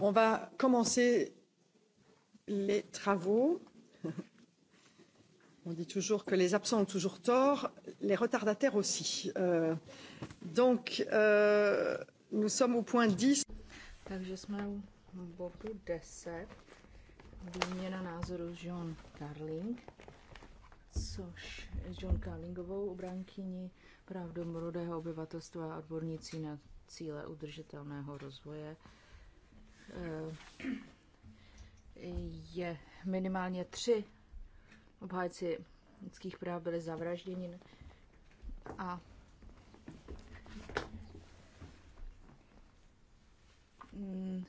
On va commencer les travaux. On dit toujours que les absents ont toujours tort, les retardataires aussi. Euh, donc, euh, nous sommes au point 10. Donc, nous sommes au point 10, výměna názoru s John Carling, což s John Carlingovou obránkyní práv obyvatelstva a odbornicí na cíle udržitelného rozvoje. Eh, je minimálně tři obhájci lidských práv byli zavražděni a mm,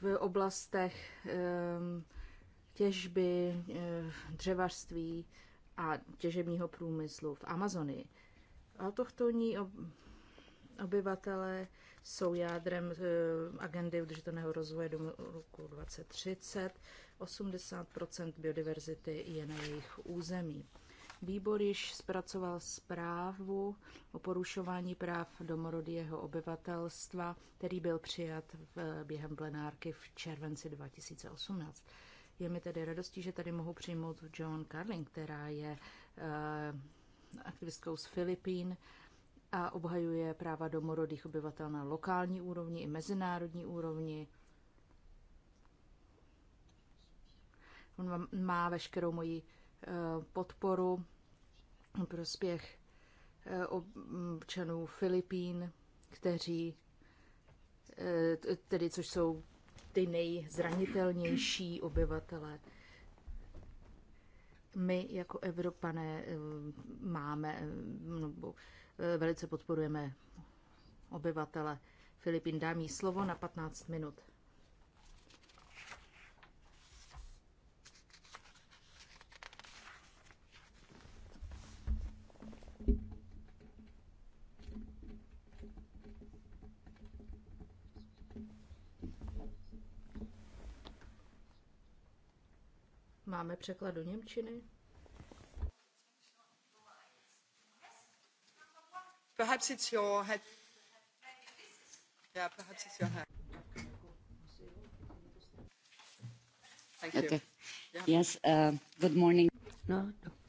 v oblastech ehm, těžby, eh, dřevařství a těžebního průmyslu v Amazonii. Autochtonní obyvatele jsou jádrem eh, agendy udržitelného rozvoje do roku 2030. 80 biodiverzity je na jejich území. Výbor již zpracoval zprávu o porušování práv domorodého obyvatelstva, který byl přijat v, během plenárky v červenci 2018. Je mi tedy radostí, že tady mohu přijmout John Carling, která je eh, aktivistkou z Filipín, a obhajuje práva domorodých obyvatel na lokální úrovni i mezinárodní úrovni. On má veškerou moji eh, podporu prospěch eh, občanů Filipín, kteří, eh, tedy což jsou ty nejzranitelnější obyvatele. My jako Evropané máme, nebo Eh, velice podporujeme obyvatele Filipín. Dám jí slovo na 15 minut. Máme překlad do Němčiny?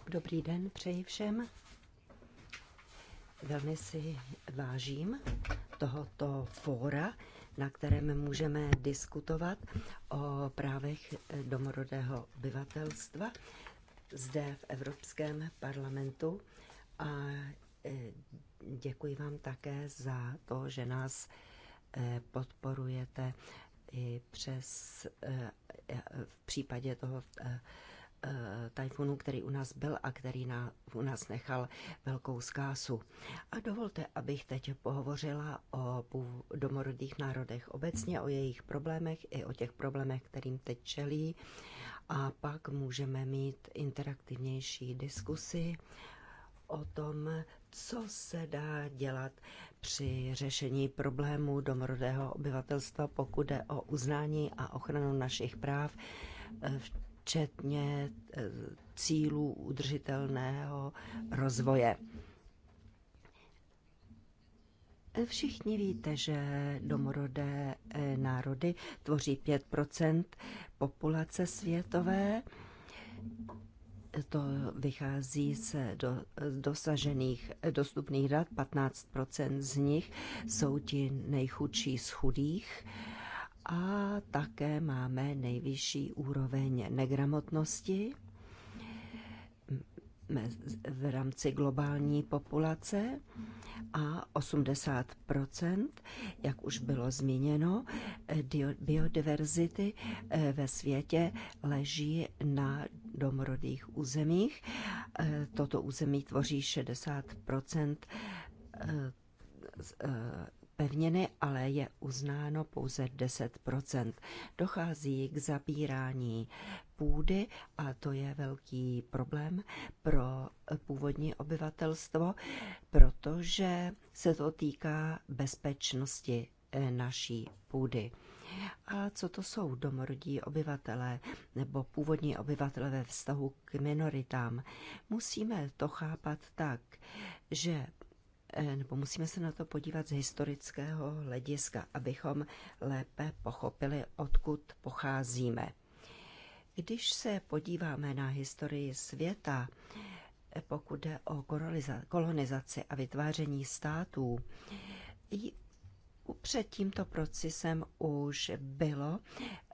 dobrý den přeji všem. Velmi si vážím tohoto fóra, na kterém můžeme diskutovat o právech domorodého obyvatelstva zde v Evropském parlamentu a e, Děkuji vám také za to, že nás eh, podporujete i přes eh, eh, v případě toho tajfunu, který u nás byl a který na, u nás nechal velkou zkásu. A dovolte, abych teď pohovořila o domorodých národech obecně, o jejich problémech i o těch problémech, kterým teď čelí. A pak můžeme mít interaktivnější diskusy o tom, co se dá dělat při řešení problémů domorodého obyvatelstva, pokud jde o uznání a ochranu našich práv, eh, včetně eh, cílů udržitelného rozvoje. Eh, všichni víte, že domorodé národy tvoří 5 populace světové to vychází z do, dosažených dostupných dat. 15 z nich jsou ti nejchudší z chudých. A také máme nejvyšší úroveň negramotnosti v rámci globální populace a 80 jak už bylo zmíněno, biodiverzity eh, ve světě leží na domorodých územích. Eh, toto území tvoří 60 eh, pevniny, ale je uznáno pouze 10 Dochází k zabírání půdy a to je velký problém pro původní obyvatelstvo, protože se to týká bezpečnosti eh, naší půdy. A co to jsou domorodí obyvatelé nebo původní obyvatelé ve vztahu k minoritám? Musíme to chápat tak, že eh, nebo musíme se na to podívat z historického hlediska, abychom lépe pochopili, odkud pocházíme. Když se podíváme na historii světa, pokud jde o kolonizaci a vytváření států, před tímto procesem už bylo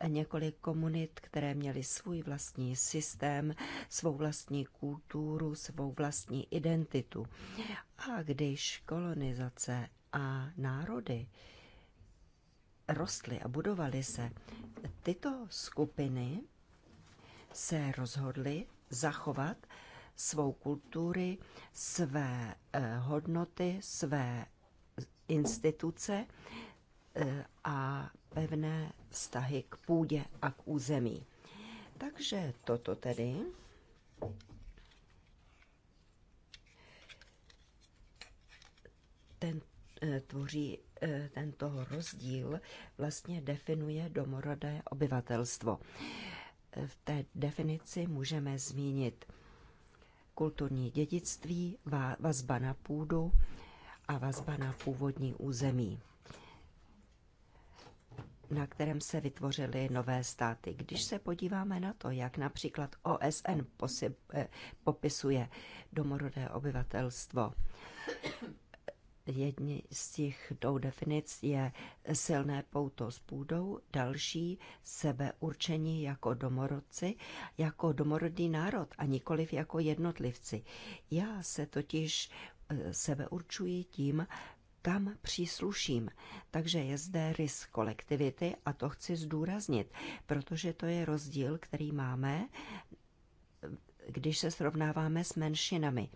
několik komunit, které měly svůj vlastní systém, svou vlastní kulturu, svou vlastní identitu. A když kolonizace a národy rostly a budovaly se, tyto skupiny se rozhodli zachovat svou kultury, své eh, hodnoty, své instituce eh, a pevné vztahy k půdě a k území. Takže toto tedy ten, eh, tvoří tento rozdíl vlastně definuje domorodé obyvatelstvo v té definici můžeme zmínit kulturní dědictví, vazba na půdu a vazba na původní území, na kterém se vytvořily nové státy. Když se podíváme na to, jak například OSN eh, popisuje domorodé obyvatelstvo, Jedni z těch dvou definic je silné pouto s půdou, další sebeurčení jako domorodci, jako domorodý národ a nikoliv jako jednotlivci. Já se totiž eh, sebeurčuji tím, kam přísluším. Takže je zde rys kolektivity a to chci zdůraznit, protože to je rozdíl, který máme když se srovnáváme s menšinami.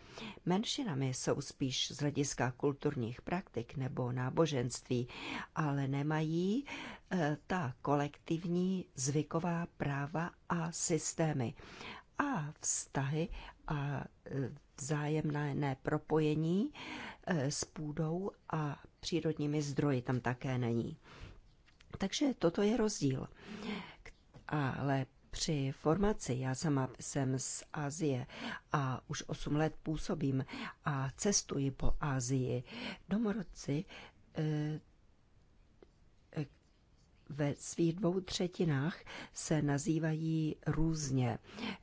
Menšinami jsou spíš z hlediska kulturních praktik nebo náboženství, ale nemají eh, ta kolektivní zvyková práva a systémy a vztahy a eh, vzájemné propojení eh, s půdou a přírodními zdroji tam také není. Takže toto je rozdíl. Ale při formaci. Já sama jsem z Asie a už 8 let působím a cestuji po Asii. Domorodci eh, eh, ve svých dvou třetinách se nazývají různě.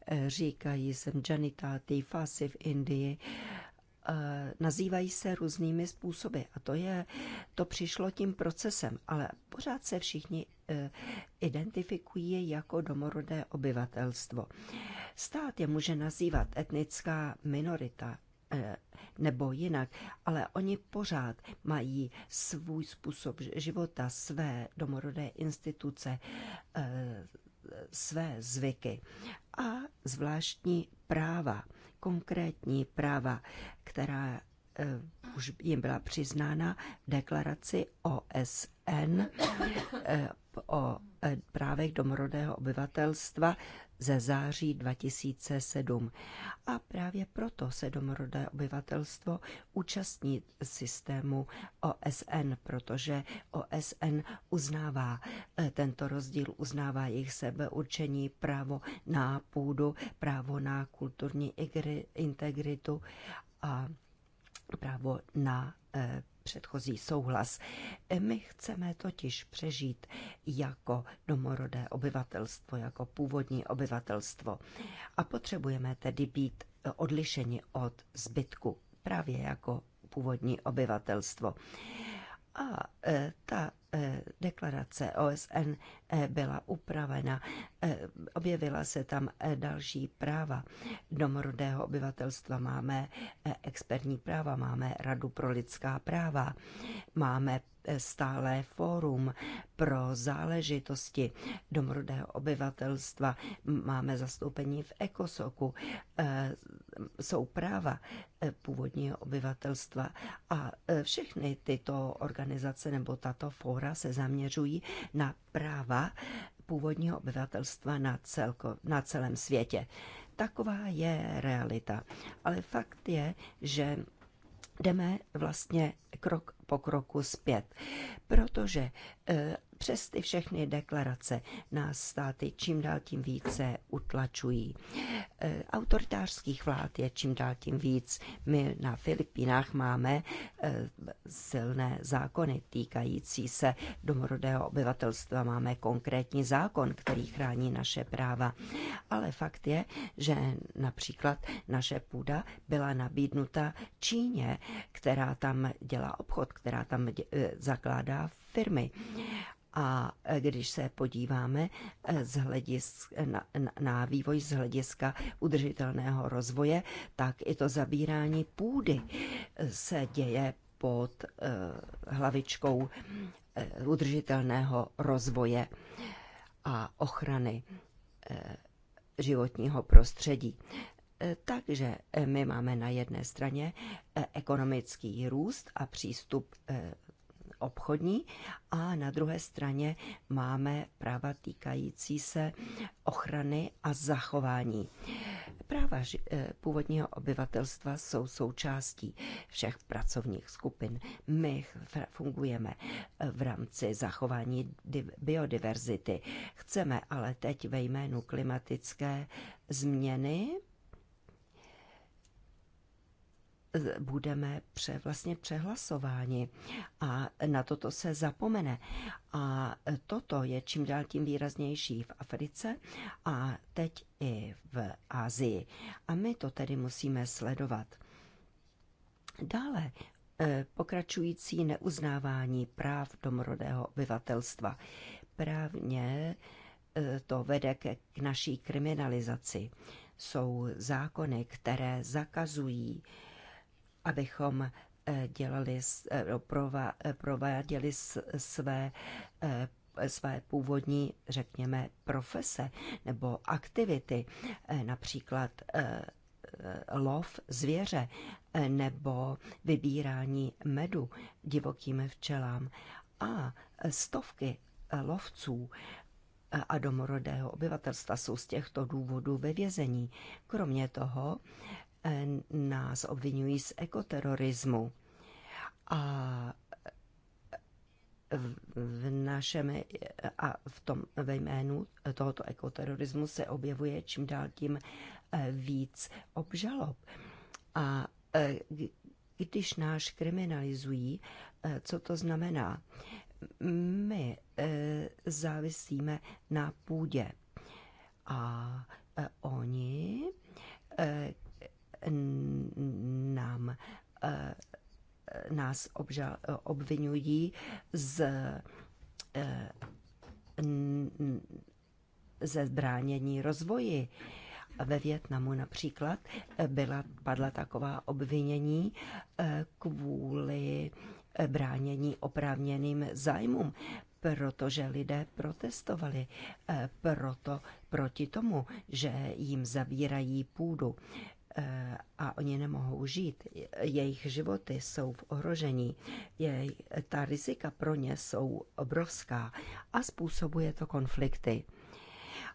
Eh, říkají se Janitati, Fasi v Indii, Eh, nazývají se různými způsoby a to je, to přišlo tím procesem, ale pořád se všichni eh, identifikují jako domorodé obyvatelstvo. Stát je může nazývat etnická minorita eh, nebo jinak, ale oni pořád mají svůj způsob života, své domorodé instituce, své zvyky a zvláštní práva konkrétní práva, která eh, už jim byla přiznána v deklaraci OSN o eh, eh, právech domorodého obyvatelstva ze září 2007. A právě proto se domorodé obyvatelstvo účastní systému OSN, protože OSN uznává e, tento rozdíl, uznává jejich sebeurčení, právo na půdu, právo na kulturní integritu a právo na e, předchozí souhlas. My chceme totiž přežít jako domorodé obyvatelstvo, jako původní obyvatelstvo. A potřebujeme tedy být odlišeni od zbytku, právě jako původní obyvatelstvo. A e, ta Eh, deklarace OSN eh, byla upravena, eh, objevila se tam další práva. Domorodého obyvatelstva máme expertní práva, máme Radu pro lidská práva, máme stálé fórum pro záležitosti domorodého obyvatelstva. Máme zastoupení v ekosoku, eh, jsou práva eh, původního obyvatelstva a eh, všechny tyto organizace nebo tato fóra se zaměřují na práva původního obyvatelstva na, celko, na celém světě. Taková je realita. Ale fakt je, že jdeme vlastně krok po kroku zpět, protože eh, přes ty všechny deklarace nás státy čím dál tím více utlačují. Eh, autoritářských vlád je čím dál tím víc. My na Filipínách máme eh, silné zákony týkající se domorodého obyvatelstva. Máme konkrétní zákon, který chrání naše práva. Ale fakt je, že například naše půda byla nabídnuta Číně, která tam dělá dělá obchod, která tam eh, zakládá firmy. A eh, když se podíváme eh, z hledisk, na, na, na vývoj z hlediska udržitelného rozvoje, tak i to zabírání půdy se děje pod eh, hlavičkou eh, udržitelného rozvoje a ochrany eh, životního prostředí. Takže eh, my máme na jedné straně eh, ekonomický růst a přístup eh, obchodní a na druhé straně máme práva týkající se ochrany a zachování. Práva původního obyvatelstva jsou součástí všech pracovních skupin. My fungujeme v rámci zachování biodiverzity. Chceme ale teď ve jménu klimatické změny budeme pře, vlastně přehlasováni a na toto se zapomene. A toto je čím dál tím výraznější v Africe a teď i v Asii. A my to tedy musíme sledovat. Dále eh, pokračující neuznávání práv domorodého obyvatelstva. Právně eh, to vede k naší kriminalizaci. Jsou zákony, které zakazují abychom eh, dělali, eh, no, eh, prováděli své, své původní, řekněme, profese nebo aktivity, například lov zvěře nebo vybírání medu divokým včelám a stovky lovců a domorodého obyvatelstva jsou z těchto důvodů ve vězení. Kromě toho nás obvinují z ekoterorismu. A v našem a v tom ve jménu tohoto ekoterorismu se objevuje čím dál tím e, víc obžalob. A e, když náš kriminalizují, e, co to znamená? My závisíme na půdě a oni nám eh, nás obžal, obvinují z eh, ze zbránění rozvoji. Ve Větnamu například eh, byla, padla taková obvinění kvůli bránění oprávněným zájmům, protože lidé protestovali proto proti tomu, že jim zavírají půdu. Eh, a oni nemohou žít. Jejich životy jsou v ohrožení. Jej, ta rizika pro ně jsou obrovská a způsobuje to konflikty.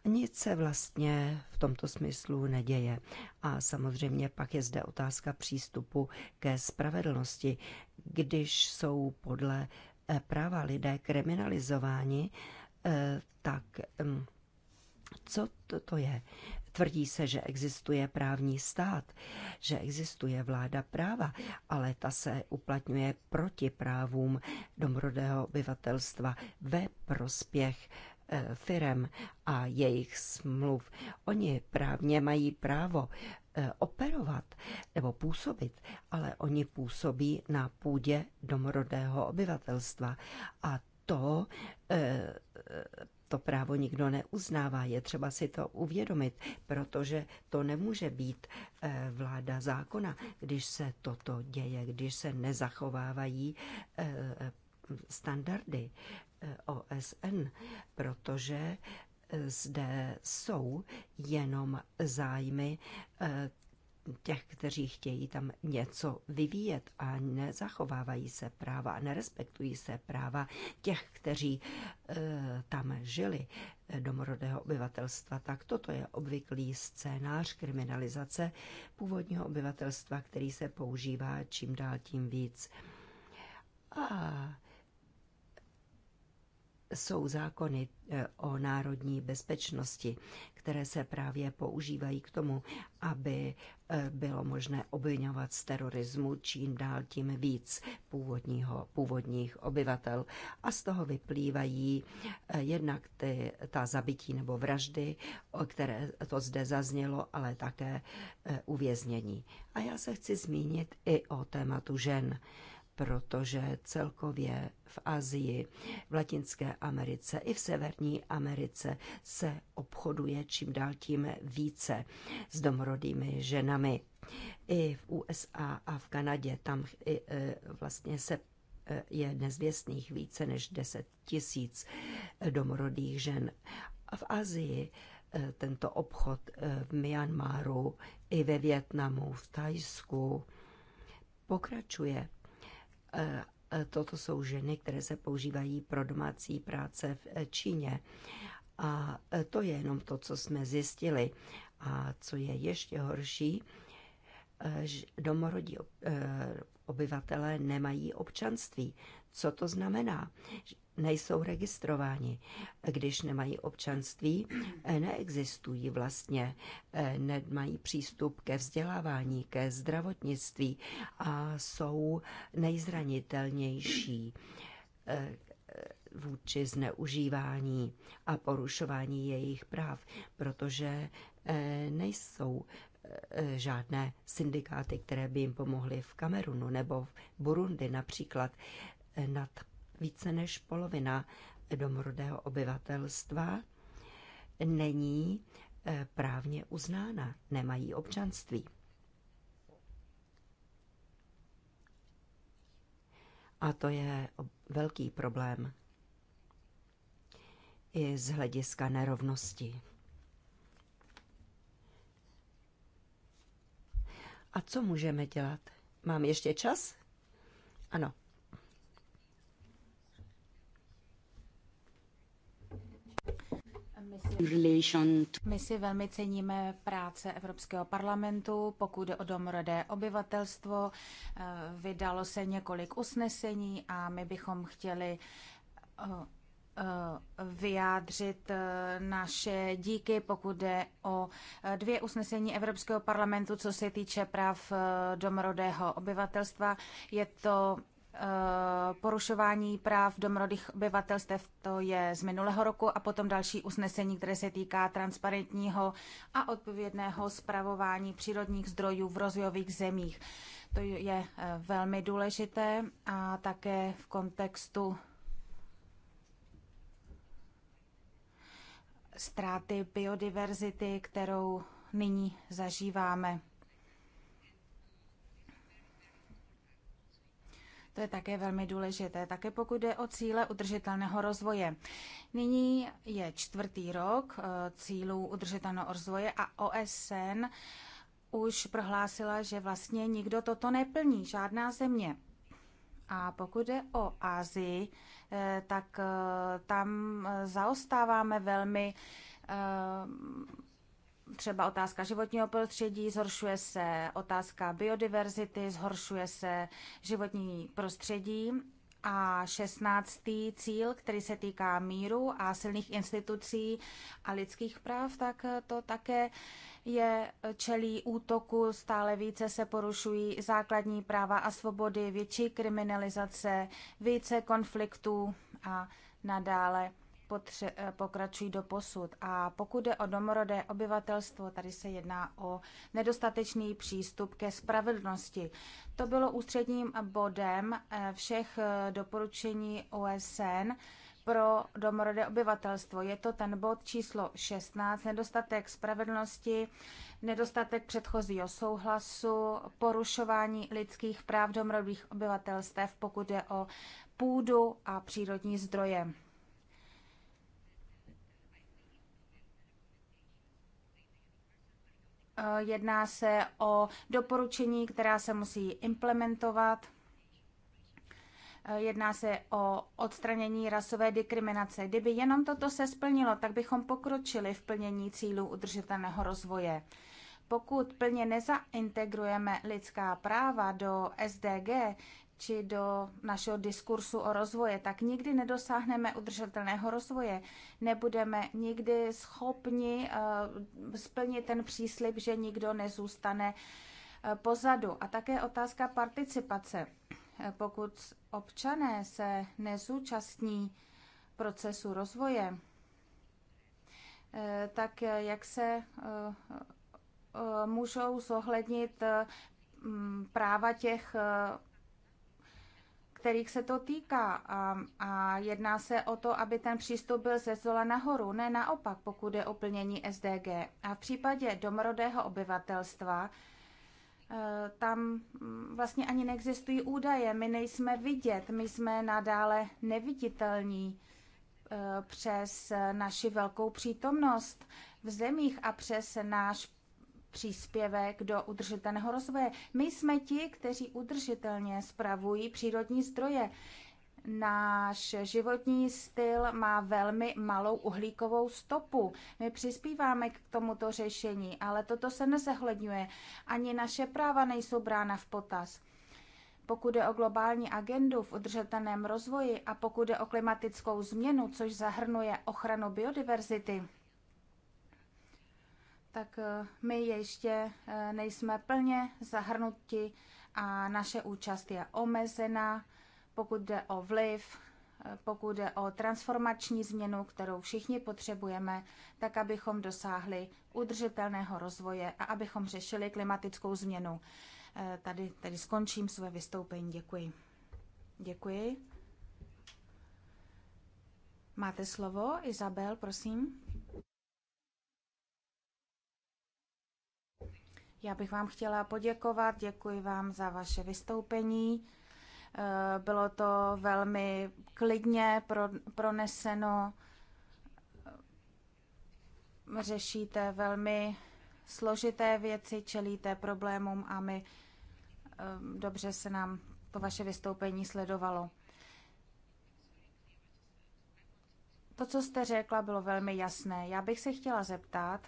Nic se vlastně v tomto smyslu neděje. A samozřejmě pak je zde otázka přístupu ke spravedlnosti. Když jsou podle eh, práva lidé kriminalizováni, eh, tak hm, co to, to je? Tvrdí se, že existuje právní stát, že existuje vláda práva, ale ta se uplatňuje proti právům domorodého obyvatelstva ve prospěch eh, firem a jejich smluv. Oni právně mají právo eh, operovat nebo působit, ale oni působí na půdě domorodého obyvatelstva a to eh, to právo nikdo neuznává. Je třeba si to uvědomit, protože to nemůže být eh, vláda zákona, když se toto děje, když se nezachovávají eh, standardy eh, OSN, protože zde jsou jenom zájmy těch, kteří chtějí tam něco vyvíjet a nezachovávají se práva a nerespektují se práva těch, kteří eh, tam žili, eh, domorodého obyvatelstva. Tak toto je obvyklý scénář kriminalizace původního obyvatelstva, který se používá čím dál tím víc. A jsou zákony eh, o národní bezpečnosti, které se právě používají k tomu, aby Eh, bylo možné obvinovat z terorismu čím dál tím víc původního, původních obyvatel. A z toho vyplývají eh, jednak ty, ta zabití nebo vraždy, o které to zde zaznělo, ale také eh, uvěznění. A já se chci zmínit i o tématu žen protože celkově v Asii, v Latinské Americe i v Severní Americe se obchoduje čím dál tím více s domorodými ženami. I v USA a v Kanadě tam e, vlastně se e, je nezvěstných více než 10 tisíc domorodých žen. A v Asii e, tento obchod v Myanmaru i ve Větnamu, v Tajsku pokračuje Toto jsou ženy, které se používají pro domácí práce v e, Číně. A e, to je jenom to, co jsme zjistili. A co je ještě horší, e, domorodí obyvatelé nemají občanství. Co to znamená? nejsou registrováni. Když nemají občanství, neexistují vlastně, nemají přístup ke vzdělávání, ke zdravotnictví a jsou nejzranitelnější eh, vůči zneužívání a porušování jejich práv, protože eh, nejsou eh, žádné syndikáty, které by jim pomohly v Kamerunu nebo v Burundi například nad více než polovina domorodého obyvatelstva není eh, právně uznána, nemají občanství. A to je velký problém i z hlediska nerovnosti. A co můžeme dělat? Mám ještě čas? Ano. My si, velmi ceníme práce Evropského parlamentu, pokud jde o domorodé obyvatelstvo. Eh, vydalo se několik usnesení a my bychom chtěli eh, eh, vyjádřit naše díky, pokud jde o dvě usnesení Evropského parlamentu, co se týče práv domorodého obyvatelstva. Je to Eh, porušování práv domorodých obyvatelstev, to je z minulého roku, a potom další usnesení, které se týká transparentního a odpovědného zpravování přírodních zdrojů v rozvojových zemích. To je eh, velmi důležité a také v kontextu ztráty biodiverzity, kterou nyní zažíváme. To je také velmi důležité, také pokud jde o cíle udržitelného rozvoje. Nyní je čtvrtý rok eh, cílů udržitelného rozvoje a OSN už prohlásila, že vlastně nikdo toto neplní, žádná země. A pokud je o Asii, eh, tak eh, tam zaostáváme velmi třeba otázka životního prostředí, zhoršuje se otázka biodiverzity, zhoršuje se životní prostředí a šestnáctý cíl, který se týká míru a silných institucí a lidských práv, tak to také je čelí útoku, stále více se porušují základní práva a svobody, větší kriminalizace, více konfliktů a nadále Eh, pokračují do posud. A pokud jde o domorodé obyvatelstvo, tady se jedná o nedostatečný přístup ke spravedlnosti. To bylo ústředním bodem eh, všech eh, doporučení OSN pro domorodé obyvatelstvo. Je to ten bod číslo 16, nedostatek spravedlnosti, nedostatek předchozího souhlasu, porušování lidských práv domorodých obyvatelstev, pokud je o půdu a přírodní zdroje. Eh, jedná se o doporučení, která se musí implementovat. Eh, jedná se o odstranění rasové diskriminace. Kdyby jenom toto se splnilo, tak bychom pokročili v plnění cílů udržitelného rozvoje. Pokud plně nezaintegrujeme lidská práva do SDG, či do našeho diskursu o rozvoje, tak nikdy nedosáhneme udržitelného rozvoje. Nebudeme nikdy schopni eh, splnit ten příslip, že nikdo nezůstane eh, pozadu. A také otázka participace. Eh, pokud občané se nezúčastní procesu rozvoje, tak jak se můžou zohlednit práva těch kterých se to týká. A, a jedná se o to, aby ten přístup byl ze zola nahoru, ne naopak, pokud je o plnění SDG. A v případě domorodého obyvatelstva, e, tam mm, vlastně ani neexistují údaje, my nejsme vidět, my jsme nadále neviditelní e, přes naši velkou přítomnost v zemích a přes náš příspěvek do udržitelného rozvoje. My jsme ti, kteří udržitelně spravují přírodní zdroje. Náš životní styl má velmi malou uhlíkovou stopu. My přispíváme k tomuto řešení, ale toto se nezahledňuje. Ani naše práva nejsou brána v potaz. Pokud je o globální agendu v udržitelném rozvoji a pokud je o klimatickou změnu, což zahrnuje ochranu biodiverzity, tak eh, my ještě eh, nejsme plně zahrnuti a naše účast je omezená, pokud jde o vliv, eh, pokud jde o transformační změnu, kterou všichni potřebujeme, tak abychom dosáhli udržitelného rozvoje a abychom řešili klimatickou změnu. Tady, tady skončím své vystoupení. Děkuji. Děkuji. Máte slovo, Izabel, prosím. Já bych vám chtěla poděkovat, děkuji vám za vaše vystoupení. Eh, bylo to velmi klidně proneseno. Řešíte velmi složité věci, čelíte problémům a my eh, dobře se nám to vaše vystoupení sledovalo. To, co jste řekla, bylo velmi jasné. Já bych se chtěla zeptat,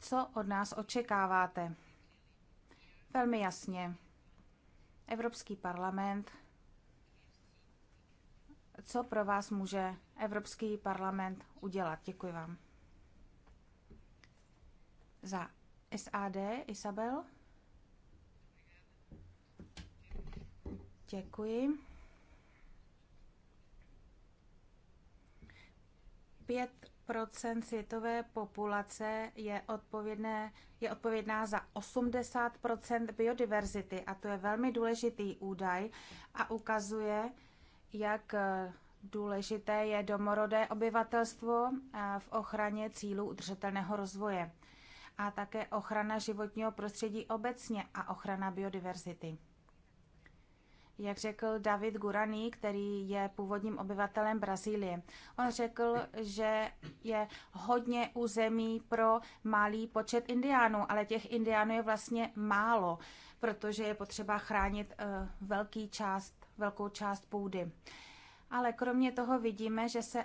co od nás očekáváte? velmi jasně. Evropský parlament, co pro vás může Evropský parlament udělat? Děkuji vám. Za SAD Isabel. Děkuji. Pět světové populace je, odpovědné, je odpovědná za 80 biodiverzity a to je velmi důležitý údaj a ukazuje, jak eh, důležité je domorodé obyvatelstvo eh, v ochraně cílů udržitelného rozvoje a také ochrana životního prostředí obecně a ochrana biodiverzity jak řekl David Gurani, který je původním obyvatelem Brazílie. On řekl, že je hodně území pro malý počet indiánů, ale těch indiánů je vlastně málo, protože je potřeba chránit eh, velký část, velkou část půdy. Ale kromě toho vidíme, že se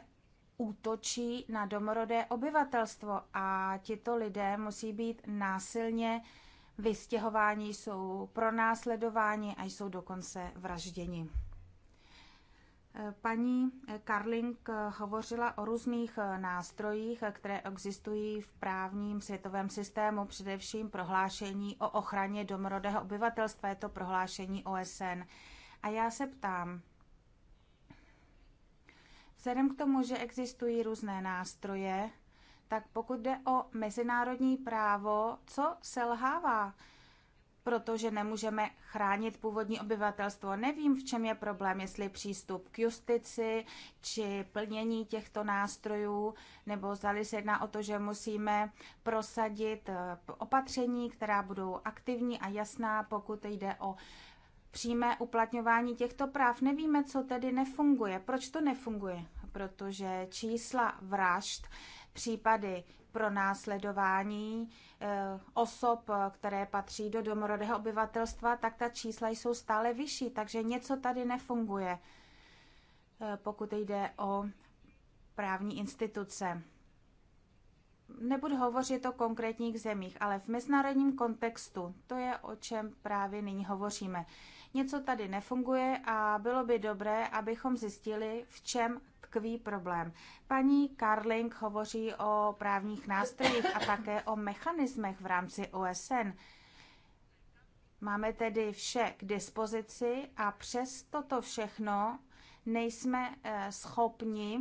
útočí na domorodé obyvatelstvo a tito lidé musí být násilně uh, vystěhováni, jsou pronásledováni a jsou dokonce vražděni. Paní Karling hovořila o různých nástrojích, které existují v právním světovém systému, především prohlášení o ochraně domorodého obyvatelstva, je to prohlášení OSN. A já se ptám, vzhledem k tomu, že existují různé nástroje, tak pokud jde o mezinárodní právo, co selhává? Protože nemůžeme chránit původní obyvatelstvo. Nevím, v čem je problém, jestli přístup k justici či plnění těchto nástrojů, nebo zdali se jedná o to, že musíme prosadit eh, opatření, která budou aktivní a jasná, pokud jde o přímé uplatňování těchto práv. Nevíme, co tedy nefunguje. Proč to nefunguje? Protože čísla vražd případy pro následování eh, osob, které patří do domorodého obyvatelstva, tak ta čísla jsou stále vyšší, takže něco tady nefunguje, eh, pokud jde o právní instituce. Nebudu hovořit o konkrétních zemích, ale v mezinárodním kontextu, to je o čem právě nyní hovoříme. Něco tady nefunguje a bylo by dobré, abychom zjistili, v čem tkví problém. Paní Karling hovoří o právních nástrojích a také o mechanismech v rámci OSN. Máme tedy vše k dispozici a přes toto všechno nejsme eh, schopni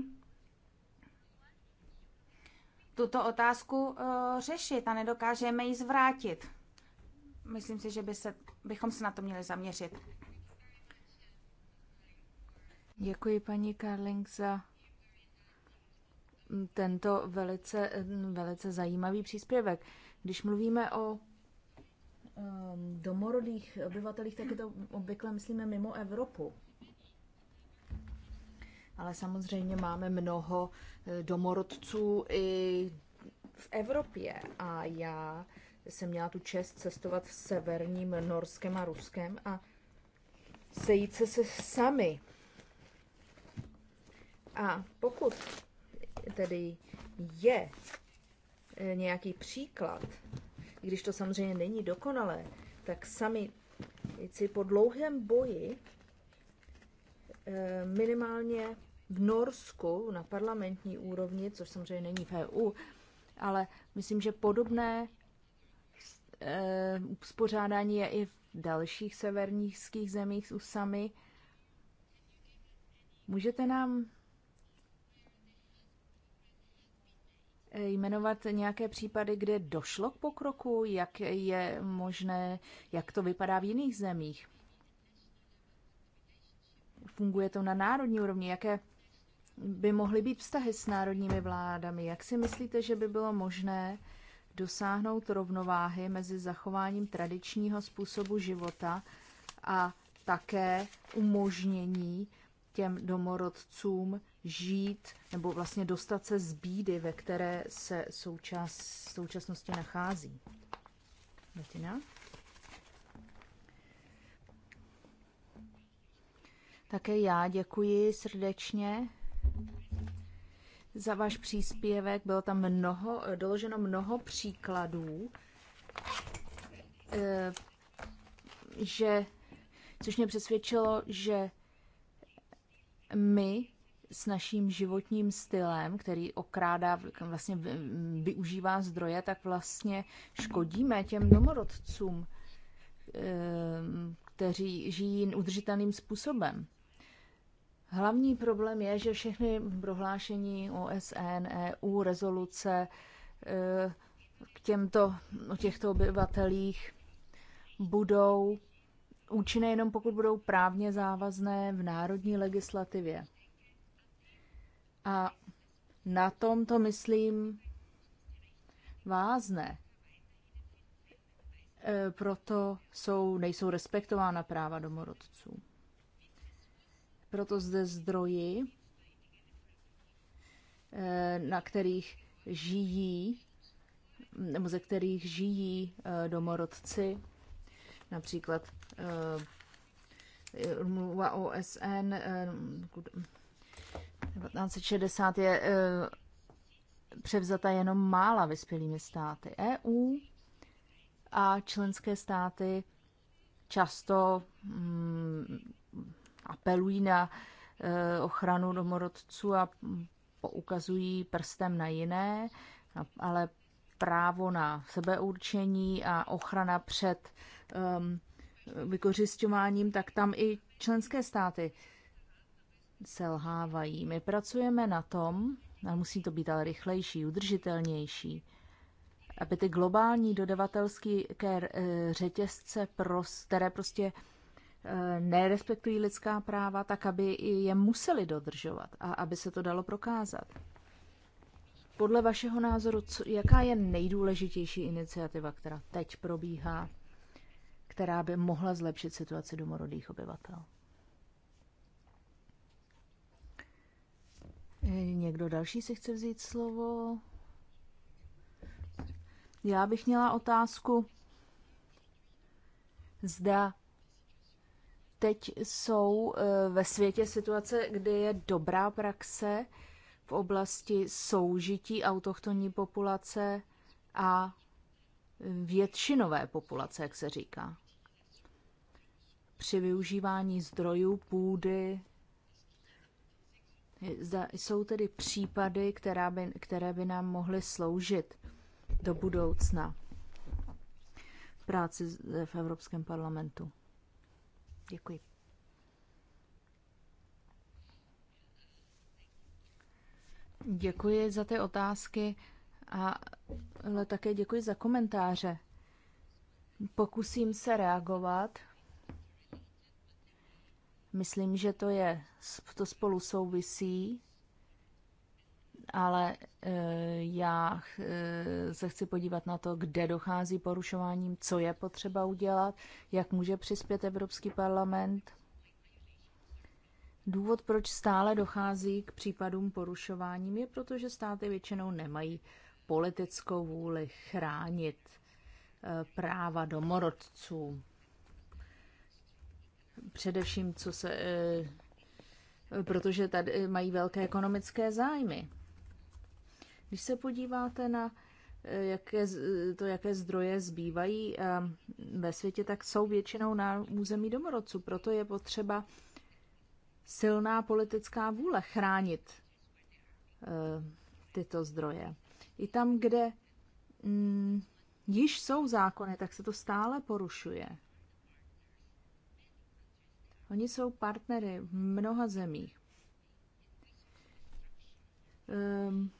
tuto otázku eh, řešit a nedokážeme ji zvrátit. Myslím si, že by se bychom se na to měli zaměřit. Děkuji paní Karling za tento velice, velice zajímavý příspěvek. Když mluvíme o um, domorodých obyvatelích, tak je to obvykle myslíme mimo Evropu. Ale samozřejmě máme mnoho eh, domorodců i v Evropě a já jsem měla tu čest cestovat severním Norskem a Ruskem a sejít se, se sami. A pokud tedy je e, nějaký příklad, i když to samozřejmě není dokonalé, tak sami si po dlouhém boji e, minimálně v Norsku na parlamentní úrovni, což samozřejmě není v EU, ale myslím, že podobné Eh, uspořádání je i v dalších severních zemích s USAMI. Můžete nám eh, jmenovat nějaké případy, kde došlo k pokroku, jak je možné, jak to vypadá v jiných zemích? Funguje to na národní úrovni? Jaké by mohly být vztahy s národními vládami? Jak si myslíte, že by bylo možné dosáhnout rovnováhy mezi zachováním tradičního způsobu života a také umožnění těm domorodcům žít nebo vlastně dostat se z bídy, ve které se součas, v současnosti nachází. Martina? Také já děkuji srdečně za váš příspěvek. Bylo tam mnoho, doloženo mnoho příkladů, eh, že, což mě přesvědčilo, že my s naším životním stylem, který okrádá, vlastně využívá zdroje, tak vlastně škodíme těm domorodcům, eh, kteří žijí udržitelným způsobem. Hlavní problém je, že všechny prohlášení OSN, EU, rezoluce eh, k těmto, o těchto obyvatelích budou účinné jenom pokud budou právně závazné v národní legislativě. A na tom to myslím vázne. Eh, proto jsou, nejsou respektována práva domorodců proto zde zdroji, eh, na kterých žijí, nebo ze kterých žijí eh, domorodci, například eh, mluva OSN 1960 je převzata jenom mála vyspělými státy. EU a členské státy často mm, apelují na eh, ochranu domorodců a poukazují prstem na jiné, ale právo na sebeurčení a ochrana před um, vykořišťováním, tak tam i členské státy selhávají. My pracujeme na tom, a musí to být ale rychlejší, udržitelnější, aby ty globální dodavatelské eh, řetězce, které prostě Eh, nerespektují lidská práva, tak aby je museli dodržovat a aby se to dalo prokázat. Podle vašeho názoru, co, jaká je nejdůležitější iniciativa, která teď probíhá, která by mohla zlepšit situaci domorodých obyvatel? Eh, někdo další si chce vzít slovo? Já bych měla otázku, zda teď jsou eh, ve světě situace, kdy je dobrá praxe v oblasti soužití autochtonní populace a většinové populace, jak se říká. Při využívání zdrojů, půdy, jsou tedy případy, která by, které by nám mohly sloužit do budoucna práci v Evropském parlamentu. Děkuji. Děkuji za ty otázky a ale také děkuji za komentáře. Pokusím se reagovat. Myslím, že to je, to spolu souvisí ale e, já e, se chci podívat na to, kde dochází porušováním, co je potřeba udělat, jak může přispět Evropský parlament. Důvod, proč stále dochází k případům porušováním, je proto, že státy většinou nemají politickou vůli chránit e, práva domorodců. Především, co se, protože tady mají velké ekonomické zájmy. Když se podíváte na eh, jaké, eh, to, jaké zdroje zbývají ehm, ve světě, tak jsou většinou na území domorodců. Proto je potřeba silná politická vůle chránit eh, tyto zdroje. I tam, kde mm, již jsou zákony, tak se to stále porušuje. Oni jsou partnery v mnoha zemích. Ehm,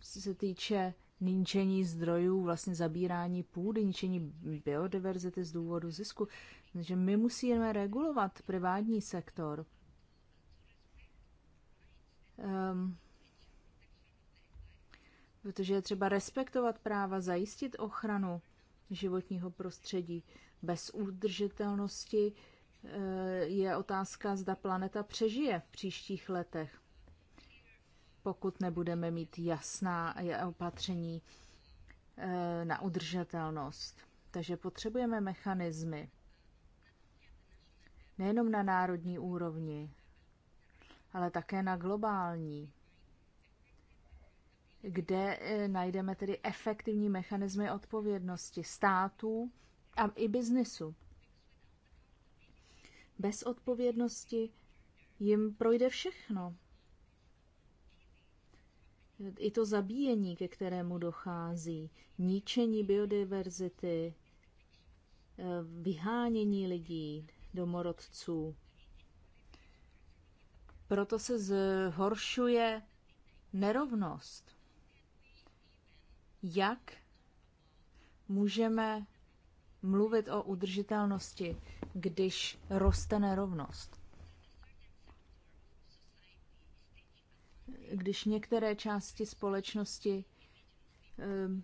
co se týče ničení zdrojů, vlastně zabírání půdy, ničení biodiverzity z důvodu zisku, že my musíme regulovat privátní sektor. Um, protože je třeba respektovat práva, zajistit ochranu životního prostředí. Bez udržitelnosti eh, je otázka, zda planeta přežije v příštích letech pokud nebudeme mít jasná opatření eh, na udržitelnost. Takže potřebujeme mechanismy nejenom na národní úrovni, ale také na globální, kde eh, najdeme tedy efektivní mechanismy odpovědnosti států a i biznesu. Bez odpovědnosti jim projde všechno i to zabíjení, ke kterému dochází, ničení biodiverzity, eh, vyhánění lidí, domorodců. Proto se zhoršuje nerovnost. Jak můžeme mluvit o udržitelnosti, když roste nerovnost? když některé části společnosti ehm,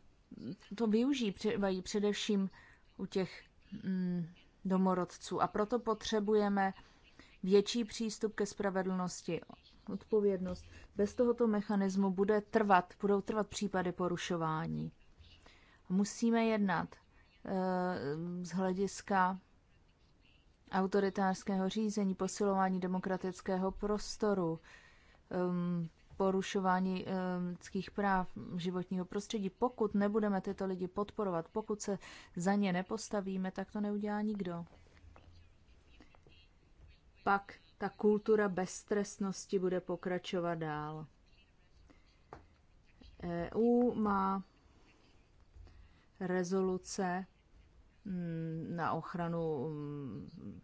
to využívají především u těch mm, domorodců. A proto potřebujeme větší přístup ke spravedlnosti, odpovědnost. Bez tohoto mechanismu bude trvat, budou trvat případy porušování. Musíme jednat ehm, z hlediska autoritářského řízení, posilování demokratického prostoru, um, porušování um, lidských práv životního prostředí. Pokud nebudeme tyto lidi podporovat, pokud se za ně nepostavíme, tak to neudělá nikdo. Pak ta kultura beztrestnosti bude pokračovat dál. EU má rezoluce mm, na ochranu mm,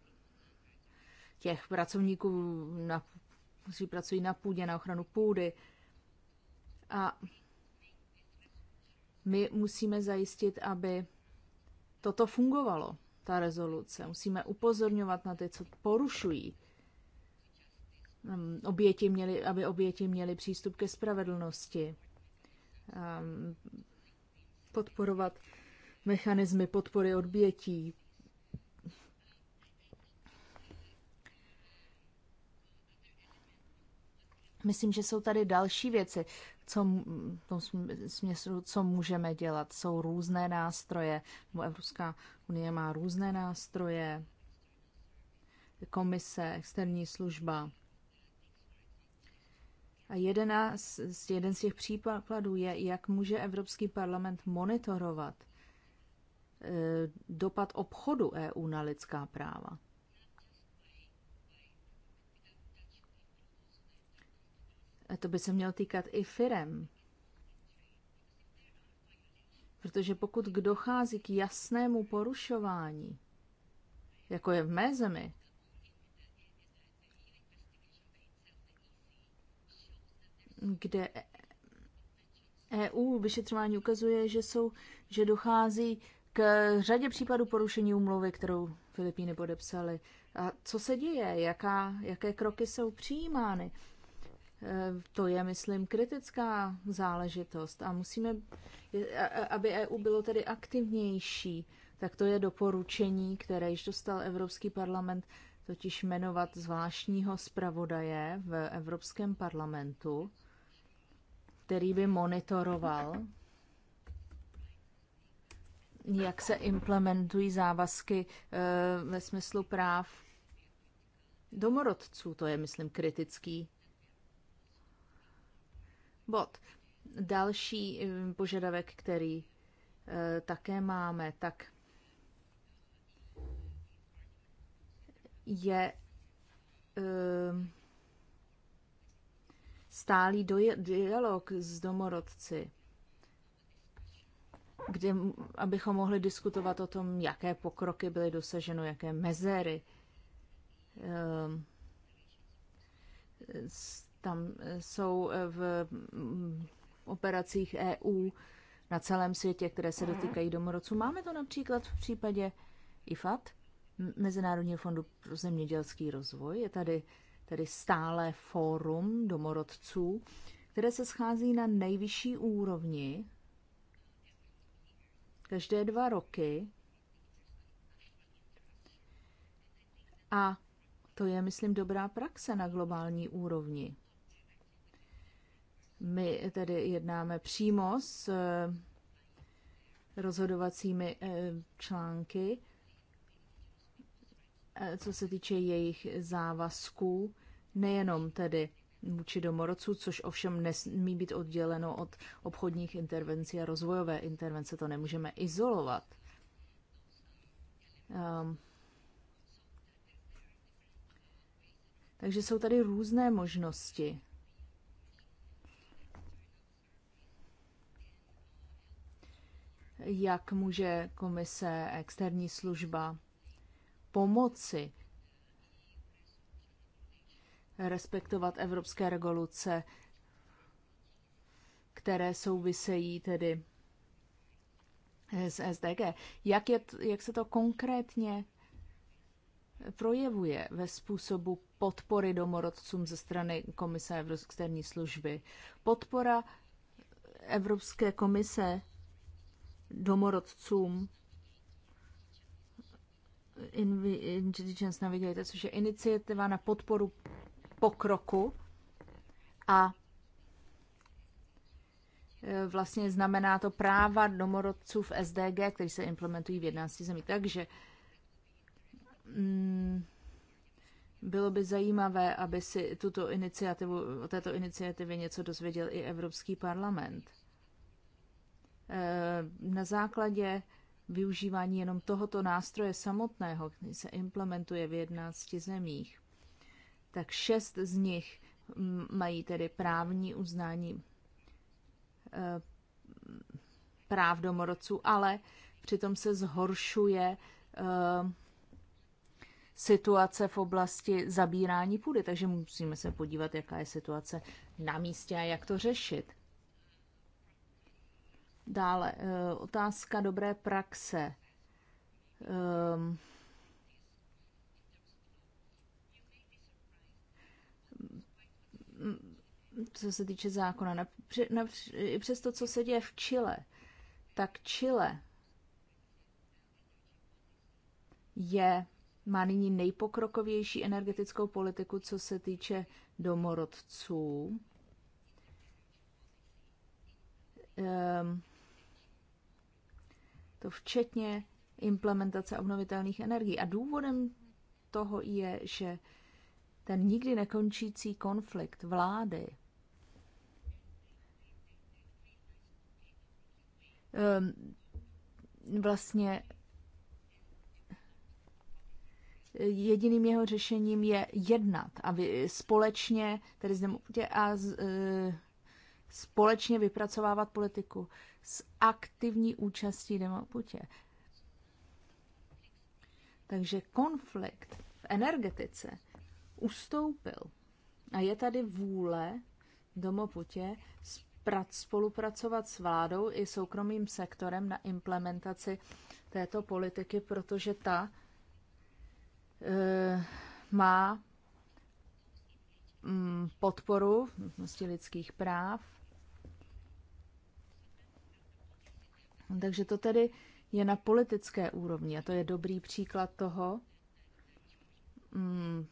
těch pracovníků na kteří pracují na půdě, na ochranu půdy. A my musíme zajistit, aby toto fungovalo, ta rezoluce. Musíme upozorňovat na ty, co porušují. Um, oběti měli, aby oběti měli přístup ke spravedlnosti. Um, podporovat mechanismy podpory odbětí, Myslím, že jsou tady další věci, co, v tom směru, co můžeme dělat. Jsou různé nástroje, nebo Evropská unie má různé nástroje, komise, externí služba. A jeden z, jeden z těch příkladů je, jak může Evropský parlament monitorovat e, dopad obchodu EU na lidská práva. A to by se mělo týkat i firem. Protože pokud dochází k jasnému porušování, jako je v mé zemi, kde EU vyšetřování ukazuje, že, jsou, že dochází k řadě případů porušení úmluvy, kterou Filipíny podepsaly. A co se děje? Jaká, jaké kroky jsou přijímány? Eh, to je, myslím, kritická záležitost a musíme, aby EU bylo tedy aktivnější, tak to je doporučení, které již dostal Evropský parlament, totiž jmenovat zvláštního zpravodaje v Evropském parlamentu, který by monitoroval, jak se implementují závazky eh, ve smyslu práv domorodců. To je, myslím, kritický bod. Další eh, požadavek, který eh, také máme, tak je ehm, stálý dialog s domorodci, kde, abychom mohli diskutovat o tom, jaké pokroky byly dosaženo, jaké mezery. Ehm, tam eh, jsou eh, v mm, operacích EU na celém světě, které se dotýkají domorodců. Máme to například v případě IFAT, Mezinárodního fondu pro zemědělský rozvoj. Je tady, tady stále fórum domorodců, které se schází na nejvyšší úrovni každé dva roky. A to je, myslím, dobrá praxe na globální úrovni. My tedy jednáme přímo s eh, rozhodovacími eh, články, eh, co se týče jejich závazků, nejenom tedy vůči domorodců, což ovšem nesmí být odděleno od obchodních intervencí a rozvojové intervence. To nemůžeme izolovat. Um, takže jsou tady různé možnosti. jak může komise, externí služba pomoci respektovat evropské regoluce, které souvisejí tedy s SDG. Jak, je, jak se to konkrétně projevuje ve způsobu podpory domorodcům ze strany Komise Evropské služby? Podpora Evropské komise domorodcům Intelligence Navigator, což je iniciativa na podporu pokroku a e, vlastně znamená to práva domorodců v SDG, který se implementují v 11 zemí. Takže mm, bylo by zajímavé, aby si tuto iniciativu, o této iniciativě něco dozvěděl i Evropský parlament. Eh, na základě využívání jenom tohoto nástroje samotného, který se implementuje v 11 zemích, tak šest z nich mm, mají tedy právní uznání eh, práv domorodců, ale přitom se zhoršuje eh, situace v oblasti zabírání půdy, takže musíme se podívat, jaká je situace na místě a jak to řešit. Dále eh, otázka dobré praxe. Ehm, co se týče zákona, i přes to, co se děje v Chile, tak Chile je, má nyní nejpokrokovější energetickou politiku, co se týče domorodců. Um, to včetně implementace obnovitelných energií. A důvodem toho je, že ten nikdy nekončící konflikt vlády ehm, vlastně jediným jeho řešením je jednat a společně, tedy zde a z, společně vypracovávat politiku s aktivní účastí demoputě. Takže konflikt v energetice ustoupil a je tady vůle domoputě spolupracovat s vládou i soukromým sektorem na implementaci této politiky, protože ta e, má mm, podporu lidských práv Takže to tedy je na politické úrovni a to je dobrý příklad toho, mm,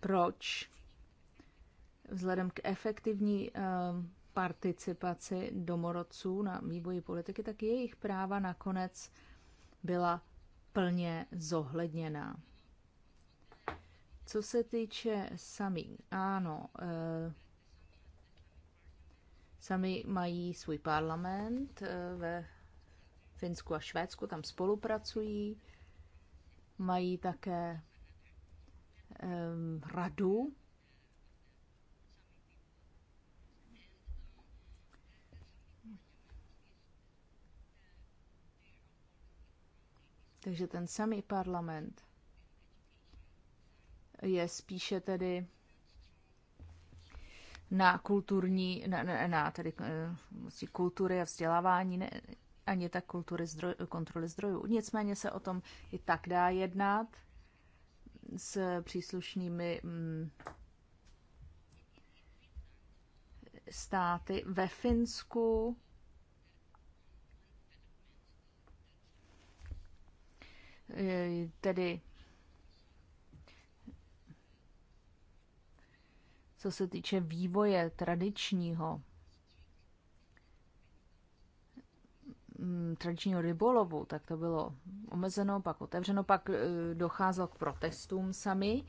proč vzhledem k efektivní eh, participaci domorodců na vývoji politiky, tak jejich práva nakonec byla plně zohledněna. Co se týče sami, ano, eh, sami mají svůj parlament eh, ve Finsku a Švédsku, tam spolupracují, mají také um, radu. Takže ten samý parlament je spíše tedy na kulturní, na, na, na tedy eh, vlastně kultury a vzdělávání, ne, ani tak kultury zdroj, kontroly zdrojů. Nicméně se o tom i tak dá jednat s příslušnými mm, státy. Ve Finsku tedy co se týče vývoje tradičního Mm, tradičního rybolovu, tak to bylo omezeno, pak otevřeno, pak e, docházelo k protestům sami,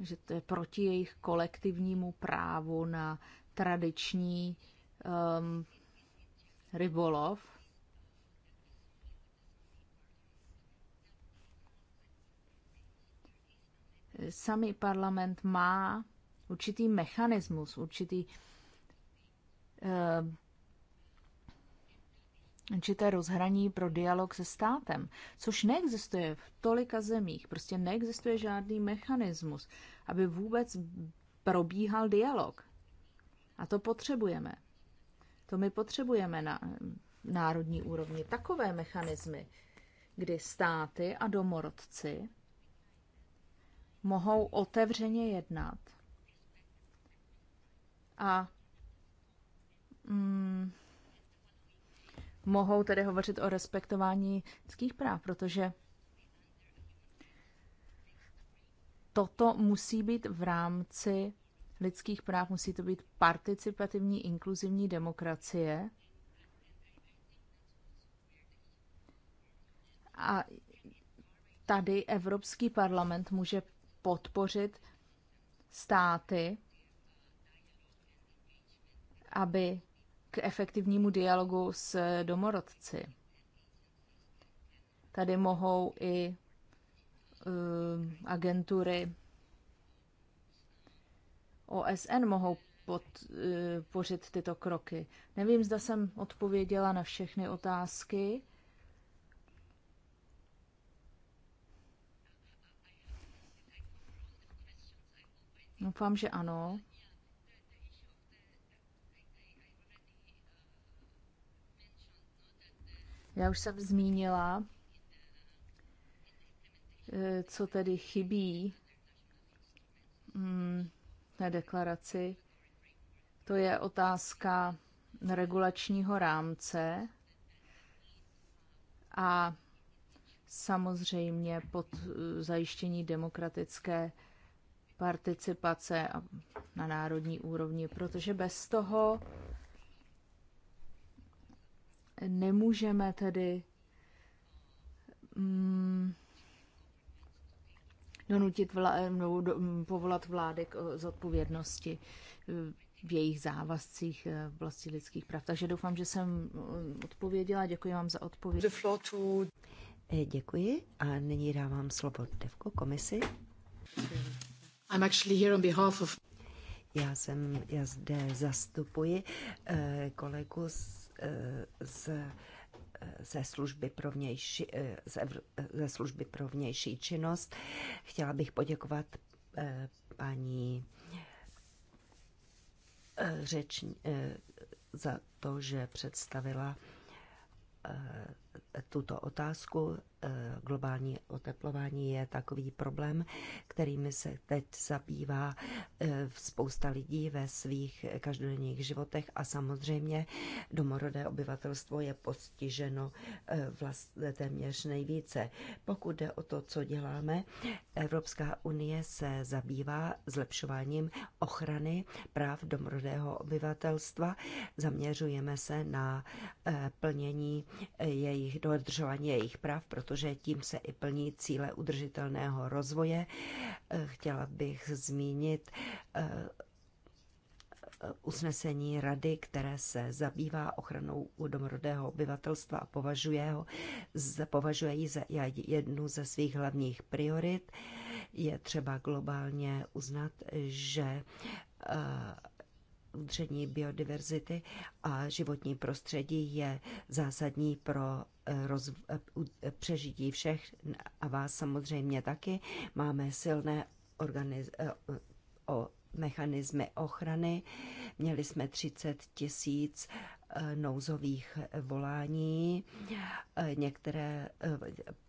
že to je proti jejich kolektivnímu právu na tradiční um, rybolov. Samý parlament má určitý mechanismus, určitý um, určité rozhraní pro dialog se státem, což neexistuje v tolika zemích. Prostě neexistuje žádný mechanismus, aby vůbec probíhal dialog. A to potřebujeme. To my potřebujeme na národní úrovni. Takové mechanismy, kdy státy a domorodci mohou otevřeně jednat. A mm, mohou tedy hovořit o respektování lidských práv, protože toto musí být v rámci lidských práv, musí to být participativní, inkluzivní demokracie. A tady Evropský parlament může podpořit státy, aby k efektivnímu dialogu s domorodci. Tady mohou i e, agentury OSN mohou podpořit e, tyto kroky. Nevím, zda jsem odpověděla na všechny otázky. Doufám, že ano. Já už jsem zmínila, eh, co tedy chybí mm, na deklaraci. To je otázka regulačního rámce a samozřejmě pod eh, zajištění demokratické participace na národní úrovni, protože bez toho nemůžeme tedy mm, donutit vla, no, do, mm, povolat vlády k eh, zodpovědnosti eh, v jejich závazcích eh, v lidských práv. Takže doufám, že jsem odpověděla. Děkuji vám za odpověď. Děkuji a nyní dávám slovo Devko komisi. I'm actually here on behalf of... Já jsem, já zde zastupuji eh, kolegu z z, ze, služby pro vnější, eh, ze služby pro vnější činnost. Chtěla bych poděkovat eh, paní eh, řeč, za to, že představila tuto otázku. Eh, globální oteplování je takový problém, kterými se teď zabývá eh, spousta lidí ve svých každodenních životech a samozřejmě domorodé obyvatelstvo je postiženo vlastně téměř nejvíce. Pokud jde o to, co děláme, Evropská unie se zabývá zlepšováním ochrany práv domorodého obyvatelstva. Zaměřujeme se na plnění jejich jejich dodržování jejich práv, protože tím se i plní cíle udržitelného rozvoje. Eh, chtěla bych zmínit eh, usnesení rady, které se zabývá ochranou domorodého obyvatelstva a považuje, ho, považuje ji za jednu ze svých hlavních priorit. Je třeba globálně uznat, že eh, udržení biodiverzity a životní prostředí je zásadní pro eh, roz, eh, eh, přežití všech a vás samozřejmě taky. Máme silné organiz, o, mechanismy ochrany. Měli jsme 30 tisíc nouzových volání. Některé,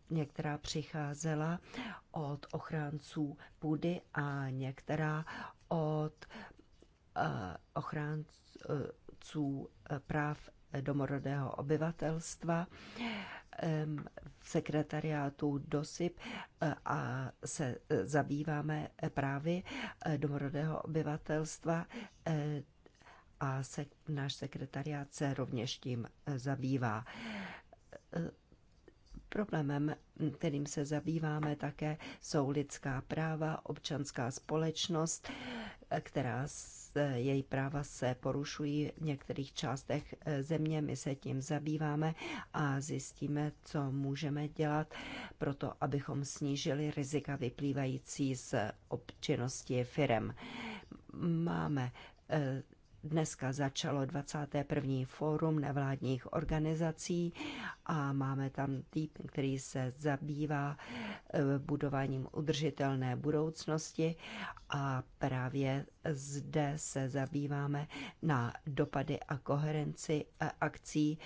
některá přicházela od ochránců půdy a některá od Eh, ochránců eh, práv domorodého obyvatelstva, sekretariátu DOSIP eh, a se zabýváme právy domorodého obyvatelstva a se, náš sekretariát se rovněž tím zabývá. Problémem, kterým se zabýváme také, jsou lidská práva, občanská společnost, která eh, její práva se porušují v některých částech eh, země. My se tím zabýváme a zjistíme, co můžeme dělat pro to, abychom snížili rizika vyplývající z občinnosti firem. Máme eh, Dneska začalo 21. fórum nevládních organizací a máme tam tým, který se zabývá eh, budováním udržitelné budoucnosti a právě zde se zabýváme na dopady a koherenci eh, akcí.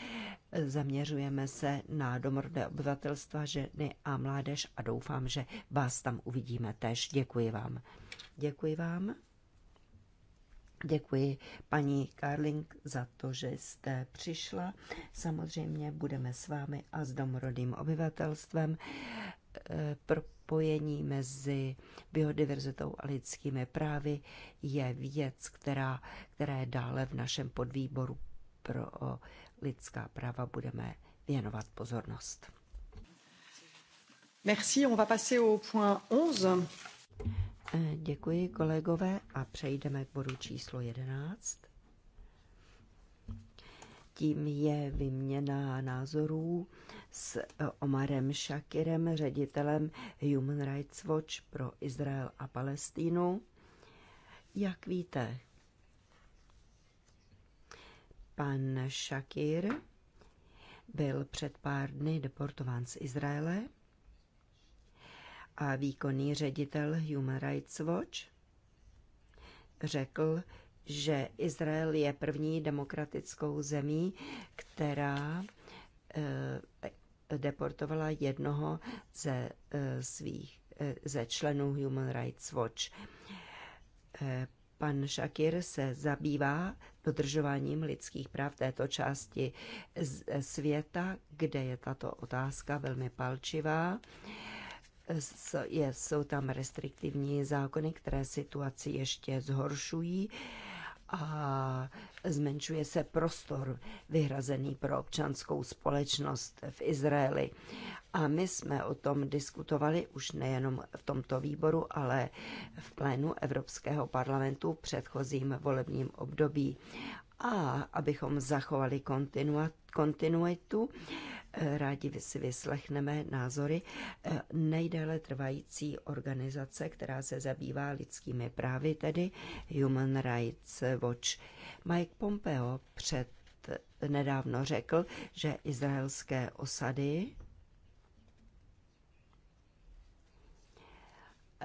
Zaměřujeme se na domorodé obyvatelstva, ženy a mládež a doufám, že vás tam uvidíme tež. Děkuji vám. Děkuji vám. Děkuji paní Karling za to, že jste přišla. Samozřejmě budeme s vámi a s domorodým obyvatelstvem eh, propojení mezi biodiverzitou a lidskými právy je věc, která, která je dále v našem podvýboru pro lidská práva budeme věnovat pozornost. Merci, on va passer au point 11. Eh, děkuji kolegové a přejdeme k bodu číslo 11. Tím je vyměna názorů s eh, Omarem Shakirem, ředitelem Human Rights Watch pro Izrael a Palestínu. Jak víte, pan Shakir byl před pár dny deportován z Izraele a výkonný ředitel Human Rights Watch řekl, že Izrael je první demokratickou zemí, která eh, deportovala jednoho ze eh, svých eh, ze členů Human Rights Watch. Pan Shakir se zabývá dodržováním lidských práv této části světa, kde je tato otázka velmi palčivá jsou tam restriktivní zákony, které situaci ještě zhoršují a zmenšuje se prostor vyhrazený pro občanskou společnost v Izraeli. A my jsme o tom diskutovali už nejenom v tomto výboru, ale v plénu Evropského parlamentu v předchozím volebním období. A abychom zachovali kontinuitu, rádi si vyslechneme názory eh, nejdéle trvající organizace, která se zabývá lidskými právy, tedy Human Rights Watch. Mike Pompeo před nedávno řekl, že izraelské osady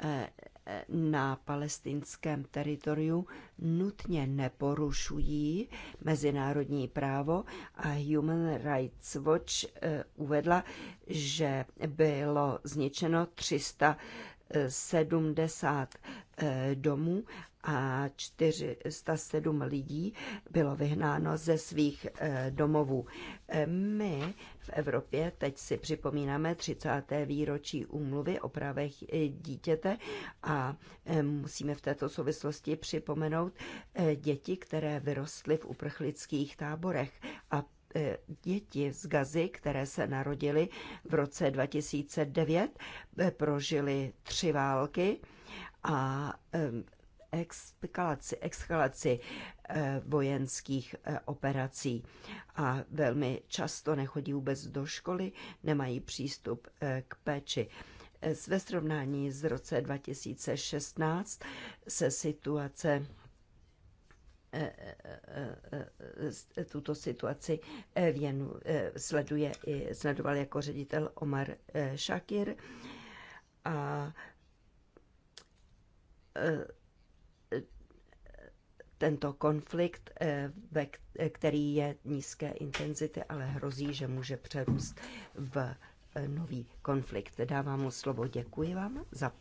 eh, na palestinském teritoriu nutně neporušují mezinárodní právo a Human Rights Watch eh, uvedla, že bylo zničeno 300 70 eh, domů a 407 lidí bylo vyhnáno ze svých eh, domovů. Eh, my v Evropě teď si připomínáme 30. výročí úmluvy o právech dítěte a musíme v této souvislosti připomenout děti, které vyrostly v uprchlických táborech a Eh, děti z Gazy, které se narodily v roce 2009, eh, prožily tři války a eskalaci, eh, eskalaci vojenských operací a velmi často nechodí vůbec do školy, nemají přístup k péči. Ve srovnání s roce 2016 se situace Eh, eh, eh, tuto situaci věnu, sleduje i, sledoval jako ředitel Omar Shakir a tento konflikt, ve který je nízké intenzity, ale hrozí, že může přerůst v nový konflikt. Dávám mu slovo. Děkuji vám za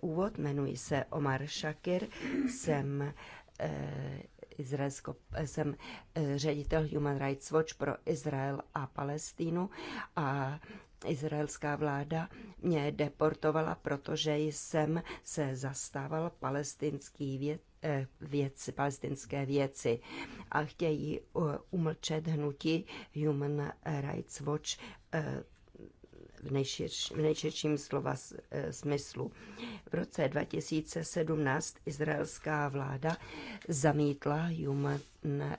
úvod. Jmenuji se Omar Shakir, jsem Eh, Izraelsko, eh, jsem eh, ředitel Human Rights Watch pro Izrael a Palestínu a izraelská vláda mě deportovala, protože jsem se zastával palestinský věc, věci, palestinské věci a chtějí umlčet hnutí Human Rights Watch v, nejšir, v nejširším slova e, smyslu. V roce 2017 izraelská vláda zamítla Human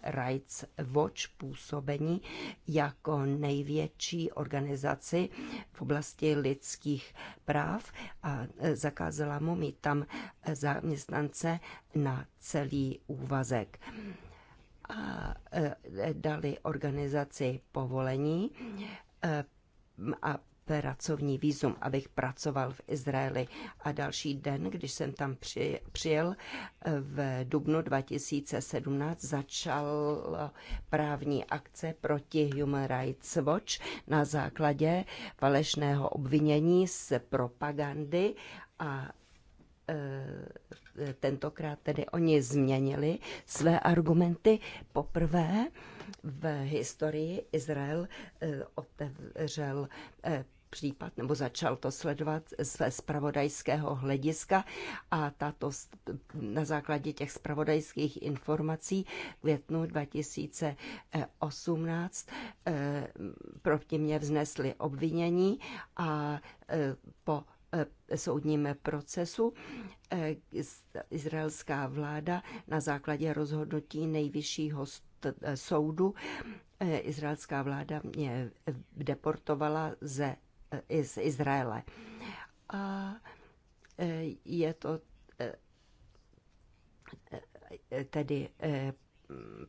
Rights Watch působení jako největší organizaci v oblasti lidských práv a e, zakázala mu mít tam e, zaměstnance na celý úvazek a dali organizaci povolení a pracovní výzum, abych pracoval v Izraeli. A další den, když jsem tam přijel v dubnu 2017, začal právní akce proti Human Rights Watch na základě falešného obvinění z propagandy a e, tentokrát tedy oni změnili své argumenty. Poprvé v historii Izrael e, otevřel e, případ, nebo začal to sledovat ze spravodajského hlediska a tato na základě těch spravodajských informací v květnu 2018 eh, proti mě vznesli obvinění a eh, po eh, soudním procesu izraelská vláda na základě rozhodnutí nejvyššího soudu izraelská vláda mě deportovala ze z Izraele. A e, je to e, e, tedy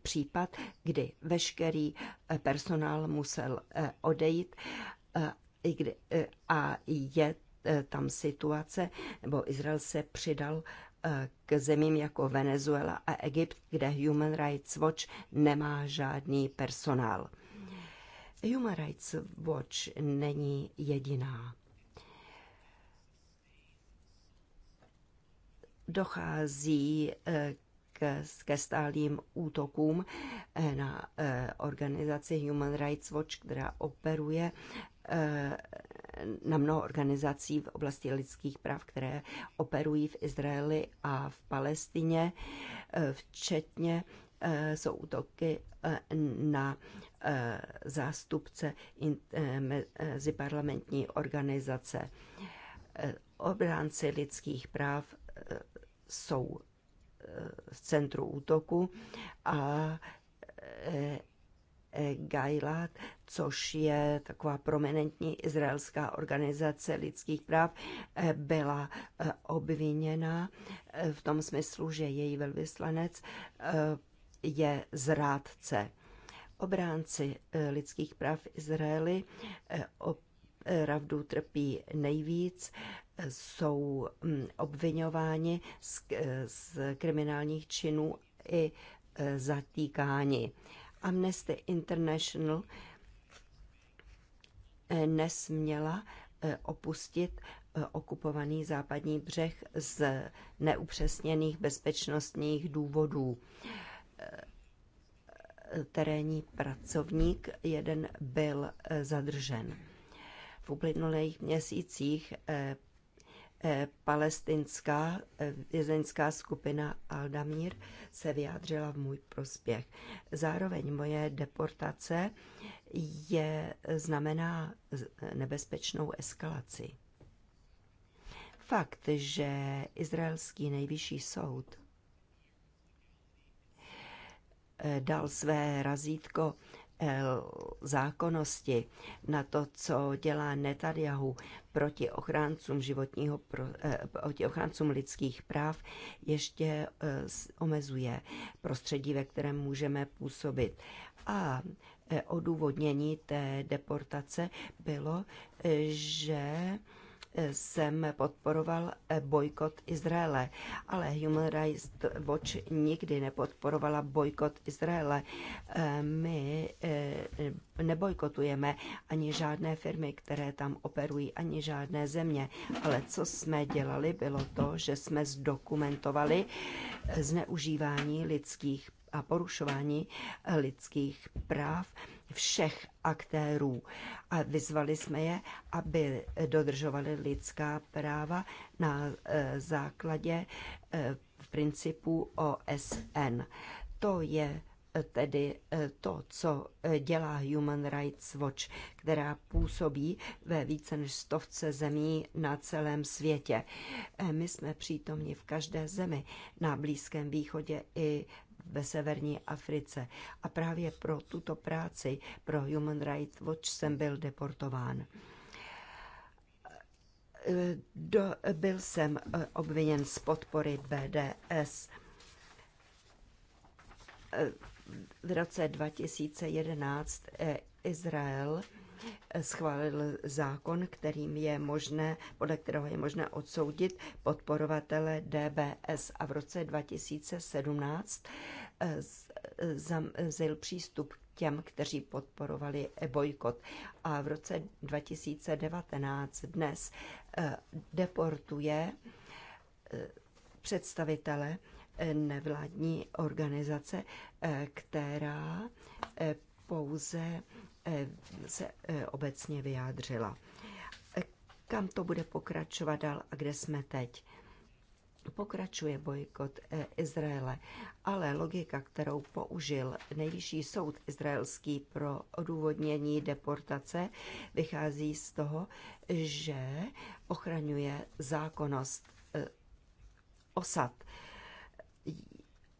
případ, kdy veškerý personál musel odejít a je tam situace, nebo Izrael se přidal k zemím jako Venezuela a Egypt, kde Human Rights Watch nemá žádný personál. Human Rights Watch není jediná. Dochází eh, k, ke stálým útokům eh, na eh, organizaci Human Rights Watch, která operuje na mnoho organizací v oblasti lidských práv, které operují v Izraeli a v Palestině, včetně Eh, jsou útoky eh, na eh, zástupce meziparlamentní organizace. Obránci lidských práv jsou v centru útoku a Gailat, což je taková prominentní izraelská organizace lidských práv, byla obviněna v tom smyslu, že její velvyslanec je zrádce. Obránci eh, lidských práv Izraeli eh, opravdu eh, trpí nejvíc, jsou mm, obvinováni z, z kriminálních činů i zatýkáni. Amnesty International nesměla opustit okupovaný západní břeh z neupřesněných bezpečnostních důvodů terénní pracovník, jeden byl eh, zadržen. V uplynulých měsících eh, eh, palestinská vězeňská skupina Aldamír se vyjádřila v můj prospěch. Zároveň moje deportace je znamená nebezpečnou eskalaci. Fakt, že izraelský nejvyšší soud Eh, dal své razítko eh, zákonnosti na to, co dělá Netanyahu proti ochráncům, životního, eh, proti ochráncům lidských práv, ještě omezuje prostředí, ve kterém můžeme působit. A odůvodnění té deportace bylo, že jsem podporoval bojkot Izraele, ale Human Rights Watch nikdy nepodporovala bojkot Izraele. Eh, my eh, nebojkotujeme ani žádné firmy, které tam operují, ani žádné země. Ale co jsme dělali, bylo to, že jsme zdokumentovali zneužívání lidských a porušování lidských práv všech aktérů a vyzvali jsme je, aby dodržovali lidská práva na e, základě e, principů OSN. To je e, tedy to, co dělá Human Rights Watch, která působí ve více než stovce zemí na celém světě. My jsme přítomni v každé zemi, na Blízkém východě i ve severní Africe. A právě pro tuto práci, pro Human Rights Watch, jsem byl deportován. Do, byl jsem eh, obviněn z podpory BDS. Eh, v roce 2011 eh, Izrael schválil zákon, kterým je možné, podle kterého je možné odsoudit podporovatele DBS. A v roce 2017 eh, zil eh, přístup k těm, kteří podporovali e bojkot. A v roce 2019 dnes eh, deportuje představitele nevládní organizace, která pouze Eh, se eh, obecně vyjádřila. Eh, kam to bude pokračovat dál a kde jsme teď? Pokračuje bojkot Izraele, ale logika, kterou použil nejvyšší soud izraelský pro odůvodnění deportace, vychází z toho, že ochraňuje zákonnost osad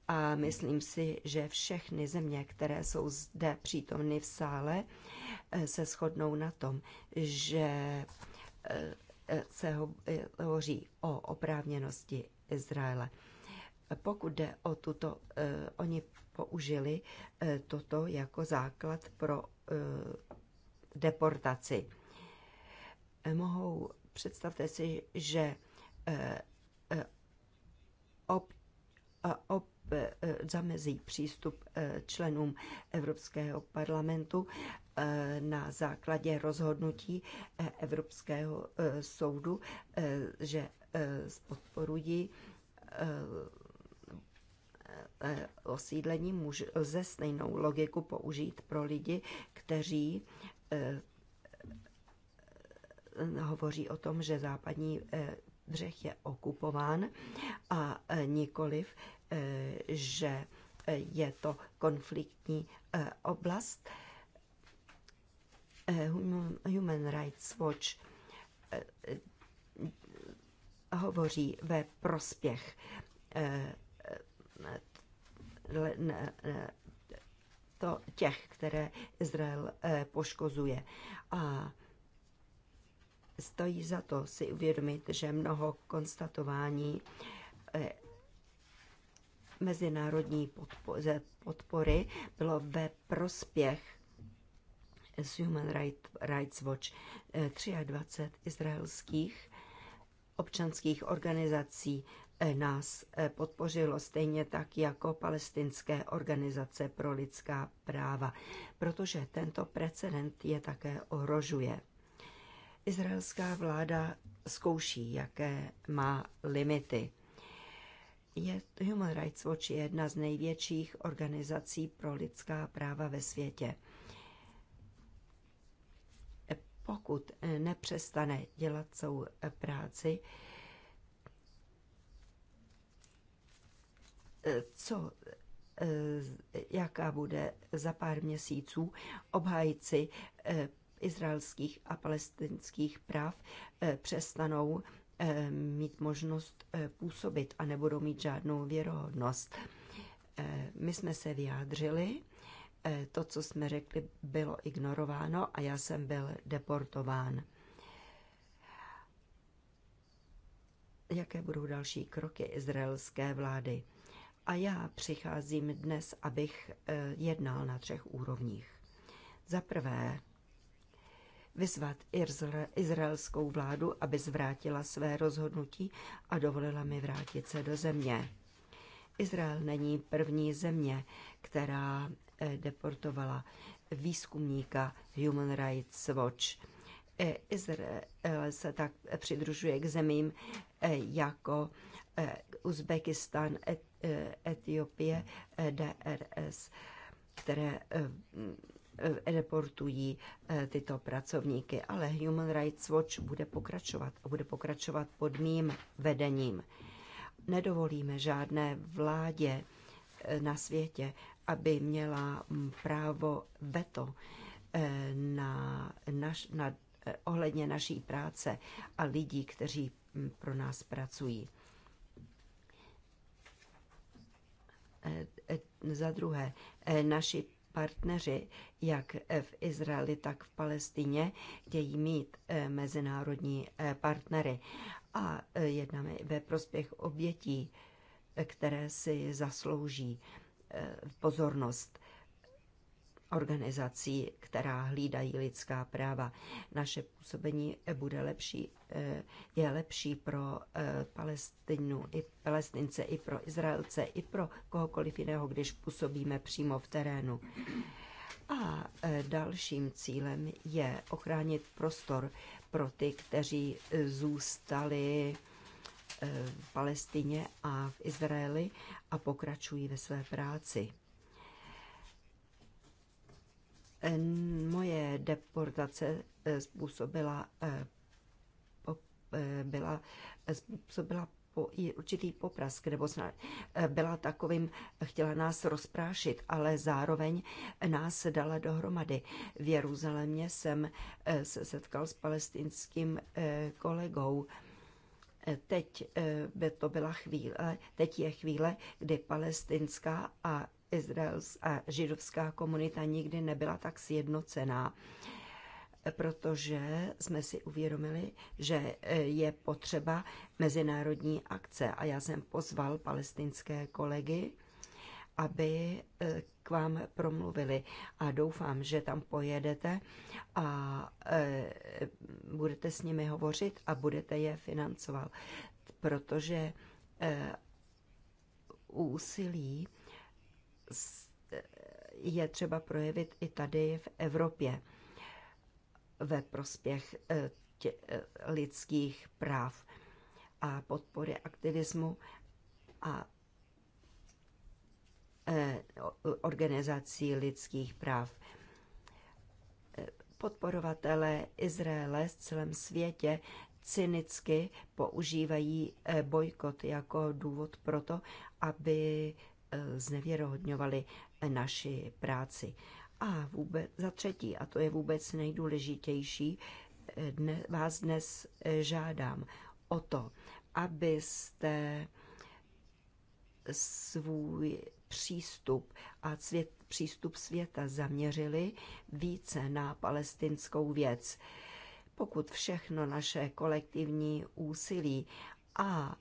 a myslím si, že všechny země, které jsou zde přítomny v sále, eh, se shodnou na tom, že eh, eh, se hovoří o oprávněnosti Izraele. Pokud jde o tuto, oni použili toto jako základ pro deportaci. Mohou, představte si, že ob, ob, E, zamezí přístup e, členům Evropského parlamentu e, na základě rozhodnutí Evropského soudu, že podporují osídlení, může, lze stejnou logiku použít pro lidi, kteří hovoří o tom, že západní břeh je okupován a nikoliv že je to konfliktní eh, oblast. Eh, Human Rights Watch eh, hovoří ve prospěch to těch, které Izrael poškozuje. A stojí za to si uvědomit, že mnoho konstatování mezinárodní podpory bylo ve prospěch z Human Rights Watch 23 eh, izraelských občanských organizací eh, nás eh, podpořilo stejně tak jako palestinské organizace pro lidská práva, protože tento precedent je také ohrožuje. Izraelská vláda zkouší, jaké má limity je, Human Rights Watch je jedna z největších organizací pro lidská práva ve světě. Pokud nepřestane dělat svou práci, co, jaká bude za pár měsíců obhájci eh, izraelských a palestinských práv eh, přestanou Eh, mít možnost eh, působit a nebudou mít žádnou věrohodnost. Eh, my jsme se vyjádřili, to, co jsme řekli, bylo ignorováno a já jsem byl deportován. Jaké budou další kroky izraelské vlády? A já přicházím dnes, abych jednal na třech úrovních. Za prvé, vyzvat izraelskou vládu, aby zvrátila své rozhodnutí a dovolila mi vrátit se do země. Izrael není první země, která eh, deportovala výzkumníka Human Rights Watch. Eh, Izrael se tak přidružuje k zemím eh, jako Uzbekistan, Etiopie, DRS, které reportují eh, tyto pracovníky. Ale Human Rights Watch bude pokračovat a bude pokračovat pod mým vedením. Nedovolíme žádné vládě eh, na světě, aby měla mm, právo veto eh, na, naš, na, ohledně naší práce a lidí, kteří mm, pro nás pracují. Za druhé, naši partneři, jak v Izraeli, tak v Palestině, chtějí mít eh, mezinárodní eh, partnery. A eh, jednáme ve prospěch obětí, které si zaslouží pozornost organizací, která hlídají lidská práva. Naše působení bude lepší, eh, je lepší pro eh, Palestinu i Palestince, i pro Izraelce, i pro kohokoliv jiného, když působíme přímo v terénu. A eh, dalším cílem je ochránit prostor pro ty, kteří zůstali v Palestině a v Izraeli a pokračují ve své práci. Moje deportace eh, způsobila, eh, eh, byla, způsobila po, i určitý poprask, nebo snad byla takovým, chtěla nás rozprášit, ale zároveň nás dala dohromady. V Jeruzalémě jsem se setkal s palestinským kolegou. Teď by to byla chvíle, teď je chvíle, kdy palestinská a izraelská židovská komunita nikdy nebyla tak sjednocená, protože jsme si uvědomili, že e, je potřeba mezinárodní akce. A já jsem pozval palestinské kolegy, aby e, k vám promluvili. A doufám, že tam pojedete a e, budete s nimi hovořit a budete je financovat, protože úsilí je třeba projevit i tady v Evropě ve prospěch eh, tě, eh, lidských práv a podpory aktivismu a eh, organizací lidských práv. Podporovatelé Izraele v celém světě cynicky používají bojkot jako důvod pro to, aby Eh, znevěrohodňovali eh, naši práci. A vůbec, za třetí, a to je vůbec nejdůležitější, eh, dne, vás dnes žádám o to, abyste svůj přístup a svět, přístup světa zaměřili více na palestinskou věc. Pokud všechno naše kolektivní úsilí a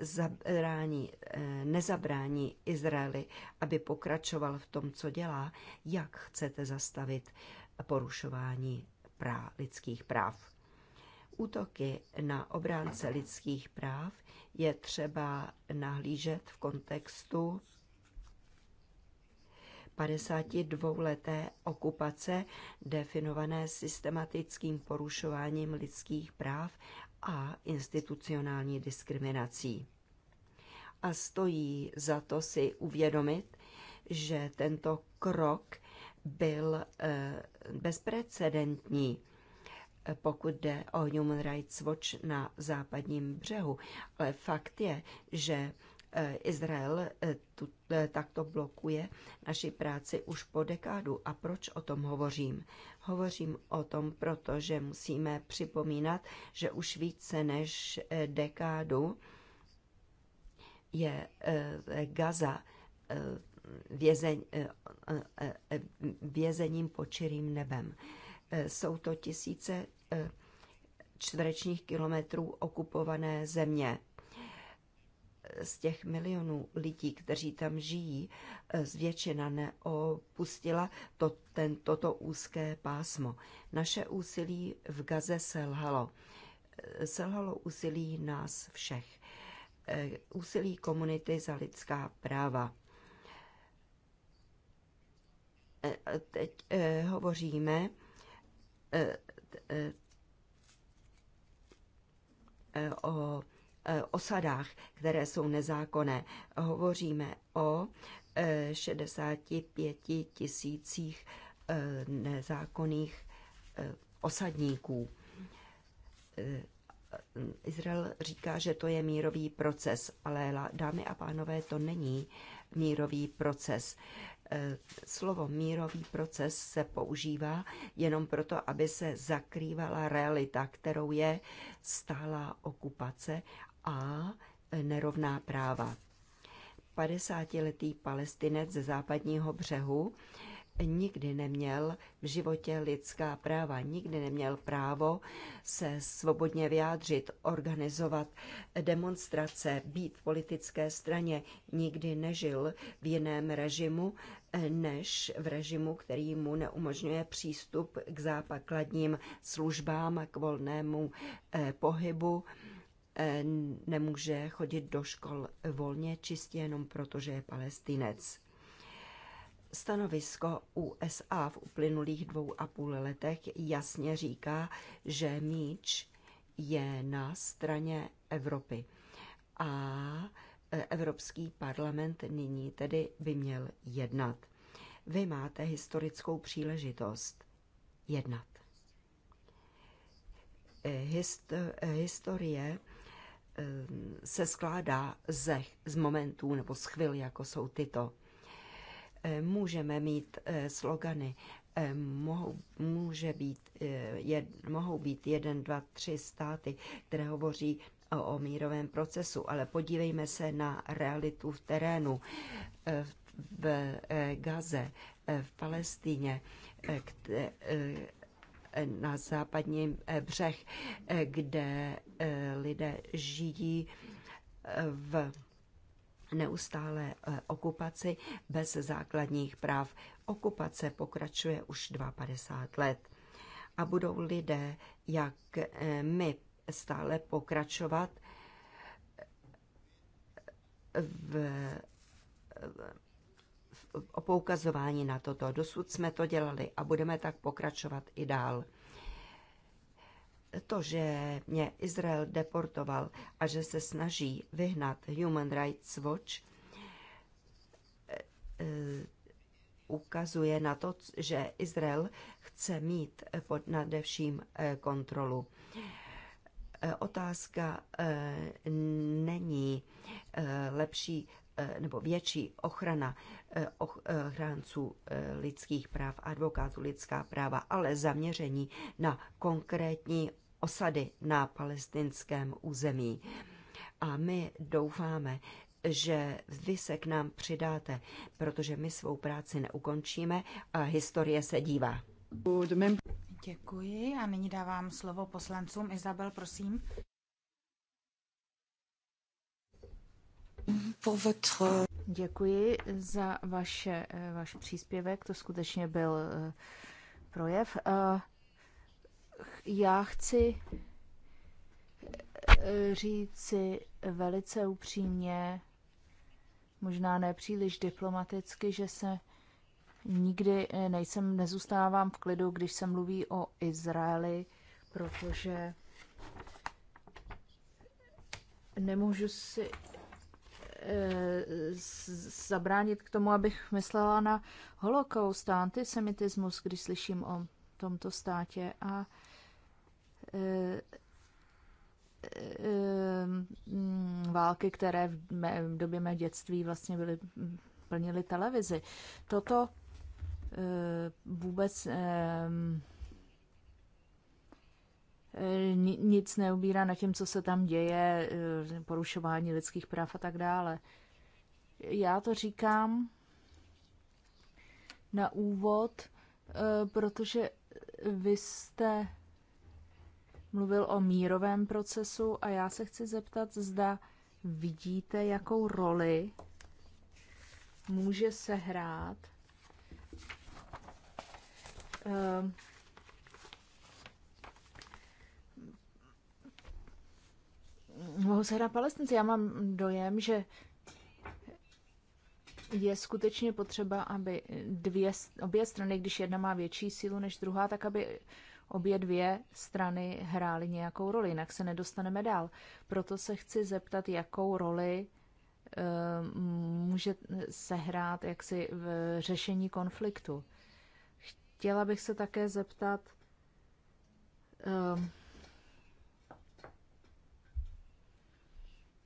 zabrání, e, nezabrání Izraeli, aby pokračoval v tom, co dělá, jak chcete zastavit porušování práv, lidských práv. Útoky na obránce lidských práv je třeba nahlížet v kontextu 52-leté okupace definované systematickým porušováním lidských práv a institucionální diskriminací. A stojí za to si uvědomit, že tento krok byl eh, bezprecedentní, eh, pokud jde o Human Rights Watch na západním břehu. Ale fakt je, že Eh, Izrael eh, tu, eh, takto blokuje naši práci už po dekádu. A proč o tom hovořím? Hovořím o tom, protože musíme připomínat, že už více než dekádu je Gaza vězeň, vězením pod čirým nebem. Jsou to tisíce čtverečních kilometrů okupované země z těch milionů lidí, kteří tam žijí, eh, zvětšina neopustila to, ten, toto úzké pásmo. Naše úsilí v Gaze selhalo. Eh, selhalo úsilí nás všech. Eh, úsilí komunity za lidská práva. Teď hovoříme o Eh, osadách, které jsou nezákonné. Hovoříme o 65 eh, tisících eh, nezákonných osadníků. Izrael říká, že to je mírový proces, ale dámy a pánové, to není mírový proces. Slovo mírový proces se používá jenom proto, aby se zakrývala realita, kterou je stálá okupace a nerovná práva. 50-letý palestinec ze západního břehu nikdy neměl v životě lidská práva, nikdy neměl právo se svobodně vyjádřit, organizovat demonstrace, být v politické straně, nikdy nežil v jiném režimu než v režimu, který mu neumožňuje přístup k západkladním službám, k volnému eh, pohybu Eh, nemůže chodit do škol volně čistě jenom proto, že je palestinec. Stanovisko USA v uplynulých dvou a půl letech jasně říká, že míč je na straně Evropy. A eh, Evropský parlament nyní tedy by měl jednat. Vy máte historickou příležitost jednat. Eh, hist- historie Eh, se skládá ze, z momentů nebo z chvil, jako jsou tyto. Eh, můžeme mít eh, slogany, mohou, může být, je, mohou být jeden, dva, tři státy, které hovoří o, o mírovém procesu, ale podívejme se na realitu v terénu, v, v Gaze, v Palestíně, kde, na západním eh, břeh, eh, kde eh, lidé žijí v neustále okupaci bez základních práv. Okupace pokračuje už 52 let. A budou lidé, jak my, stále pokračovat v, o poukazování na toto. Dosud jsme to dělali a budeme tak pokračovat i dál. To, že mě Izrael deportoval a že se snaží vyhnat Human Rights Watch, eh, ukazuje na to, že Izrael chce mít pod nadevším eh, kontrolu. Eh, otázka není lepší Eh, nebo větší ochrana eh, eh, ochránců lidských práv, advokátů lidská práva, ale zaměření na konkrétní osady na palestinském území. A my doufáme, že vy se k nám přidáte, protože my svou práci neukončíme a historie se dívá. Děkuji a nyní dávám slovo poslancům. Izabel, prosím. pour votre... Euh, Děkuji za vaše, eh, vaš příspěvek, to skutečně byl eh, projev. Eh, já chci říci velice upřímně, možná nepříliš diplomaticky, že se nikdy nejsem, nezůstávám v klidu, když se mluví o Izraeli, protože nemůžu si Eh, zabránit k tomu, abych myslela na holokaust a antisemitismus, když slyším o tomto státě. A eh, eh, války, které v, mé, v době mé dětství vlastně byly, plnily televizi. Toto vůbec Eh, nic neubírá na tím, co se tam děje, eh, porušování lidských práv a tak dále. Já to říkám na úvod, eh, protože vy jste mluvil o mírovém procesu a já se chci zeptat, zda vidíte, jakou roli může sehrát mohou hrát palestinci. Já mám dojem, že je skutečně potřeba, aby dvě, obě strany, když jedna má větší sílu než druhá, tak aby obě dvě strany hrály nějakou roli, jinak se nedostaneme dál. Proto se chci zeptat, jakou roli e, může sehrát jaksi v řešení konfliktu. Chtěla bych se také zeptat, eh,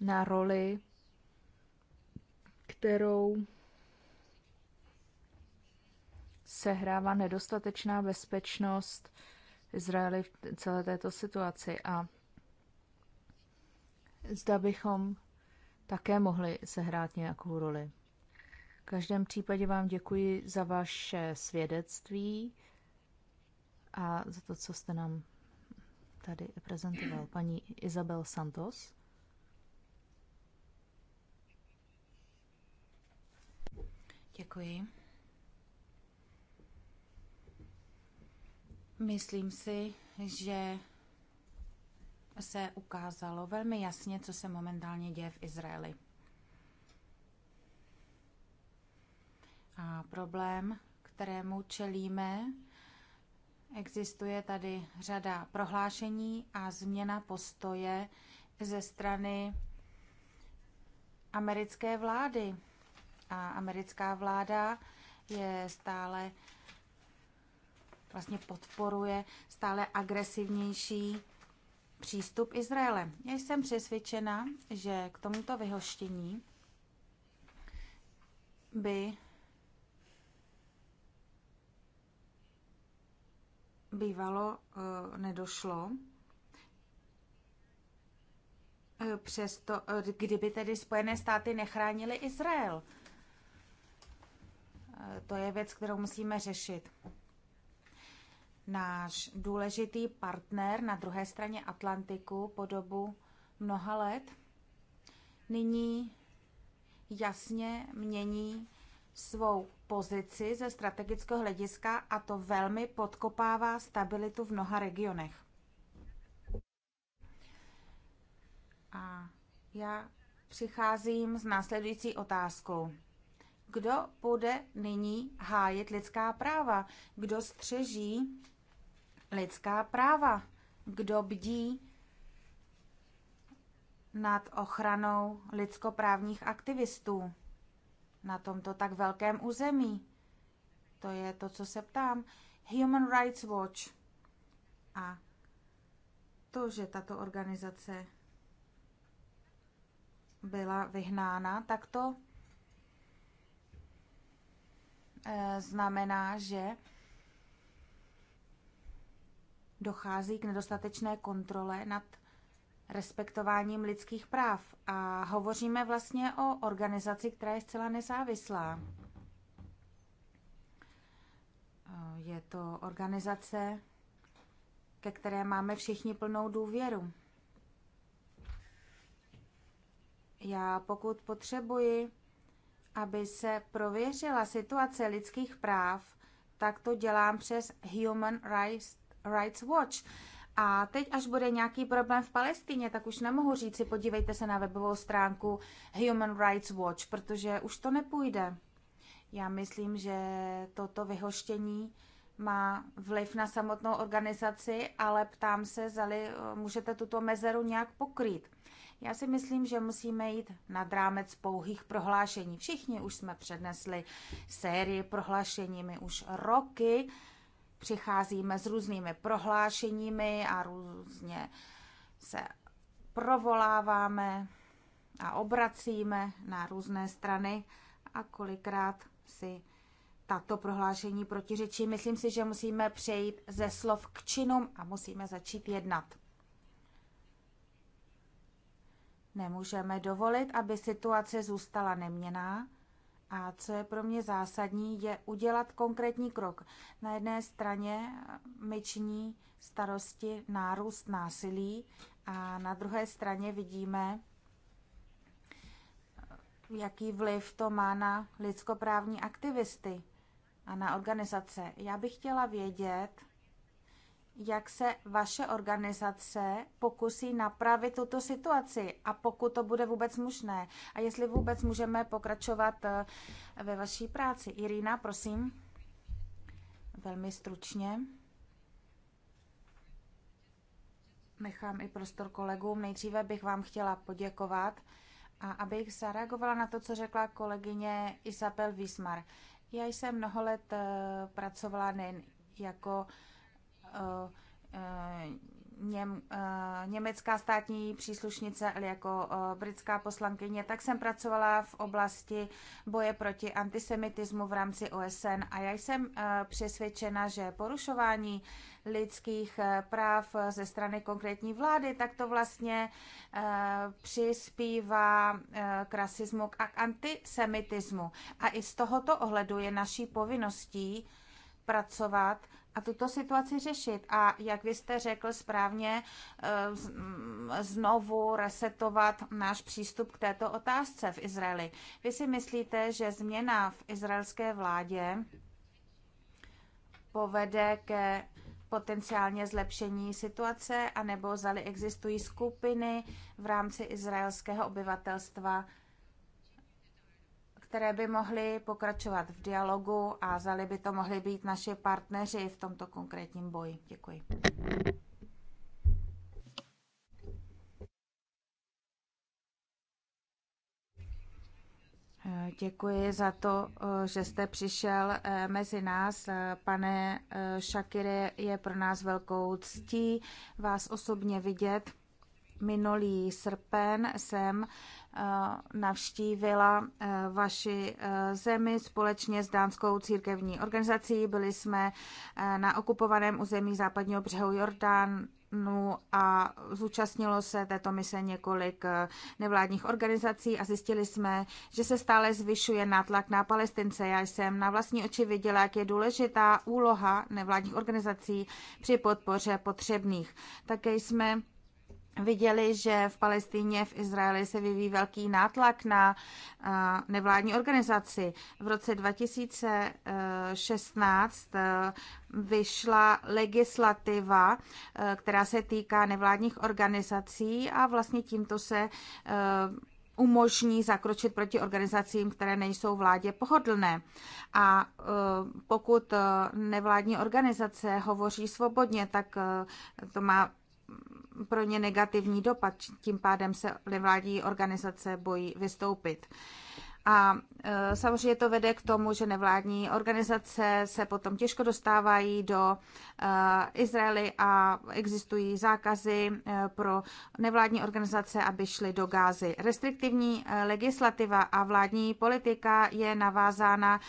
na roli, kterou sehrává nedostatečná bezpečnost Izraeli v celé této situaci a zda bychom také mohli sehrát nějakou roli. V každém případě vám děkuji za vaše svědectví a za to, co jste nám tady prezentoval. Paní Izabel Santos. Děkuji. Myslím si, že se ukázalo velmi jasně, co se momentálně děje v Izraeli. A problém, kterému čelíme, existuje tady řada prohlášení a změna postoje ze strany americké vlády a americká vláda je stále vlastně podporuje stále agresivnější přístup Izraele. Já jsem přesvědčena, že k tomuto vyhoštění by bývalo eh, nedošlo. Eh, přesto, eh, kdyby tedy Spojené státy nechránily Izrael. To je věc, kterou musíme řešit. Náš důležitý partner na druhé straně Atlantiku po dobu mnoha let nyní jasně mění svou pozici ze strategického hlediska a to velmi podkopává stabilitu v mnoha regionech. A já přicházím s následující otázkou. Kdo bude nyní hájit lidská práva? Kdo střeží lidská práva? Kdo bdí nad ochranou lidskoprávních aktivistů na tomto tak velkém území? To je to, co se ptám. Human Rights Watch. A to, že tato organizace byla vyhnána, tak to Eh, znamená, že dochází k nedostatečné kontrole nad respektováním lidských práv. A hovoříme vlastně o organizaci, která je zcela nezávislá. Eh, je to organizace, ke které máme všichni plnou důvěru. Já pokud potřebuji aby se prověřila situace lidských práv, tak to dělám přes Human Rights, Watch. A teď, až bude nějaký problém v Palestině, tak už nemohu říct si, podívejte se na webovou stránku Human Rights Watch, protože už to nepůjde. Já myslím, že toto vyhoštění má vliv na samotnou organizaci, ale ptám se, zali eh, můžete tuto mezeru nějak pokrýt. Já si myslím, že musíme jít nad rámec pouhých prohlášení. Všichni už jsme přednesli sérii prohlášení, my už roky přicházíme s různými prohlášeními a různě se provoláváme a obracíme na různé strany a kolikrát si tato prohlášení protiřečí. Myslím si, že musíme přejít ze slov k činům a musíme začít jednat. Nemůžeme dovolit, aby situace zůstala neměná. A co je pro mě zásadní, je udělat konkrétní krok. Na jedné straně mi činí starosti nárůst násilí a na druhé straně vidíme, jaký vliv to má na lidskoprávní aktivisty a na organizace. Já bych chtěla vědět, jak se vaše organizace pokusí napravit tuto situaci a pokud to bude vůbec možné a jestli vůbec můžeme pokračovat eh, ve vaší práci. Irina, prosím. Velmi stručně. Nechám i prostor kolegům. Nejdříve bych vám chtěla poděkovat a abych zareagovala na to, co řekla kolegyně Isabel Wismar. Já jsem mnoho let eh, pracovala nejen jako uh, Eh, něm, eh, německá státní příslušnice, ale jako eh, britská poslankyně, tak jsem pracovala v oblasti boje proti antisemitismu v rámci OSN a já jsem přesvědčena, že porušování lidských práv ze strany konkrétní vlády, tak to vlastně přispívá k rasismu a k antisemitismu. A i z tohoto ohledu je naší povinností pracovat a tuto situaci řešit. A jak vy jste řekl správně, eh, mm, znovu resetovat náš přístup k této otázce v Izraeli. Vy si myslíte, že změna v izraelské vládě povede ke potenciálně zlepšení situace, anebo zali existují skupiny v rámci izraelského obyvatelstva, které by mohly pokračovat v dialogu a zali by to mohli být naši partneři v tomto konkrétním boji. Děkuji. Děkuji za to, že jste přišel eh, mezi nás. Pane Šakire, eh, je pro nás velkou ctí vás osobně vidět minulý srpen jsem eh, navštívila eh, vaši eh, zemi společně s Dánskou církevní organizací. Byli jsme na okupovaném území západního břehu Jordán, No a zúčastnilo se této mise několik nevládních organizací a zjistili jsme, že se stále zvyšuje nátlak na Palestince. Já jsem na vlastní oči viděla, jak je důležitá úloha nevládních organizací při podpoře potřebných. Také jsme viděli, že v Palestíně, v Izraeli se vyvíjí velký nátlak na eh, nevládní organizaci. V roce 2016 eh, vyšla legislativa, eh, která se týká nevládních organizací a vlastně tímto se umožní zakročit proti organizacím, které nejsou vládě pohodlné. A pokud nevládní organizace hovoří svobodně, tak to má pro ně negativní dopad, tím pádem se nevládní organizace bojí vystoupit. A Eh, samozřejmě to vede k tomu, že nevládní organizace se potom těžko dostávají do eh, Izraeli a existují zákazy eh, pro nevládní organizace, aby šly do Gázy. Restriktivní legislativa a vládní politika je navázána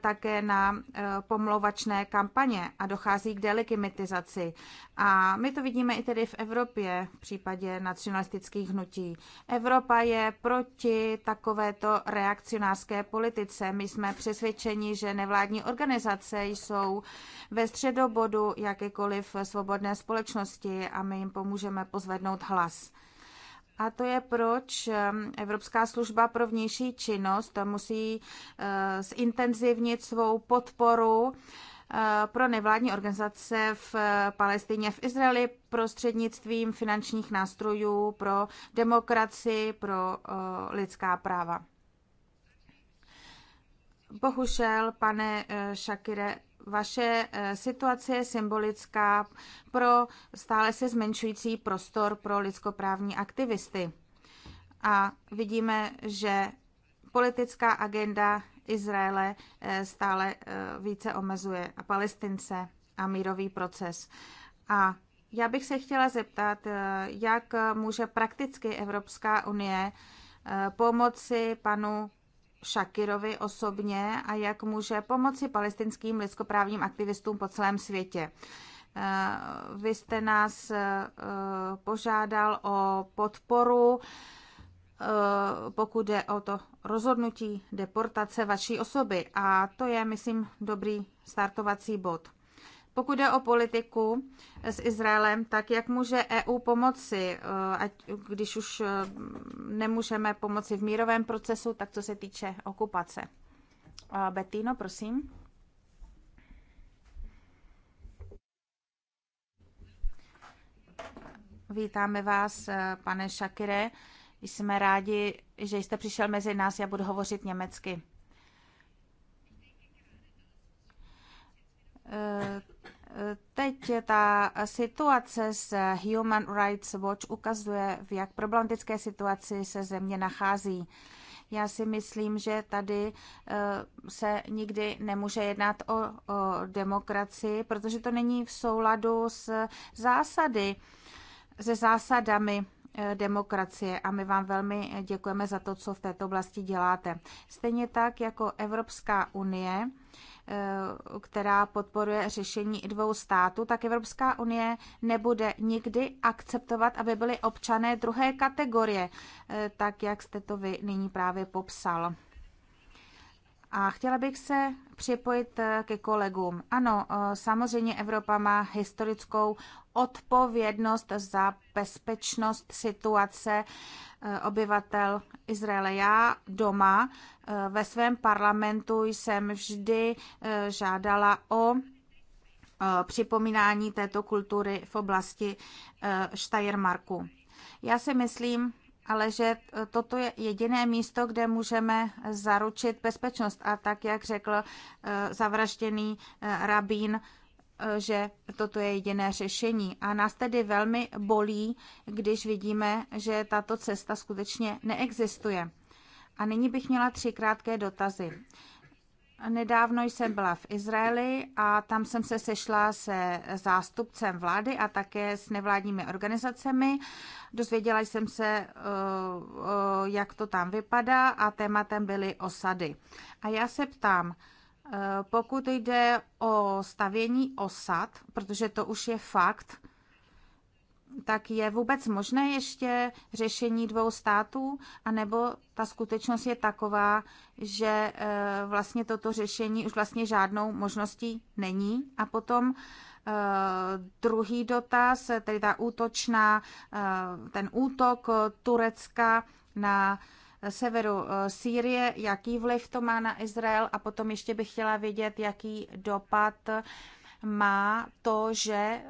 také na pomlouvačné kampaně a dochází k delikimitizaci. A my to vidíme i tedy v Evropě v případě nacionalistických hnutí. Evropa je proti takovéto reakcionářské politice. My jsme přesvědčeni, že nevládní organizace jsou ve středobodu jakékoliv svobodné společnosti a my jim pomůžeme pozvednout hlas. A to je proč ehm, Evropská služba pro vnější činnost musí eh, zintenzivnit svou podporu eh, pro nevládní organizace v eh, Palestině, v Izraeli prostřednictvím finančních nástrojů pro demokracii, pro lidská práva. Bohužel, pane Šakire, eh, vaše eh, situace je symbolická pro stále se zmenšující prostor pro lidskoprávní aktivisty. A vidíme, že politická agenda Izraele eh, stále více omezuje a palestince a mírový proces. A já bych se chtěla zeptat, jak může prakticky Evropská unie pomoci panu Shakirovi osobně a jak může pomoci palestinským lidskoprávním aktivistům po celém světě. Eh, vy jste nás eh, požádal o podporu, eh, pokud jde o to rozhodnutí deportace vaší osoby a to je, myslím, dobrý startovací bod. Pokud jde o politiku s Izraelem, tak jak může EU pomoci, eh, ať když už eh, nemůžeme pomoci v mírovém procesu, tak co se týče okupace? Eh, Betino, prosím. Vítáme vás, pane Šakire. Jsme rádi, že jste přišel mezi nás. Já budu hovořit německy. teď ta situace s Human Rights Watch ukazuje, v jak problematické situaci se země nachází. Já si myslím, že tady eh, se nikdy nemůže jednat o, o demokracii, protože to není v souladu s zásady, se zásadami demokracie a my vám velmi děkujeme za to, co v této oblasti děláte. Stejně tak jako Evropská unie, eh, která podporuje řešení dvou států, tak Evropská unie nebude nikdy akceptovat, aby byly občané druhé kategorie, eh, tak jak jste to vy nyní právě popsal. A chtěla bych se připojit eh, ke kolegům. Ano, eh, samozřejmě Evropa má historickou odpovědnost za bezpečnost situace eh, obyvatel Izraele. Já doma ve svém parlamentu jsem vždy žádala o připomínání této kultury v oblasti Steiermarku. Já si myslím, ale že e, toto je jediné místo, kde můžeme zaručit bezpečnost. A tak, jak řekl e, zavražděný e, rabín, že toto je jediné řešení. A nás tedy velmi bolí, když vidíme, že tato cesta skutečně neexistuje. A nyní bych měla tři krátké dotazy. Nedávno jsem byla v Izraeli a tam jsem se sešla se zástupcem vlády a také s nevládními organizacemi. Dozvěděla jsem se, eh, eh, jak to tam vypadá a tématem byly osady. A já se ptám, eh, pokud jde o stavění osad, protože to už je fakt, tak je vůbec možné ještě řešení dvou států, anebo ta skutečnost je taková, že eh, vlastně toto řešení už vlastně žádnou možností není. A potom eh, druhý dotaz, tedy ta útočná, eh, ten útok Turecka na severu Sýrie, jaký vliv to má na Izrael a potom ještě bych chtěla vědět, jaký dopad má to, že eh,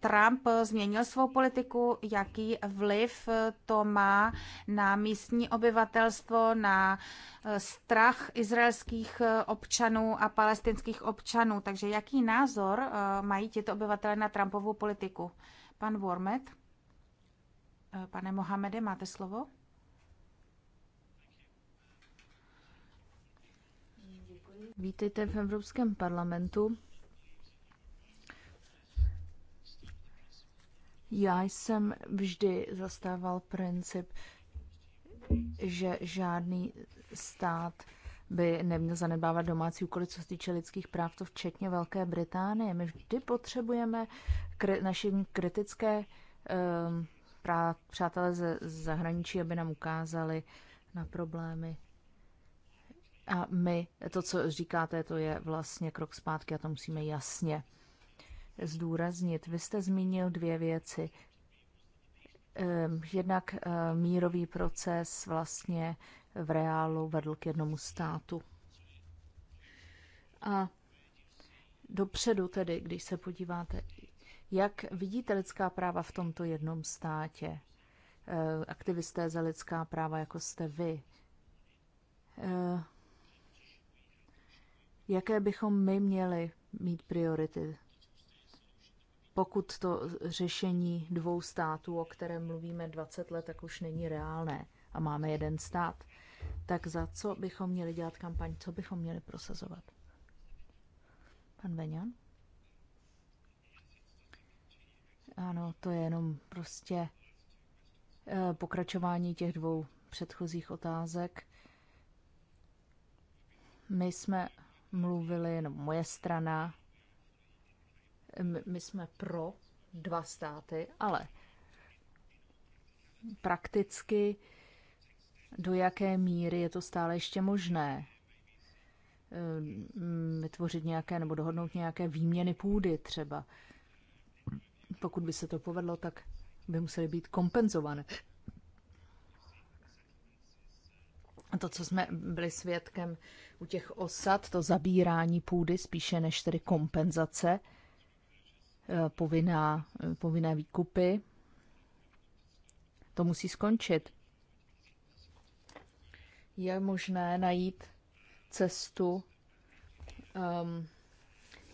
Trump změnil svou politiku, jaký vliv eh, to má na místní obyvatelstvo, na eh, strach izraelských občanů a palestinských občanů. Takže jaký názor mají tito obyvatelé na Trumpovou politiku? Pan Wormet? Pane Mohamede, máte slovo? Vítejte v Evropském parlamentu. Já jsem vždy zastával princip, že žádný stát by neměl zanedbávat domácí úkoly, co se týče lidských práv, to včetně Velké Británie. My vždy potřebujeme kri- naši kritické um, prá- přátelé ze zahraničí, aby nám ukázali na problémy. A my, to, co říkáte, to je vlastně krok zpátky a to musíme jasně zdůraznit. Vy jste zmínil dvě věci. Ehm, jednak ehm, mírový proces vlastně v reálu vedl k jednomu státu. A dopředu tedy, když se podíváte, jak vidíte lidská práva v tomto jednom státě? Ehm, aktivisté za lidská práva, jako jste vy. Jaké bychom my měli mít priority pokud to řešení dvou států, o kterém mluvíme 20 let, tak už není reálné a máme jeden stát, tak za co bychom měli dělat kampaň, co bychom měli prosazovat? Pan Veňan? Ano, to je jenom prostě eh, pokračování těch dvou předchozích otázek. My jsme mluvili, no moje strana, my jsme pro dva státy, ale prakticky do jaké míry je to stále ještě možné ehm, vytvořit nějaké nebo dohodnout nějaké výměny půdy třeba. Pokud by se to povedlo, tak by musely být kompenzované. A to, co jsme byli svědkem u těch osad, to zabírání půdy spíše než tedy kompenzace, Eh, povinná, eh, povinné výkupy. To musí skončit. Je možné najít cestu um,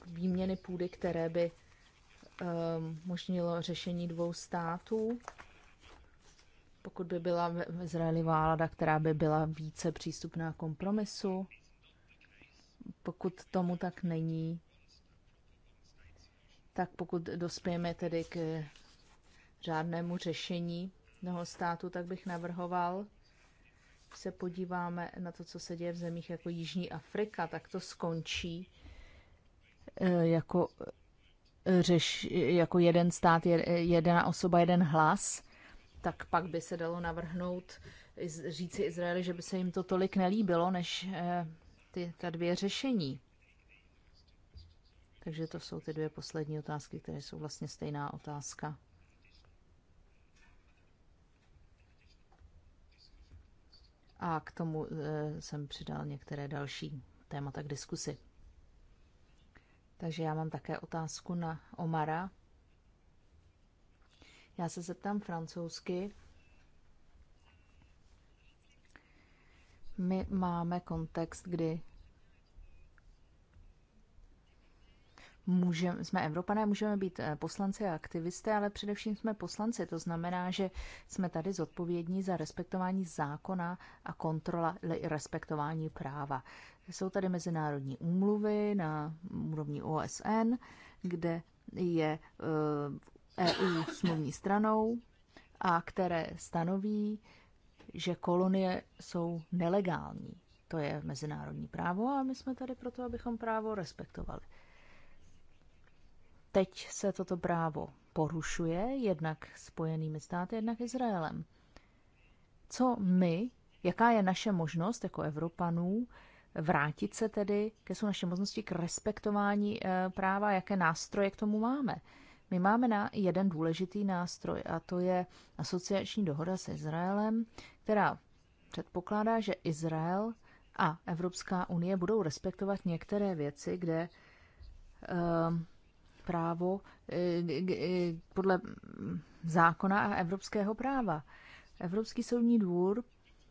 výměny půdy, které by um, ehm, možnilo řešení dvou států, pokud by byla v Izraeli vláda, která by byla více přístupná kompromisu. Pokud tomu tak není, tak pokud dospějeme tedy k řádnému řešení toho státu, tak bych navrhoval, když se podíváme na to, co se děje v zemích jako Jižní Afrika, tak to skončí eh, jako, eh, řeš, jako jeden stát, jedna osoba, jeden hlas, tak pak by se dalo navrhnout říci Izraeli, že by se jim to tolik nelíbilo, než eh, ty, ta dvě řešení. Takže to jsou ty dvě poslední otázky, které jsou vlastně stejná otázka. A k tomu eh, jsem přidal některé další témata k diskusi. Takže já mám také otázku na Omara. Já se zeptám francouzsky. My máme kontext, kdy můžeme, jsme Evropané, můžeme být eh, poslanci a aktivisté, ale především jsme poslanci. To znamená, že jsme tady zodpovědní za respektování zákona a kontrola i respektování práva. Jsou tady mezinárodní úmluvy na úrovni OSN, kde je EU eh, e smluvní stranou a které stanoví, že kolonie jsou nelegální. To je mezinárodní právo a my jsme tady proto, abychom právo respektovali teď se toto právo porušuje jednak Spojenými státy, jednak Izraelem. Co my, jaká je naše možnost jako Evropanů vrátit se tedy, ke jsou naše možnosti k respektování eh, práva, jaké nástroje k tomu máme? My máme na jeden důležitý nástroj a to je asociační dohoda s Izraelem, která předpokládá, že Izrael a Evropská unie budou respektovat některé věci, kde um, právo eh, eh, podle zákona a evropského práva. Evropský soudní dvůr,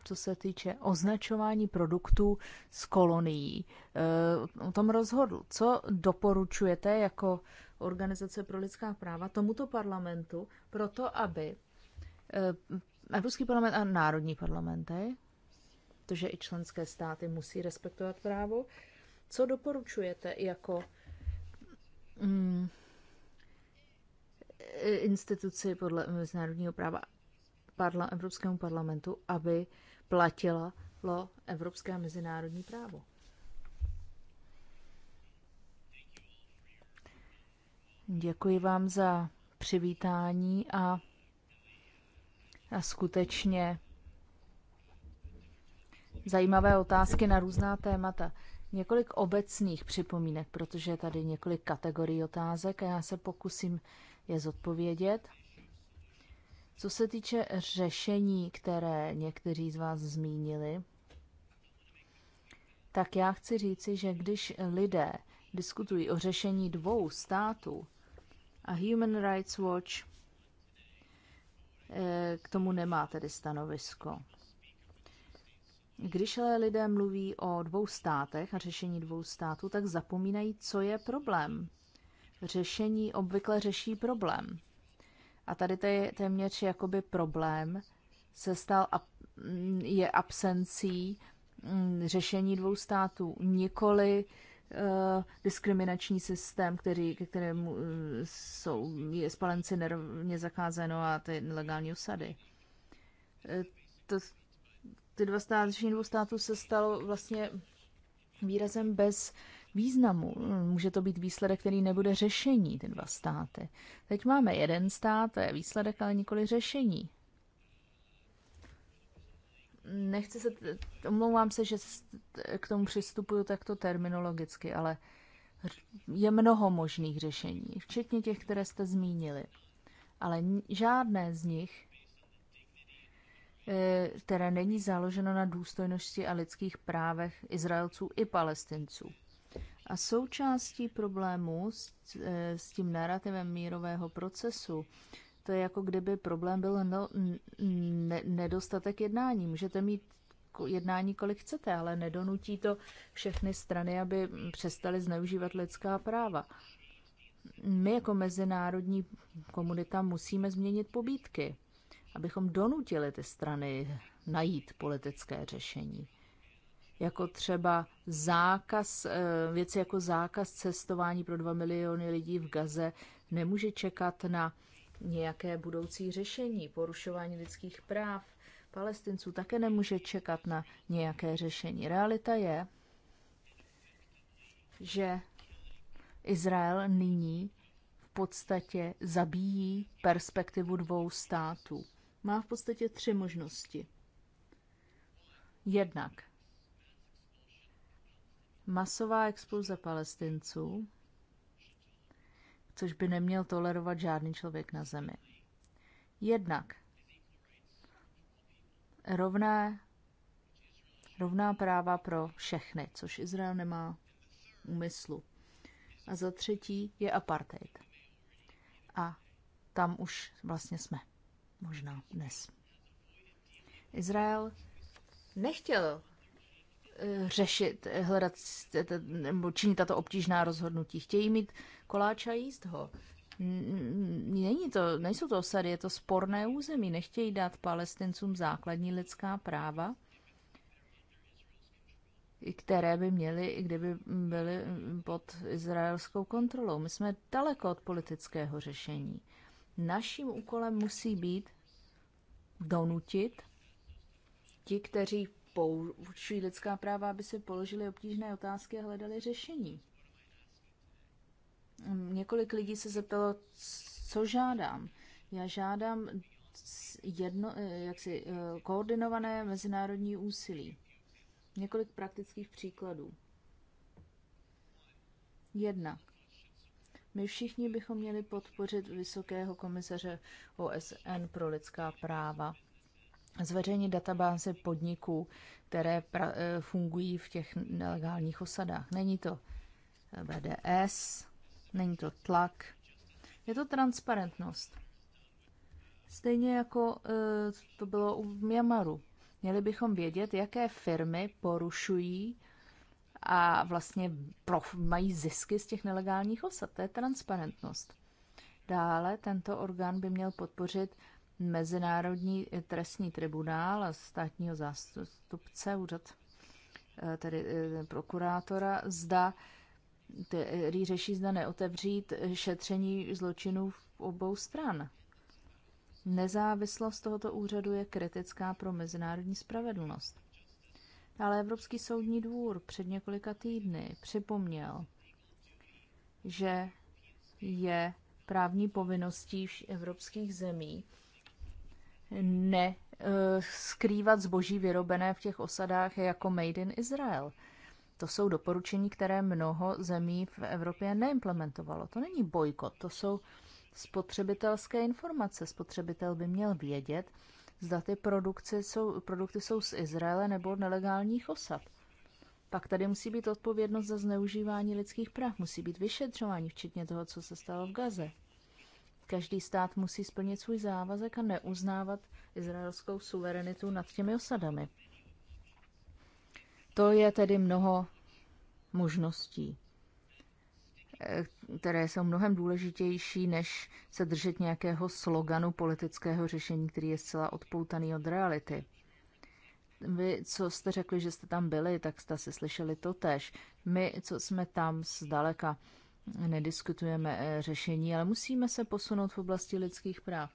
co se týče označování produktů z kolonií, eh, o tom rozhodl. Co doporučujete jako Organizace pro lidská práva tomuto parlamentu, proto aby Evropský parlament a národní parlamenty, protože i členské státy musí respektovat právo, co doporučujete jako mm, e, instituci podle mezinárodního práva parla, Evropskému parlamentu, aby platila lo evropské a mezinárodní právo. Děkuji vám za přivítání a, a skutečně zajímavé otázky na různá témata. Několik obecných připomínek, protože je tady několik kategorií otázek a já se pokusím je zodpovědět. Co se týče řešení, které někteří z vás zmínili, tak já chci říci, že když lidé diskutují o řešení dvou států a Human Rights Watch eh, k tomu nemá tedy stanovisko. Když ale lidé mluví o dvou státech a řešení dvou států, tak zapomínají, co je problém. Řešení obvykle řeší problém. A tady je téměř jakoby problém se stal je absencí mm, řešení dvou států, nikoli eh, diskriminační systém, který, ke kterému eh, jsou, je spalenci nerovně zakázeno a ty nelegální osady. Eh, to ty dva státy, dvou států se stalo vlastně výrazem bez významu. Může to být výsledek, který nebude řešení, ty dva státy. Teď máme jeden stát, to je výsledek, ale nikoli řešení. Nechci se, omlouvám se, že k tomu přistupuju takto terminologicky, ale je mnoho možných řešení, včetně těch, které jste zmínili. Ale žádné z nich Eh, které není založeno na důstojnosti a lidských právech Izraelců i Palestinců. A součástí problému s, eh, s tím narrativem mírového procesu, to je jako kdyby problém byl no, ne, nedostatek jednání. Můžete mít jednání, kolik chcete, ale nedonutí to všechny strany, aby přestali zneužívat lidská práva. My jako mezinárodní komunita musíme změnit pobídky abychom donutili ty strany najít politické řešení. Jako třeba zákaz, eh, věci jako zákaz cestování pro dva miliony lidí v Gaze nemůže čekat na nějaké budoucí řešení. Porušování lidských práv palestinců také nemůže čekat na nějaké řešení. Realita je, že Izrael nyní v podstatě zabíjí perspektivu dvou států má v podstatě tři možnosti. Jednak masová expulze palestinců, což by neměl tolerovat žádný člověk na zemi. Jednak rovné, rovná práva pro všechny, což Izrael nemá úmyslu. A za třetí je apartheid. A tam už vlastně jsme. Možná dnes. Izrael nechtěl eh, řešit, eh, hledat nebo činit tato obtížná rozhodnutí. Chtějí mít koláč a jíst ho. Není to, nejsou to osady, je to sporné území. Nechtějí dát palestincům základní lidská práva, které by měly, i kdyby byly pod izraelskou kontrolou. My jsme daleko od politického řešení. Naším úkolem musí být donutit ti, kteří poučují lidská práva, aby se položili obtížné otázky a hledali řešení. Několik lidí se zeptalo, co žádám. Já žádám jedno, eh, jaksi, eh, koordinované mezinárodní úsilí. Několik praktických příkladů. Jednak my všichni bychom měli podpořit Vysokého komisaře OSN pro lidská práva, zveřejnit databáze podniků, které pra, eh, fungují v těch nelegálních osadách. Není to BDS, eh, není to tlak, je to transparentnost. Stejně jako eh, to bylo u Myanmaru, Měli bychom vědět, jaké firmy porušují a vlastně mají zisky z těch nelegálních osad. To je transparentnost. Dále tento orgán by měl podpořit Mezinárodní trestní tribunál a státního zástupce, úřad eh, tedy eh, prokurátora, zda, který eh, řeší, zda neotevřít šetření zločinů v obou stran. Nezávislost tohoto úřadu je kritická pro mezinárodní spravedlnost. Ale Evropský soudní dvůr před několika týdny připomněl, že je právní povinností evropských zemí neskrývat eh, zboží vyrobené v těch osadách jako Made in Israel. To jsou doporučení, které mnoho zemí v Evropě neimplementovalo. To není bojkot, to jsou spotřebitelské informace. Spotřebitel by měl vědět, zda ty produkce jsou, produkty jsou z Izraele nebo od nelegálních osad. Pak tady musí být odpovědnost za zneužívání lidských práv, musí být vyšetřování, včetně toho, co se stalo v Gaze. Každý stát musí splnit svůj závazek a neuznávat izraelskou suverenitu nad těmi osadami. To je tedy mnoho možností. Eh, které jsou mnohem důležitější, než se držet nějakého sloganu politického řešení, který je zcela odpoutaný od reality. Vy, co jste řekli, že jste tam byli, tak jste si slyšeli to tež. My, co jsme tam zdaleka, nediskutujeme eh, řešení, ale musíme se posunout v oblasti lidských práv.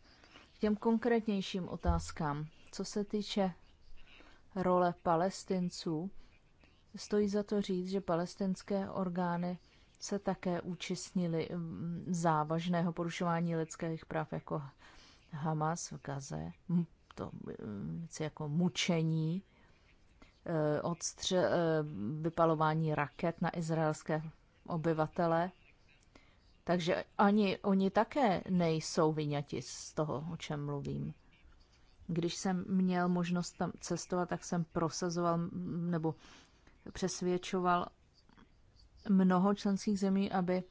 K těm konkrétnějším otázkám, co se týče role palestinců, stojí za to říct, že palestinské orgány se také účastnili mm, závažného porušování lidských práv jako Hamas v Gaze, to mm, jako mučení, eh, odstře- eh, vypalování raket na izraelské obyvatele. Takže ani oni také nejsou vyňati z toho, o čem mluvím. Když jsem měl možnost tam cestovat, tak jsem prosazoval nebo přesvědčoval mnoho členských zemí, aby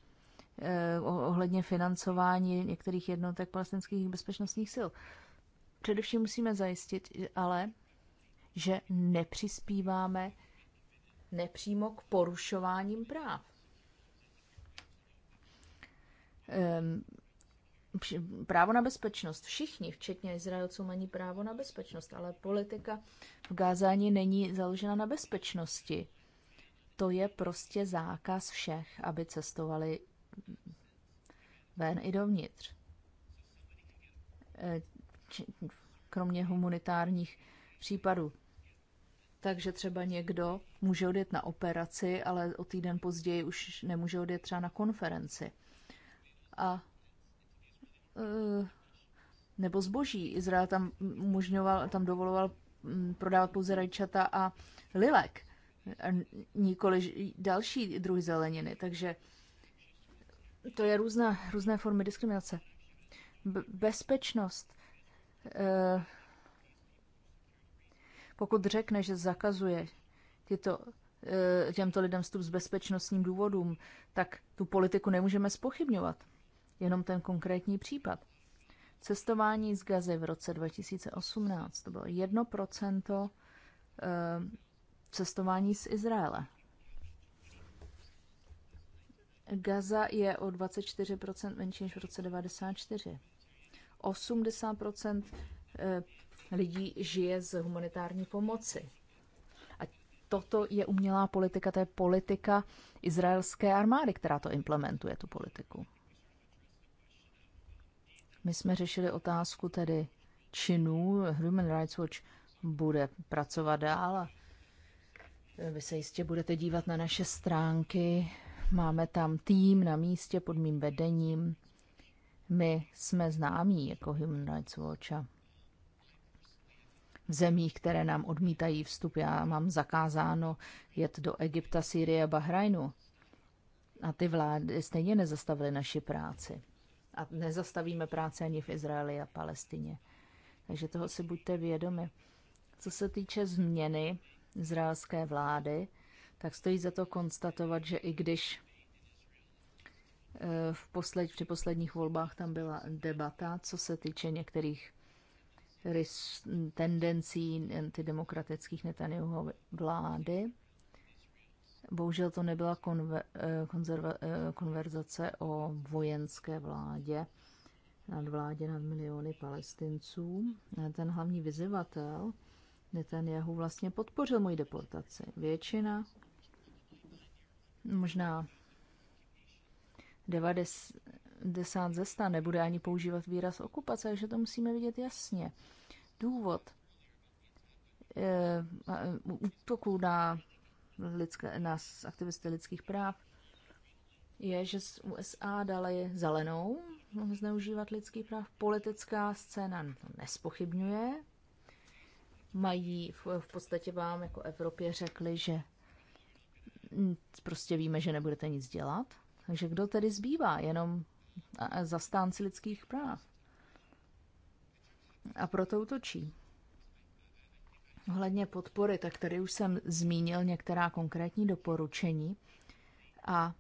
eh, ohledně financování některých jednotek palestinských bezpečnostních sil. Především musíme zajistit ale, že nepřispíváme nepřímo k porušováním práv. Ehm, právo na bezpečnost. Všichni, včetně Izraelců, mají právo na bezpečnost, ale politika v Gázáni není založena na bezpečnosti to je prostě zákaz všech, aby cestovali ven i dovnitř. Eh, kromě humanitárních případů. Takže třeba někdo může odjet na operaci, ale o týden později už nemůže odjet třeba na konferenci. A eh, nebo zboží. Izrael tam umožňoval, tam dovoloval hm, prodávat pouze rajčata a lilek a nikoli další druhy zeleniny. Takže to je různá, různé formy diskriminace. B- bezpečnost. E- pokud řekne, že zakazuje tyto, e- těmto lidem vstup z bezpečnostním důvodům, tak tu politiku nemůžeme spochybňovat. Jenom ten konkrétní případ. Cestování z Gazy v roce 2018 to bylo 1% cestování z Izraele. Gaza je o 24% menší než v roce 1994. 80% eh, lidí žije z humanitární pomoci. A toto je umělá politika, to je politika izraelské armády, která to implementuje, tu politiku. My jsme řešili otázku tedy činů. Human Rights Watch bude pracovat dál a vy se jistě budete dívat na naše stránky. Máme tam tým na místě pod mým vedením. My jsme známí jako Human Rights Watch. V zemích, které nám odmítají vstup, já mám zakázáno jet do Egypta, Sýrie a Bahrajnu. A ty vlády stejně nezastavily naši práci. A nezastavíme práci ani v Izraeli a Palestině. Takže toho si buďte vědomi. Co se týče změny izraelské vlády, tak stojí za to konstatovat, že i když eh, v posled, při posledních volbách tam byla debata, co se týče některých rys, tendencí antidemokratických Netanyahu vlády. Bohužel to nebyla konver, eh, konzerva, eh, konverzace o vojenské vládě, nad vládě nad miliony palestinců. Ten hlavní vyzývatel Netanyahu vlastně podpořil moji deportaci. Většina, možná 90 ze 100 nebude ani používat výraz okupace, takže to musíme vidět jasně. Důvod e, útoku na, lidské, na aktivisty lidských práv je, že z USA dali zelenou zneužívat lidský práv. Politická scéna to nespochybňuje, mají v, v podstatě vám jako Evropě řekli, že prostě víme, že nebudete nic dělat. Takže kdo tedy zbývá? Jenom zastánci lidských práv. A proto utočí. Hledně podpory, tak tady už jsem zmínil některá konkrétní doporučení a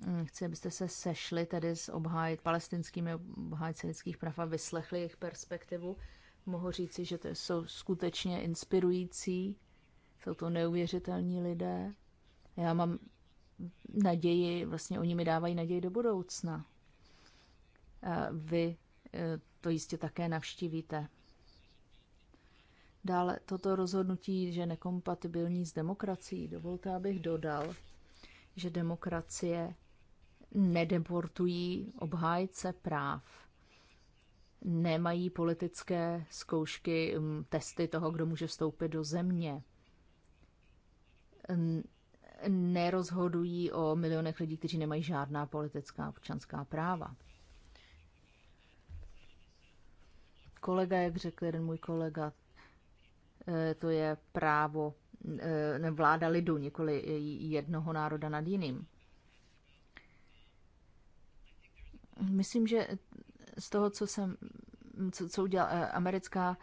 mm, chci, abyste se sešli tedy s obhájit palestinskými obhájci lidských práv a vyslechli jejich perspektivu mohu říci, že to jsou skutečně inspirující, jsou to neuvěřitelní lidé. Já mám naději, vlastně oni mi dávají naději do budoucna. A vy e, to jistě také navštívíte. Dále toto rozhodnutí, že nekompatibilní s demokracií, dovolte, abych dodal, že demokracie nedeportují obhájce práv nemají politické zkoušky, mm, testy toho, kdo může vstoupit do země. Nerozhodují o milionech lidí, kteří nemají žádná politická občanská práva. Kolega, jak řekl jeden můj kolega, e, to je právo e, vláda lidu, nikoli jednoho národa nad jiným. Myslím, že z toho, co jsem, co, co udělala eh, americká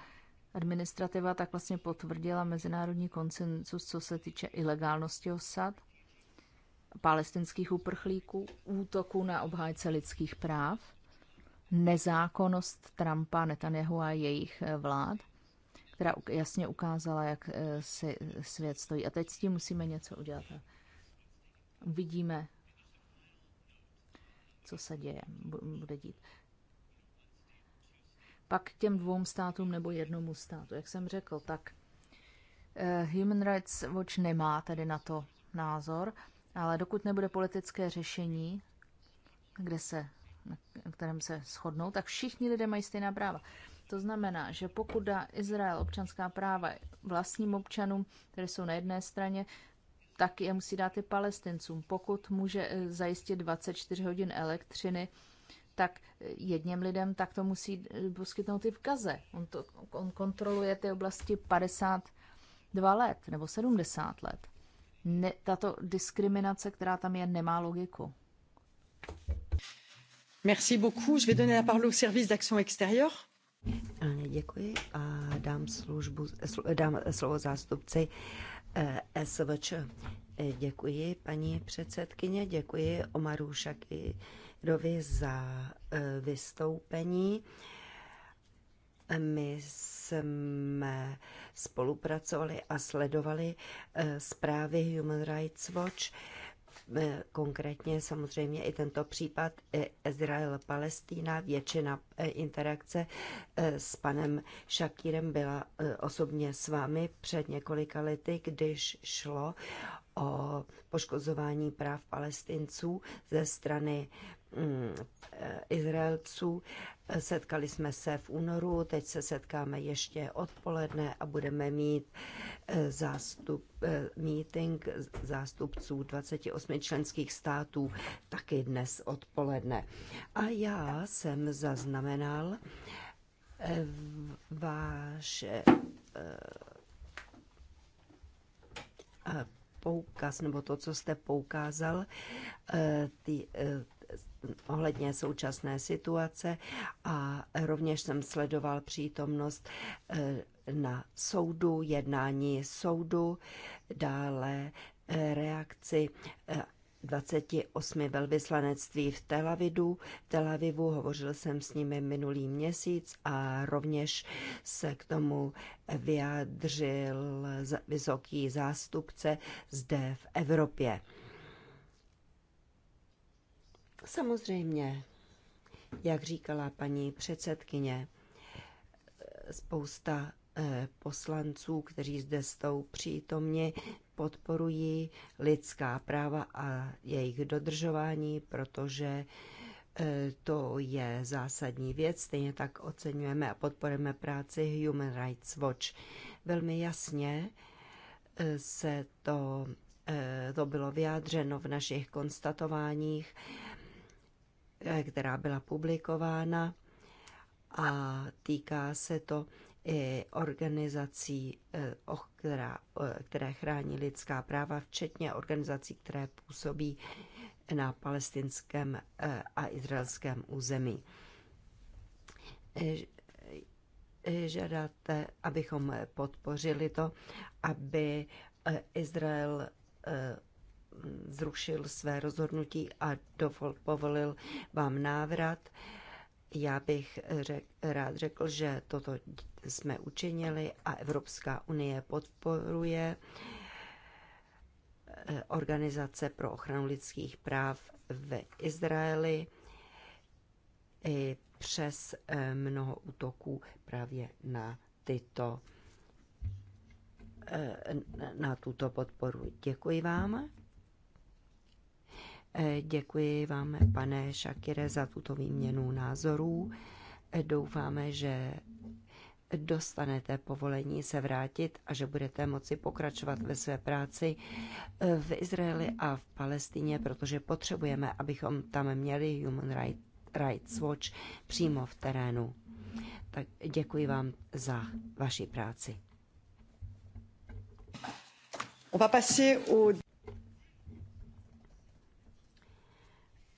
administrativa, tak vlastně potvrdila mezinárodní koncensus, co se týče ilegálnosti osad, palestinských uprchlíků, útoků na obhájce lidských práv, nezákonnost Trumpa, Netanyahu a jejich eh, vlád, která jasně ukázala, jak eh, si svět stojí. A teď s tím musíme něco udělat. Uvidíme, co se děje, bude dít pak k těm dvou státům nebo jednomu státu. Jak jsem řekl, tak eh, Human Rights Watch nemá tedy na to názor, ale dokud nebude politické řešení, kde se, na kterém se shodnou, tak všichni lidé mají stejná práva. To znamená, že pokud dá Izrael občanská práva vlastním občanům, které jsou na jedné straně, tak je musí dát i palestincům. Pokud může eh, zajistit 24 hodin elektřiny, tak jedním lidem tak to musí poskytnout i v Gaze. On, to, on kontroluje ty oblasti 52 let nebo 70 let. Ne, tato diskriminace, která tam je, nemá logiku. Merci beaucoup. Je vais donner la parole au service d'action extérieure. Děkuji a dám, službu, dám slovo zástupci eh, SVČ. Eh, děkuji, paní předsedkyně, děkuji Omaru Šaky Rovi za eh, vystoupení. My jsme spolupracovali a sledovali eh, zprávy Human Rights Watch, eh, konkrétně samozřejmě i tento případ Izrael-Palestína. Většina interakce s panem Šakírem byla osobně s vámi před několika lety, když šlo o poškozování práv palestinců ze strany Mm, eh, Izraelců. Setkali jsme se v únoru, teď se setkáme ještě odpoledne a budeme mít eh, zástup, eh, meeting zástupců 28 členských států taky dnes odpoledne. A já jsem zaznamenal váš poukaz, nebo to, co jste poukázal, ty, ohledně současné situace a rovněž jsem sledoval přítomnost eh, na soudu, jednání soudu, dále eh, reakci 28 eh, velvyslanectví v Tel Avivu. V Tel Avivu hovořil jsem s nimi minulý měsíc a rovněž se k tomu vyjádřil vysoký zástupce zde v Evropě. Samozřejmě, jak říkala paní předsedkyně, spousta eh, poslanců, kteří zde jsou přítomni, podporují lidská práva a jejich dodržování, protože eh, to je zásadní věc. Stejně tak oceňujeme a podporujeme práci Human Rights Watch. Velmi jasně eh, se to, to bylo vyjádřeno v našich konstatováních která byla publikována a týká se to i organizací, eh, která, eh, které chrání lidská práva, včetně organizací, které působí na palestinském eh, a izraelském území. Žádáte, abychom podpořili to, aby Izrael zrušil své rozhodnutí a dovol, povolil vám návrat. Já bych řek, rád řekl, že toto jsme učinili a Evropská unie podporuje eh, Organizace pro ochranu lidských práv v Izraeli i přes eh, mnoho útoků právě na tyto eh, na tuto podporu. Děkuji vám. Eh, děkuji vám, pane Šakire, za tuto výměnu názorů. Eh, doufáme, že dostanete povolení se vrátit a že budete moci pokračovat ve své práci eh, v Izraeli a v Palestině, protože potřebujeme, abychom tam měli Human Rights Watch přímo v terénu. Tak děkuji vám za vaši práci. On va passer au...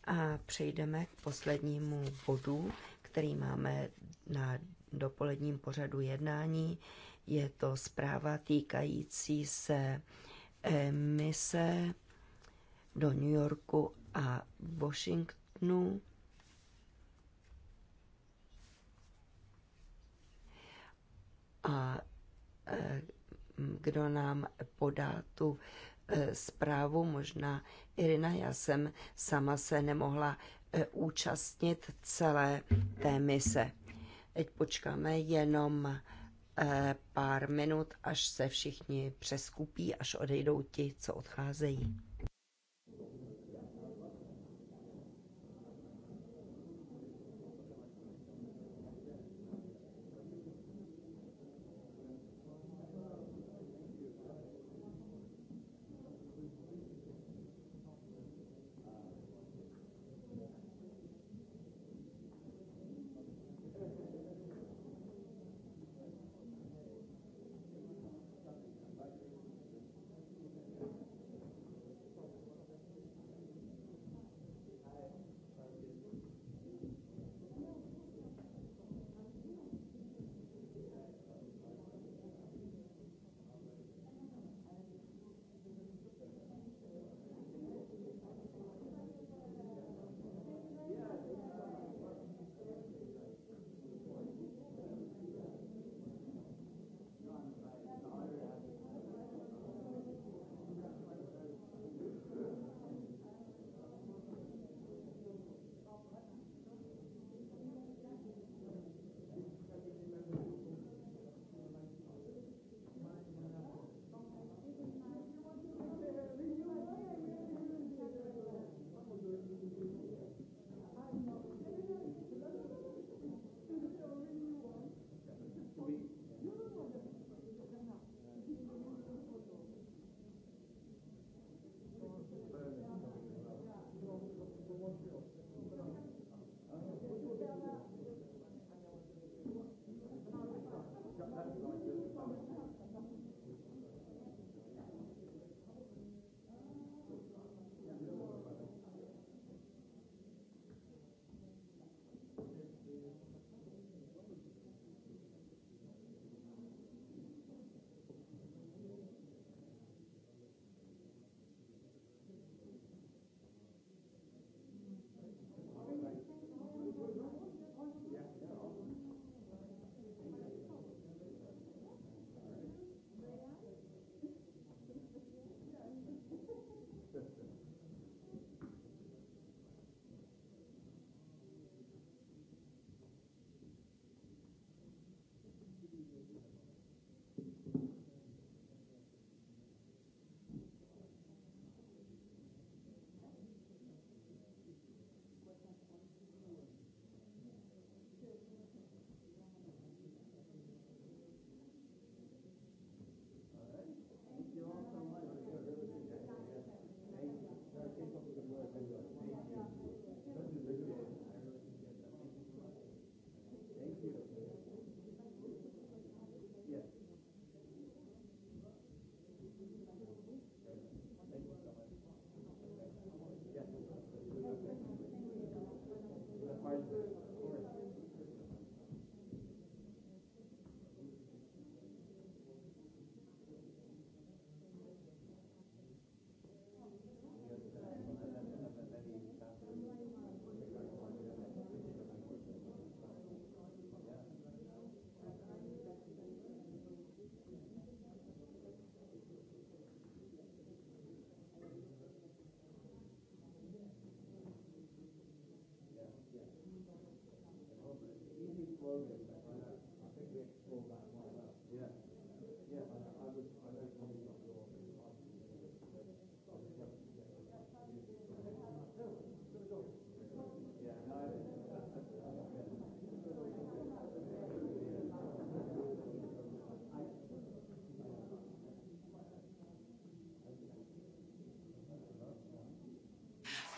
A přejdeme k poslednímu bodu, který máme na dopoledním pořadu jednání. Je to zpráva týkající se eh, mise do New Yorku a Washingtonu. A eh, kdo nám podá tu eh, zprávu, možná Irina, já jsem sama se nemohla e, účastnit celé té mise. Teď počkáme jenom e, pár minut, až se všichni přeskupí, až odejdou ti, co odcházejí.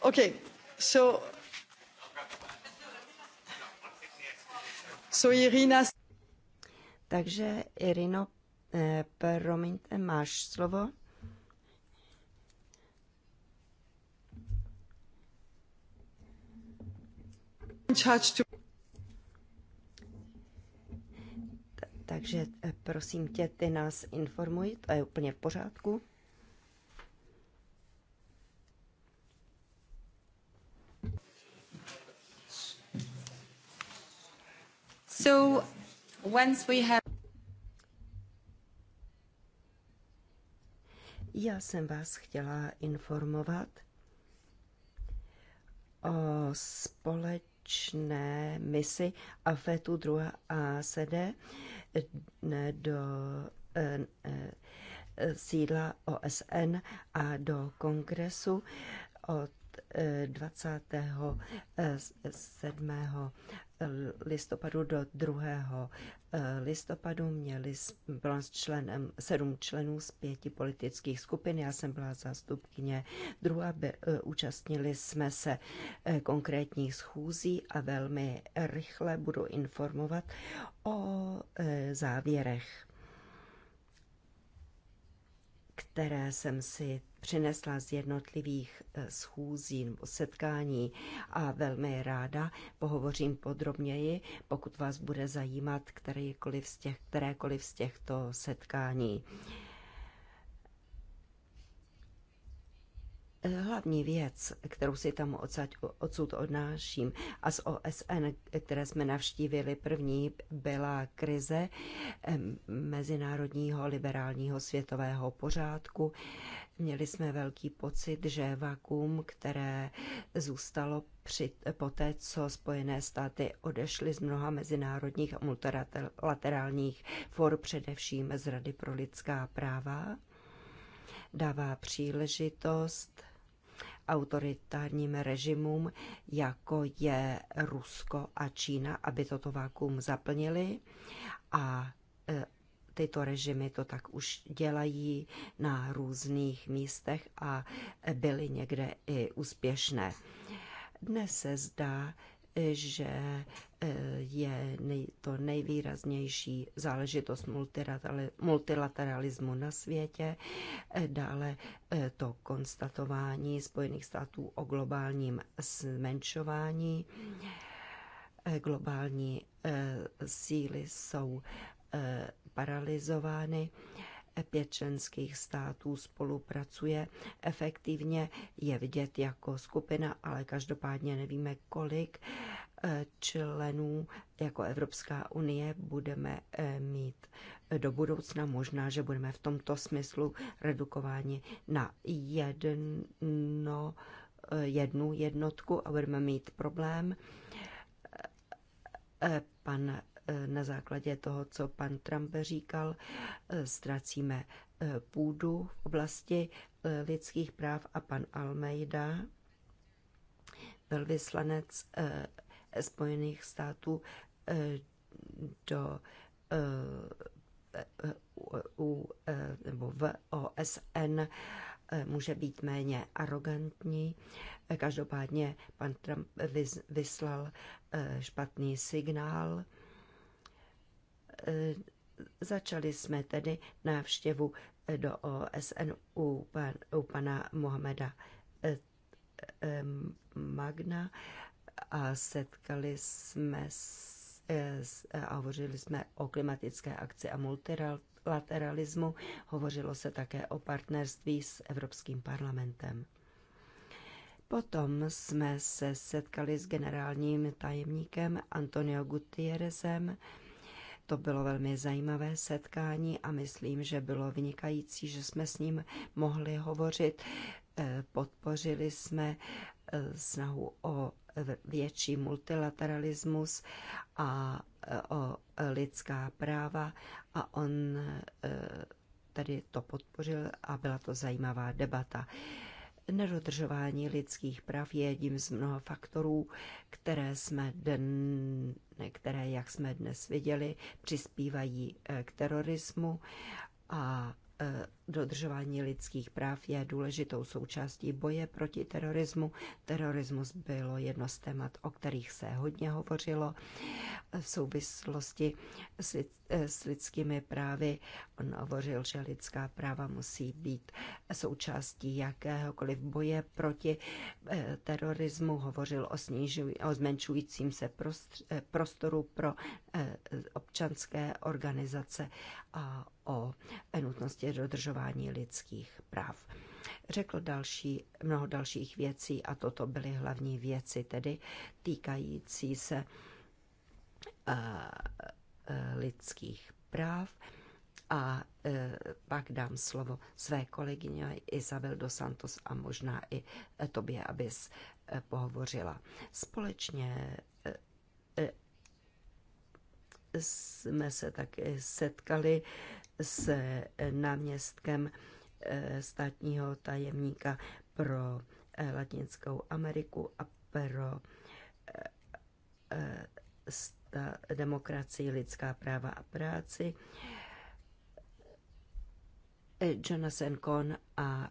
Okay, so so Irina. Takže Irino, eh, promiňte, máš slovo. Takže eh, prosím tě, ty nás informuj, to je úplně v pořádku. So, once we have... Já jsem vás chtěla informovat o společné misi AFETu 2 a SEDE do eh, eh, sídla OSN a do kongresu od 27. Eh, eh, listopadu do 2. Eh, listopadu. Měli byla s členem, sedm členů z pěti politických skupin. Já jsem byla zástupkyně druhá. By, účastnili jsme se konkrétních schůzí a velmi rychle budu informovat o závěrech které jsem si přinesla z jednotlivých e, schůzí nebo setkání a velmi ráda pohovořím podrobněji, pokud vás bude zajímat kterýkoliv z těch, kterékoliv z těchto setkání. Hlavní věc, kterou si tam odsaď, odsud odnáším a z OSN, které jsme navštívili první, byla krize mezinárodního liberálního světového pořádku. Měli jsme velký pocit, že vakuum, které zůstalo při, poté, co Spojené státy odešly z mnoha mezinárodních a multilaterálních for, především z Rady pro lidská práva, dává příležitost autoritárním režimům, jako je Rusko a Čína, aby toto vákuum zaplnili a e, tyto režimy to tak už dělají na různých místech a byly někde i úspěšné. Dnes se zdá, že eh, je nej, to nejvýraznější záležitost multilateralismu na světě. Eh, dále eh, to konstatování Spojených států o globálním zmenšování. Globální síly jsou paralizovány. E pět členských států spolupracuje efektivně, je vidět jako skupina, ale každopádně nevíme, kolik e, členů jako Evropská unie budeme e, mít do budoucna. Možná, že budeme v tomto smyslu redukováni na jedno, jednu jednotku a budeme mít problém. Pan na základě toho, co pan Trump říkal, eh, ztracíme eh, půdu v oblasti eh, lidských práv a pan Almeida, velvyslanec Spojených států do u, nebo v OSN může být méně arrogantní. Každopádně pan Trump vyslal špatný signál Eh, začali jsme tedy návštěvu eh, do OSN u, pan, u pana Mohameda eh, Magna a setkali jsme s, a hovořili jsme o klimatické akci a multilateralismu. Hovořilo se také o partnerství s Evropským parlamentem. Potom jsme se setkali s generálním tajemníkem Antonio Gutierrezem, to bylo velmi zajímavé setkání a myslím, že bylo vynikající, že jsme s ním mohli hovořit. E, podpořili jsme e, snahu o větší multilateralismus a e, o lidská práva a on tady to podpořil a byla to zajímavá debata. Nedodržování lidských práv je jedním z mnoha faktorů, které jsme den, které, jak jsme dnes viděli, přispívají eh, k terorismu a eh, Dodržování lidských práv je důležitou součástí boje proti terorismu. Terorismus bylo jedno z témat, o kterých se hodně hovořilo v souvislosti s, s lidskými právy. On hovořil, že lidská práva musí být součástí jakéhokoliv boje proti eh, terorismu. Hovořil o, snižuj, o zmenšujícím se eh, prostoru pro eh, občanské organizace a o nutnosti dodržování dodržování lidských práv. Řekl další, mnoho dalších věcí a toto byly hlavní věci, tedy týkající se uh, lidských práv. A e, pak dám slovo své kolegyně Isabel dos Santos a možná i tobě, abys e, pohovořila. Společně e, e, jsme se také setkali e, s eh, náměstkem eh, státního tajemníka pro eh, Latinskou Ameriku a pro demokracii, lidská práva a práci. Jonathan Kohn a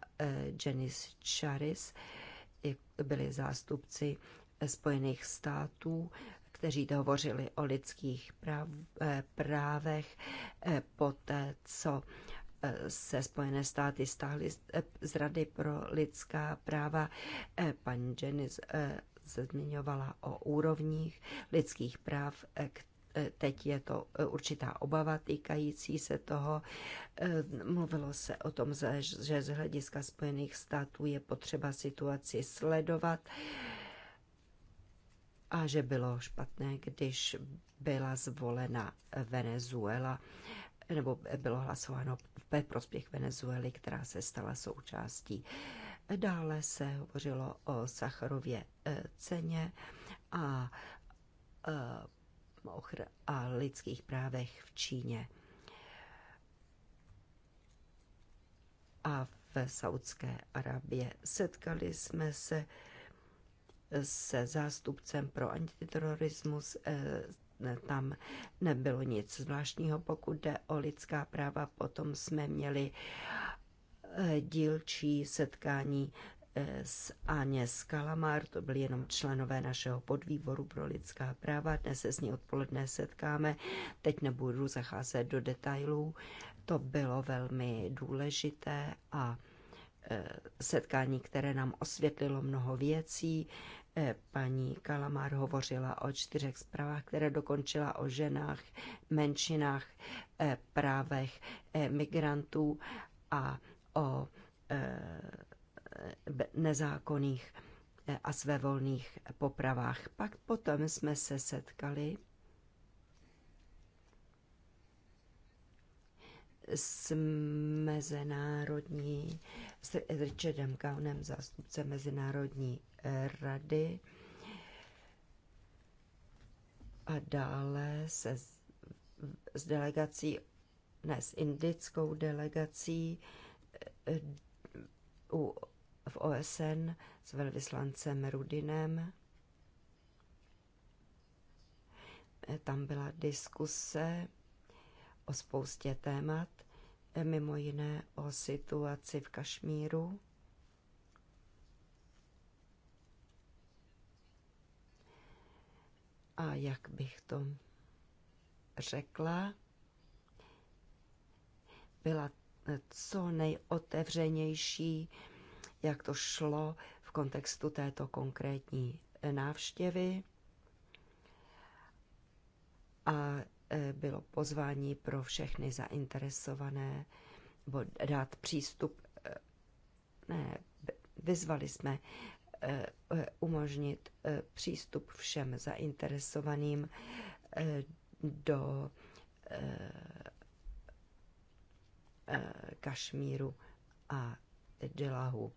Janice Charis byli zástupci Spojených států, kteří hovořili o lidských práv, eh, právech eh, po té, co eh, se Spojené státy stáhly z Rady pro lidská práva. Paní Jenny se zmiňovala o úrovních lidských práv, teď je to určitá obava týkající se toho. Mluvilo se o tom, že z hlediska Spojených států je potřeba situaci sledovat a že bylo špatné, když byla zvolena Venezuela nebo bylo hlasováno ve prospěch Venezuely, která se stala součástí. Dále se hovořilo o Sacharově eh, ceně a, eh, a lidských právech v Číně a v Saudské Arabie. Setkali jsme se se zástupcem pro antiterorismus eh, tam nebylo nic zvláštního, pokud jde o lidská práva. Potom jsme měli eh, dílčí setkání eh, s Aně Skalamár, to byli jenom členové našeho podvýboru pro lidská práva. Dnes se s ní odpoledne setkáme. Teď nebudu zacházet do detailů. To bylo velmi důležité a setkání, které nám osvětlilo mnoho věcí. Eh, paní Kalamár hovořila o čtyřech zprávách, které dokončila o ženách, menšinách, eh, právech eh, migrantů a o nezákonných a svévolných popravách. Pak potom jsme se setkali s mezinárodní, s Richardem Gaunem, zástupcem Mezinárodní rady. A dále se s delegací, ne s indickou delegací eh, u, v OSN s velvyslancem Rudinem. Eh, tam byla diskuse o spoustě témat, eh, mimo jiné o situaci v Kašmíru. a jak bych to řekla, byla co nejotevřenější, jak to šlo v kontextu této konkrétní návštěvy. A e, bylo pozvání pro všechny zainteresované, dát přístup, e, ne, vyzvali jsme Eh, eh, umožnit eh, přístup všem zainteresovaným do Kašmíru a Dželahu.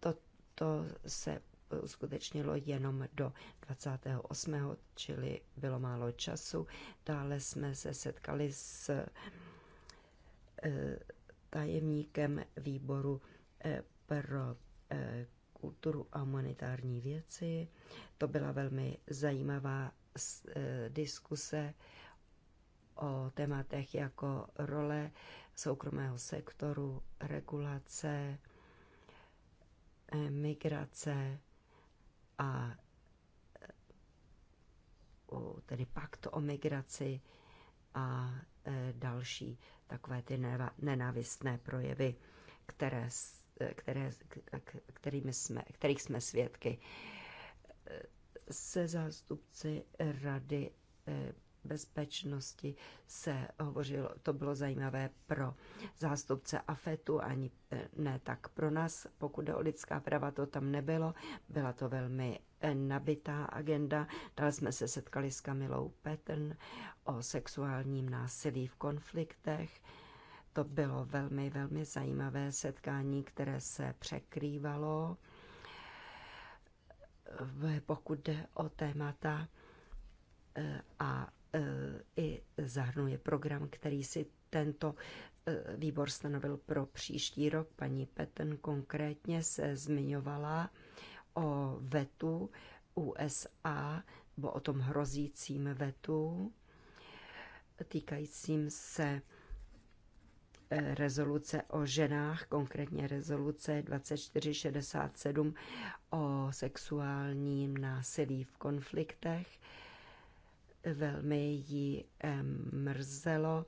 Toto se uskutečnilo jenom do 28., čili bylo málo času. Dále jsme se setkali s tajemníkem výboru pro kulturu a humanitární věci. To byla velmi zajímavá e, diskuse o tématech jako role soukromého sektoru, regulace, e, migrace a e, tedy pakt o migraci a další takové ty nenávistné projevy, které které, kterými jsme, kterých jsme svědky. Se zástupci Rady eh, bezpečnosti se hovořilo, to bylo zajímavé pro zástupce AFETu, ani eh, ne tak pro nás, pokud jde o lidská práva, to tam nebylo, byla to velmi eh, nabitá agenda. Dále jsme se setkali s Kamilou Petern o sexuálním násilí v konfliktech, to bylo velmi, velmi zajímavé setkání, které se překrývalo, pokud jde o témata e, a e, i zahrnuje program, který si tento e, výbor stanovil pro příští rok. Paní Peten konkrétně se zmiňovala o vetu USA, nebo o tom hrozícím vetu týkajícím se rezoluce o ženách, konkrétně rezoluce 2467 o sexuálním násilí v konfliktech. Velmi ji mrzelo,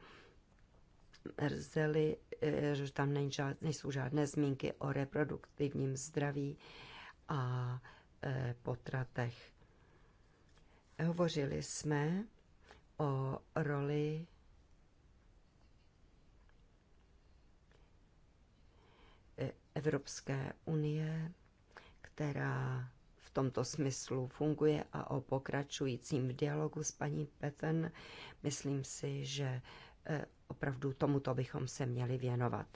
mrzeli, eh, že tam nejsou žádné zmínky o reproduktivním zdraví a eh, potratech. Hovořili jsme o roli Evropské unie, která v tomto smyslu funguje a o pokračujícím dialogu s paní Peten, myslím si, že eh, opravdu tomuto bychom se měli věnovat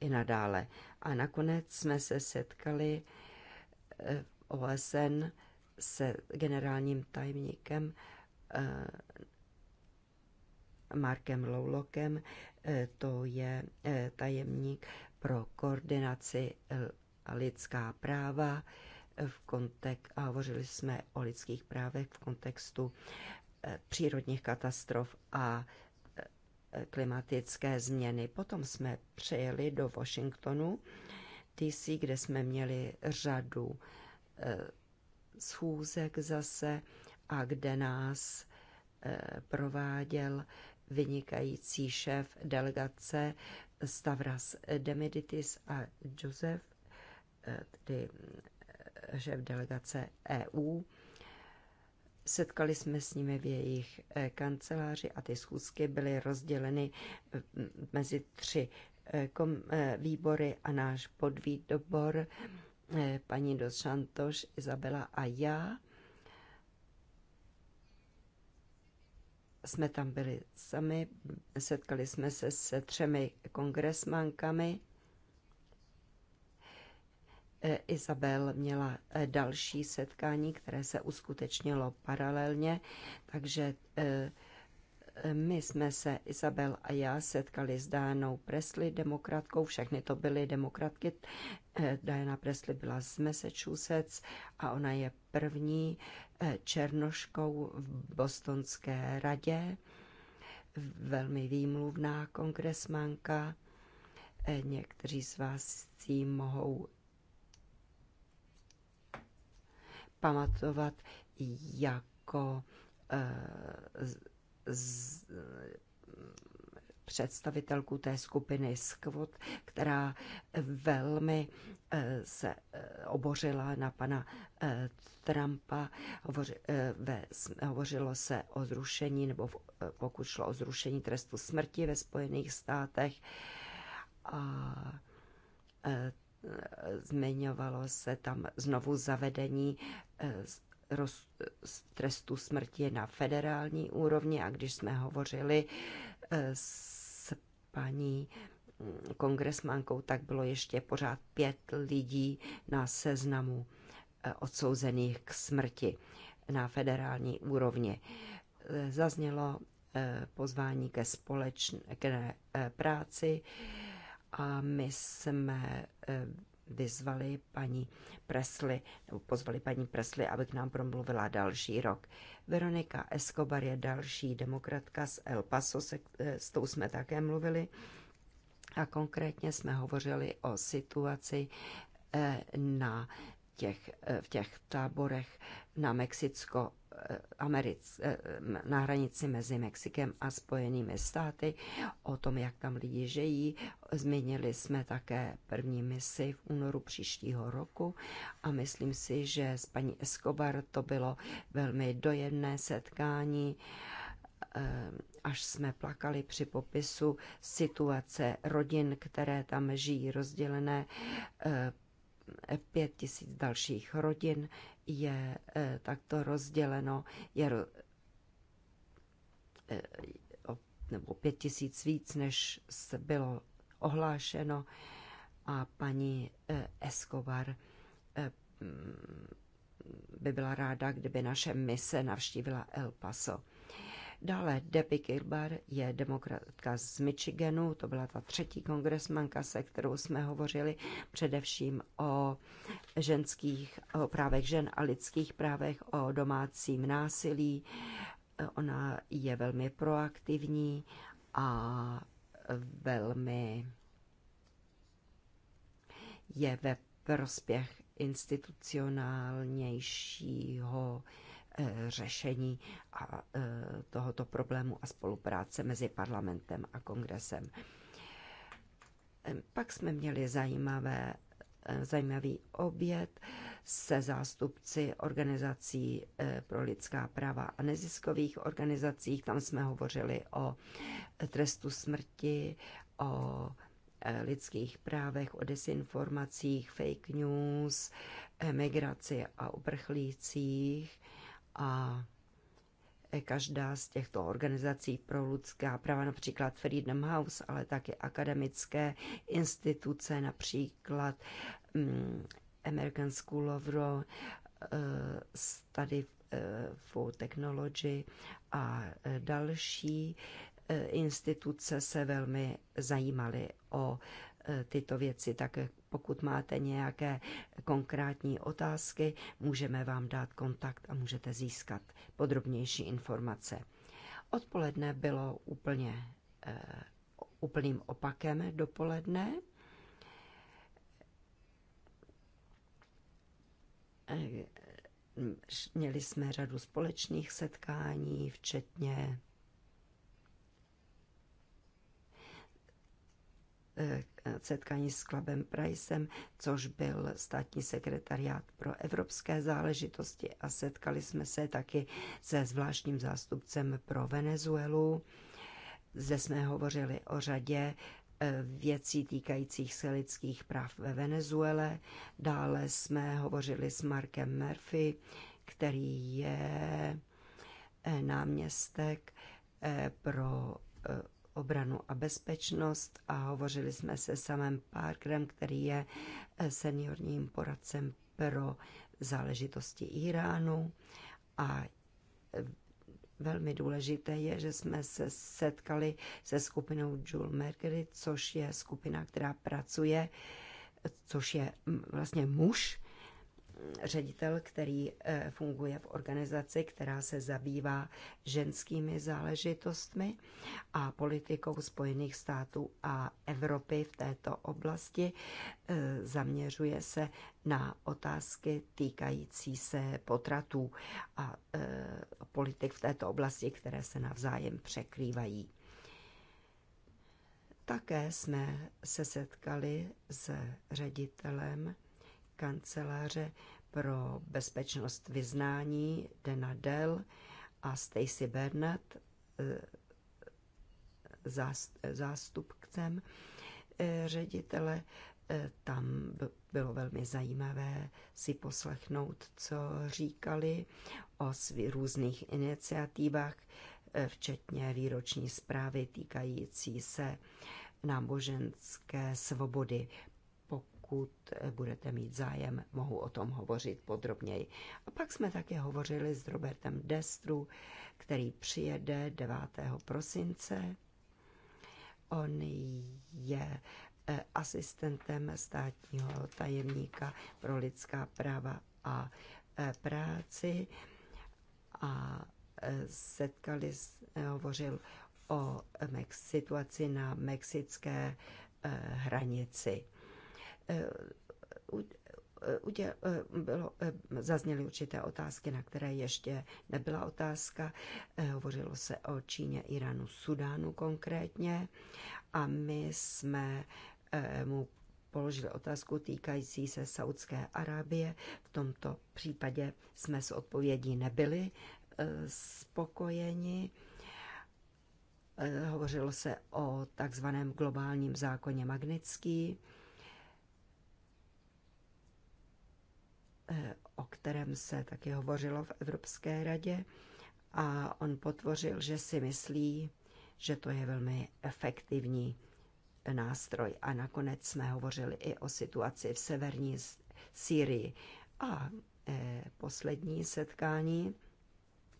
i nadále. A nakonec jsme se setkali v eh, OSN se generálním tajemníkem eh, Markem Loulokem, to je tajemník pro koordinaci a eh, lidská práva eh, v kontek- a hovořili jsme o lidských právech v kontextu eh, přírodních katastrof a klimatické změny. Potom jsme přejeli do Washingtonu, DC, kde jsme měli řadu schůzek zase a kde nás prováděl vynikající šéf delegace Stavras Demiditis a Josef, eh, tedy eh, šéf delegace EU. Setkali jsme s nimi v jejich eh, kanceláři a ty schůzky byly rozděleny mezi tři výbory a náš podvýbor paní Dos Santos, Izabela a já jsme tam byli sami, setkali jsme se se třemi kongresmankami. E, Izabel měla e, další setkání, které se uskutečnilo paralelně, takže e, my jsme se, Izabel a já, setkali s Dianou Presley, demokratkou, všechny to byly demokratky. Eh, Diana Presley byla z Massachusetts a ona je první eh, černoškou v bostonské radě, velmi výmluvná kongresmanka. Eh, někteří z vás si mohou pamatovat jako z, představitelku té skupiny Skvot, která velmi eh, se eh, obořila na pana eh, Trumpa. Hovoři, ve, hovořilo se o zrušení, nebo pokud šlo o zrušení trestu smrti ve Spojených státech. A zmiňovalo se tam znovu zavedení roz, trestu smrti na federální úrovni a když jsme hovořili eh, s paní mm, kongresmankou, tak bylo ještě pořád pět lidí na seznamu eh, odsouzených k smrti na federální úrovni. Eh, zaznělo pozvání ke společné práci a my jsme vyzvali paní Presly, nebo pozvali paní Presly, aby k nám promluvila další rok. Veronika Escobar je další demokratka z El Paso, se, eh, s tou jsme také mluvili. A konkrétně jsme hovořili o situaci eh, na těch, eh, v těch táborech na Mexicko, eh, Americ, eh, na hranici mezi Mexikem a Spojenými státy, o tom, jak tam lidi žijí. Změnili jsme také první misi v únoru příštího roku a myslím si, že s paní Escobar to bylo velmi dojemné setkání až jsme plakali při popisu situace rodin, které tam žijí rozdělené pět tisíc dalších rodin je eh, takto rozděleno, je, eh, nebo pět tisíc víc, než bylo ohlášeno a paní eh, Escobar mm, by byla ráda, kdyby naše mise navštívila El Paso. Dále Debbie Kilbar je demokratka z Michiganu, to byla ta třetí kongresmanka, se kterou jsme hovořili především o ženských o právech žen a lidských právech, o domácím násilí. Ona je velmi proaktivní a velmi je ve prospěch institucionálnějšího Eh, řešení a eh, tohoto problému a spolupráce mezi parlamentem a kongresem. Pak jsme měli zajímavé, eh, zajímavý oběd se zástupci organizací pro lidská práva a neziskových organizacích. Tam jsme hovořili o trestu smrti, o lidských právech, o desinformacích, fake news, migraci a uprchlících a každá z těchto organizací pro lidská práva, například Freedom House, ale také akademické instituce, například mm, American School of Law, eh, Study eh, for Technology a další eh, instituce se velmi zajímaly o tyto věci, tak pokud máte nějaké konkrétní otázky, můžeme vám dát kontakt a můžete získat podrobnější informace. Odpoledne bylo úplně, eh, úplným opakem dopoledne. Eh, měli jsme řadu společných setkání, včetně Eh, setkání s Klabem Pricem, což byl státní sekretariát pro evropské záležitosti a setkali jsme se taky se zvláštním zástupcem pro Venezuelu. Zde jsme hovořili o řadě eh, věcí týkajících se lidských práv ve Venezuele. Dále jsme hovořili s Markem Murphy, který je eh, náměstek pro obranu a bezpečnost a hovořili jsme se samým Parkerem, který je eh, seniorním poradcem pro záležitosti Iránu a eh, velmi důležité je, že jsme se setkali se skupinou Jewel Mercury, což je skupina, která pracuje, což je vlastně muž, ředitel, který eh, funguje v organizaci, která se zabývá ženskými záležitostmi a politikou Spojených států a Evropy v této oblasti. Eh, zaměřuje se na otázky týkající se potratů a eh, politik v této oblasti, které se navzájem překrývají. Také jsme se setkali s ředitelem kanceláře pro bezpečnost vyznání Dana Dell a Stacy Bernard eh, eh, zástupcem eh, ředitele. Tam bylo velmi zajímavé si poslechnout, co říkali o svých různých iniciativách, včetně výroční zprávy týkající se náboženské svobody pokud budete mít zájem, mohu o tom hovořit podrobněji. A pak jsme také hovořili s Robertem Destru, který přijede 9. prosince. On je eh, asistentem státního tajemníka pro lidská práva a eh, práci a eh, setkali, hovořil o situaci na mexické hranici. Eh, eh, uděl, eh, bylo, zazněly určité otázky, na které ještě nebyla otázka. Hovořilo se o Číně, Iránu, Sudánu konkrétně a my jsme mu položili otázku týkající se Saudské Arábie. V tomto případě jsme s odpovědí nebyli spokojeni. Hovořilo se o takzvaném globálním zákoně Magnický Eh, o kterém se taky hovořilo v Evropské radě. A on potvořil, že si myslí, že to je velmi efektivní nástroj. A nakonec jsme hovořili i o situaci v severní Sýrii. A eh, poslední setkání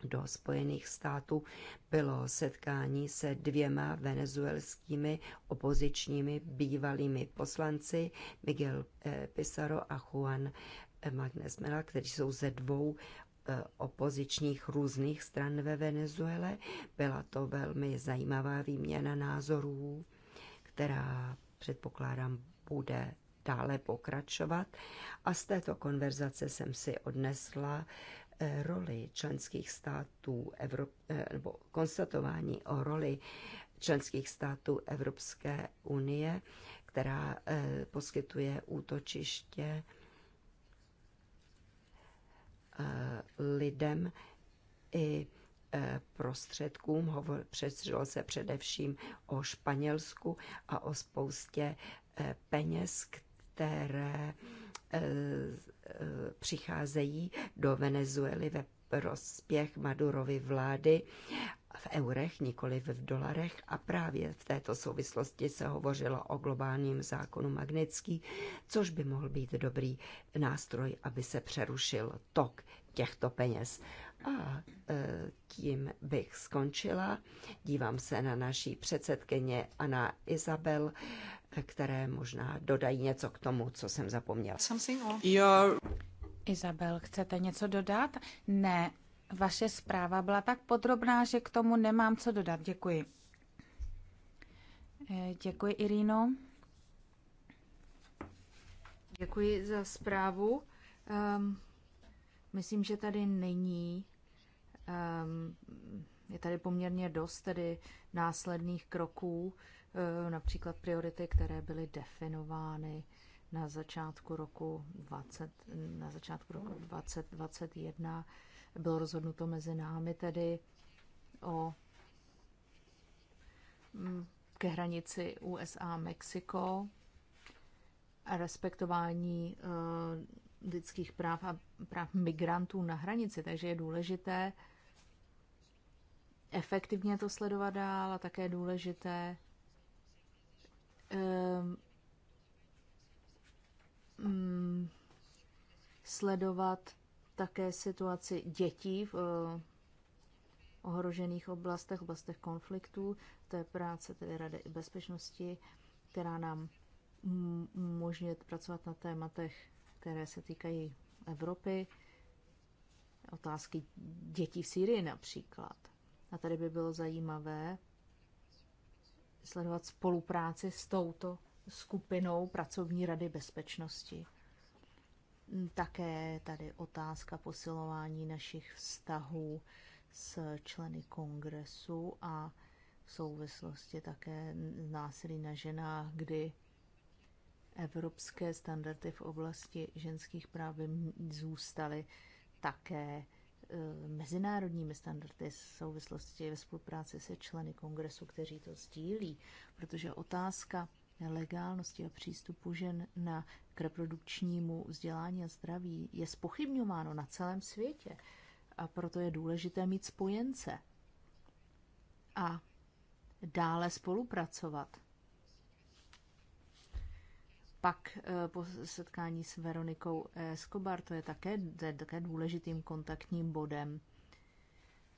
do Spojených států bylo setkání se dvěma venezuelskými opozičními bývalými poslanci Miguel eh, Pizarro a Juan Magnesmela, kteří jsou ze dvou eh, opozičních různých stran ve Venezuele. Byla to velmi zajímavá výměna názorů, která předpokládám bude dále pokračovat. A z této konverzace jsem si odnesla eh, roli členských států, Evrop- eh, nebo konstatování o roli členských států Evropské unie, která poskytuje útočiště lidem i e, prostředkům. Hovor, přesřilo se především o Španělsku a o spoustě e, peněz, které e, přicházejí do Venezuely ve prospěch Madurovy vlády v eurech, nikoli v dolarech a právě v této souvislosti se hovořilo o globálním zákonu magnický, což by mohl být dobrý nástroj, aby se přerušil tok těchto peněz. A e, tím bych skončila. Dívám se na naší předsedkyně Ana Izabel, které možná dodají něco k tomu, co jsem zapomněla. Something or... Your... Izabel, chcete něco dodat? Ne, vaše zpráva byla tak podrobná, že k tomu nemám co dodat. Děkuji. Eh, děkuji, Irino. Děkuji za zprávu. Um, myslím, že tady není. Um, je tady poměrně dost tedy následných kroků, um, například priority, které byly definovány na začátku roku 20, na začátku roku 2021. Bylo rozhodnuto mezi námi tedy o mm, ke hranici USA-Mexiko a respektování uh, lidských práv a práv migrantů na hranici. Takže je důležité efektivně to sledovat dál a také důležité um, um, sledovat také situaci dětí v eh, ohrožených oblastech, oblastech konfliktů. To je práce tedy Rady bezpečnosti, která nám umožňuje pracovat na tématech, které se týkají Evropy, otázky dětí v Sýrii například. A tady by bylo zajímavé sledovat spolupráci s touto skupinou pracovní rady bezpečnosti. Mm, také tady otázka posilování našich vztahů s členy kongresu a v souvislosti také násilí na ženách, kdy evropské standardy v oblasti ženských práv zůstaly také e, mezinárodními standardy v souvislosti ve spolupráci se členy kongresu, kteří to sdílí, protože otázka legálnosti a přístupu žen na k reprodukčnímu vzdělání a zdraví je spochybňováno na celém světě a proto je důležité mít spojence a dále spolupracovat. Pak eh, po setkání s Veronikou Escobar, to je také, to je také důležitým kontaktním bodem,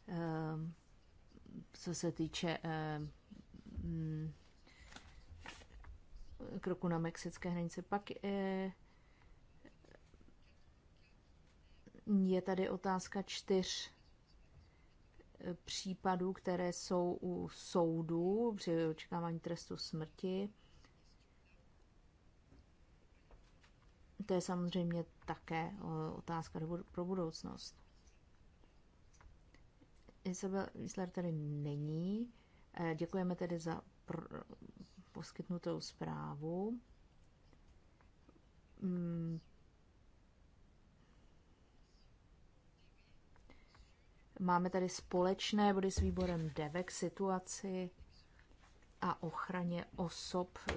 eh, co se týče eh, kroku na mexické hranice. Pak je, eh, je tady otázka čtyř eh, případů, které jsou u soudu při očekávání trestu smrti. To je samozřejmě také eh, otázka pro budoucnost. Isabel Isler tady není. Děkujeme tedy za poskytnutou zprávu. Mm. Máme tady společné body s výborem DEVEK situaci a ochraně osob eh,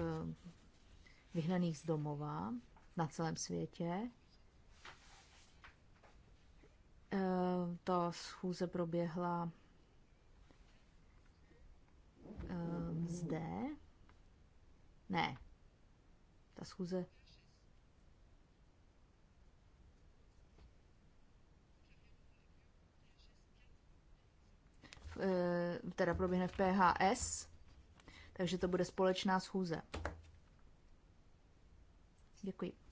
vyhnaných z domova na celém světě. Eh, ta schůze proběhla eh, zde. Ne. Ta schůze eh, teda proběhne v PHS, takže to bude společná schůze. Děkuji.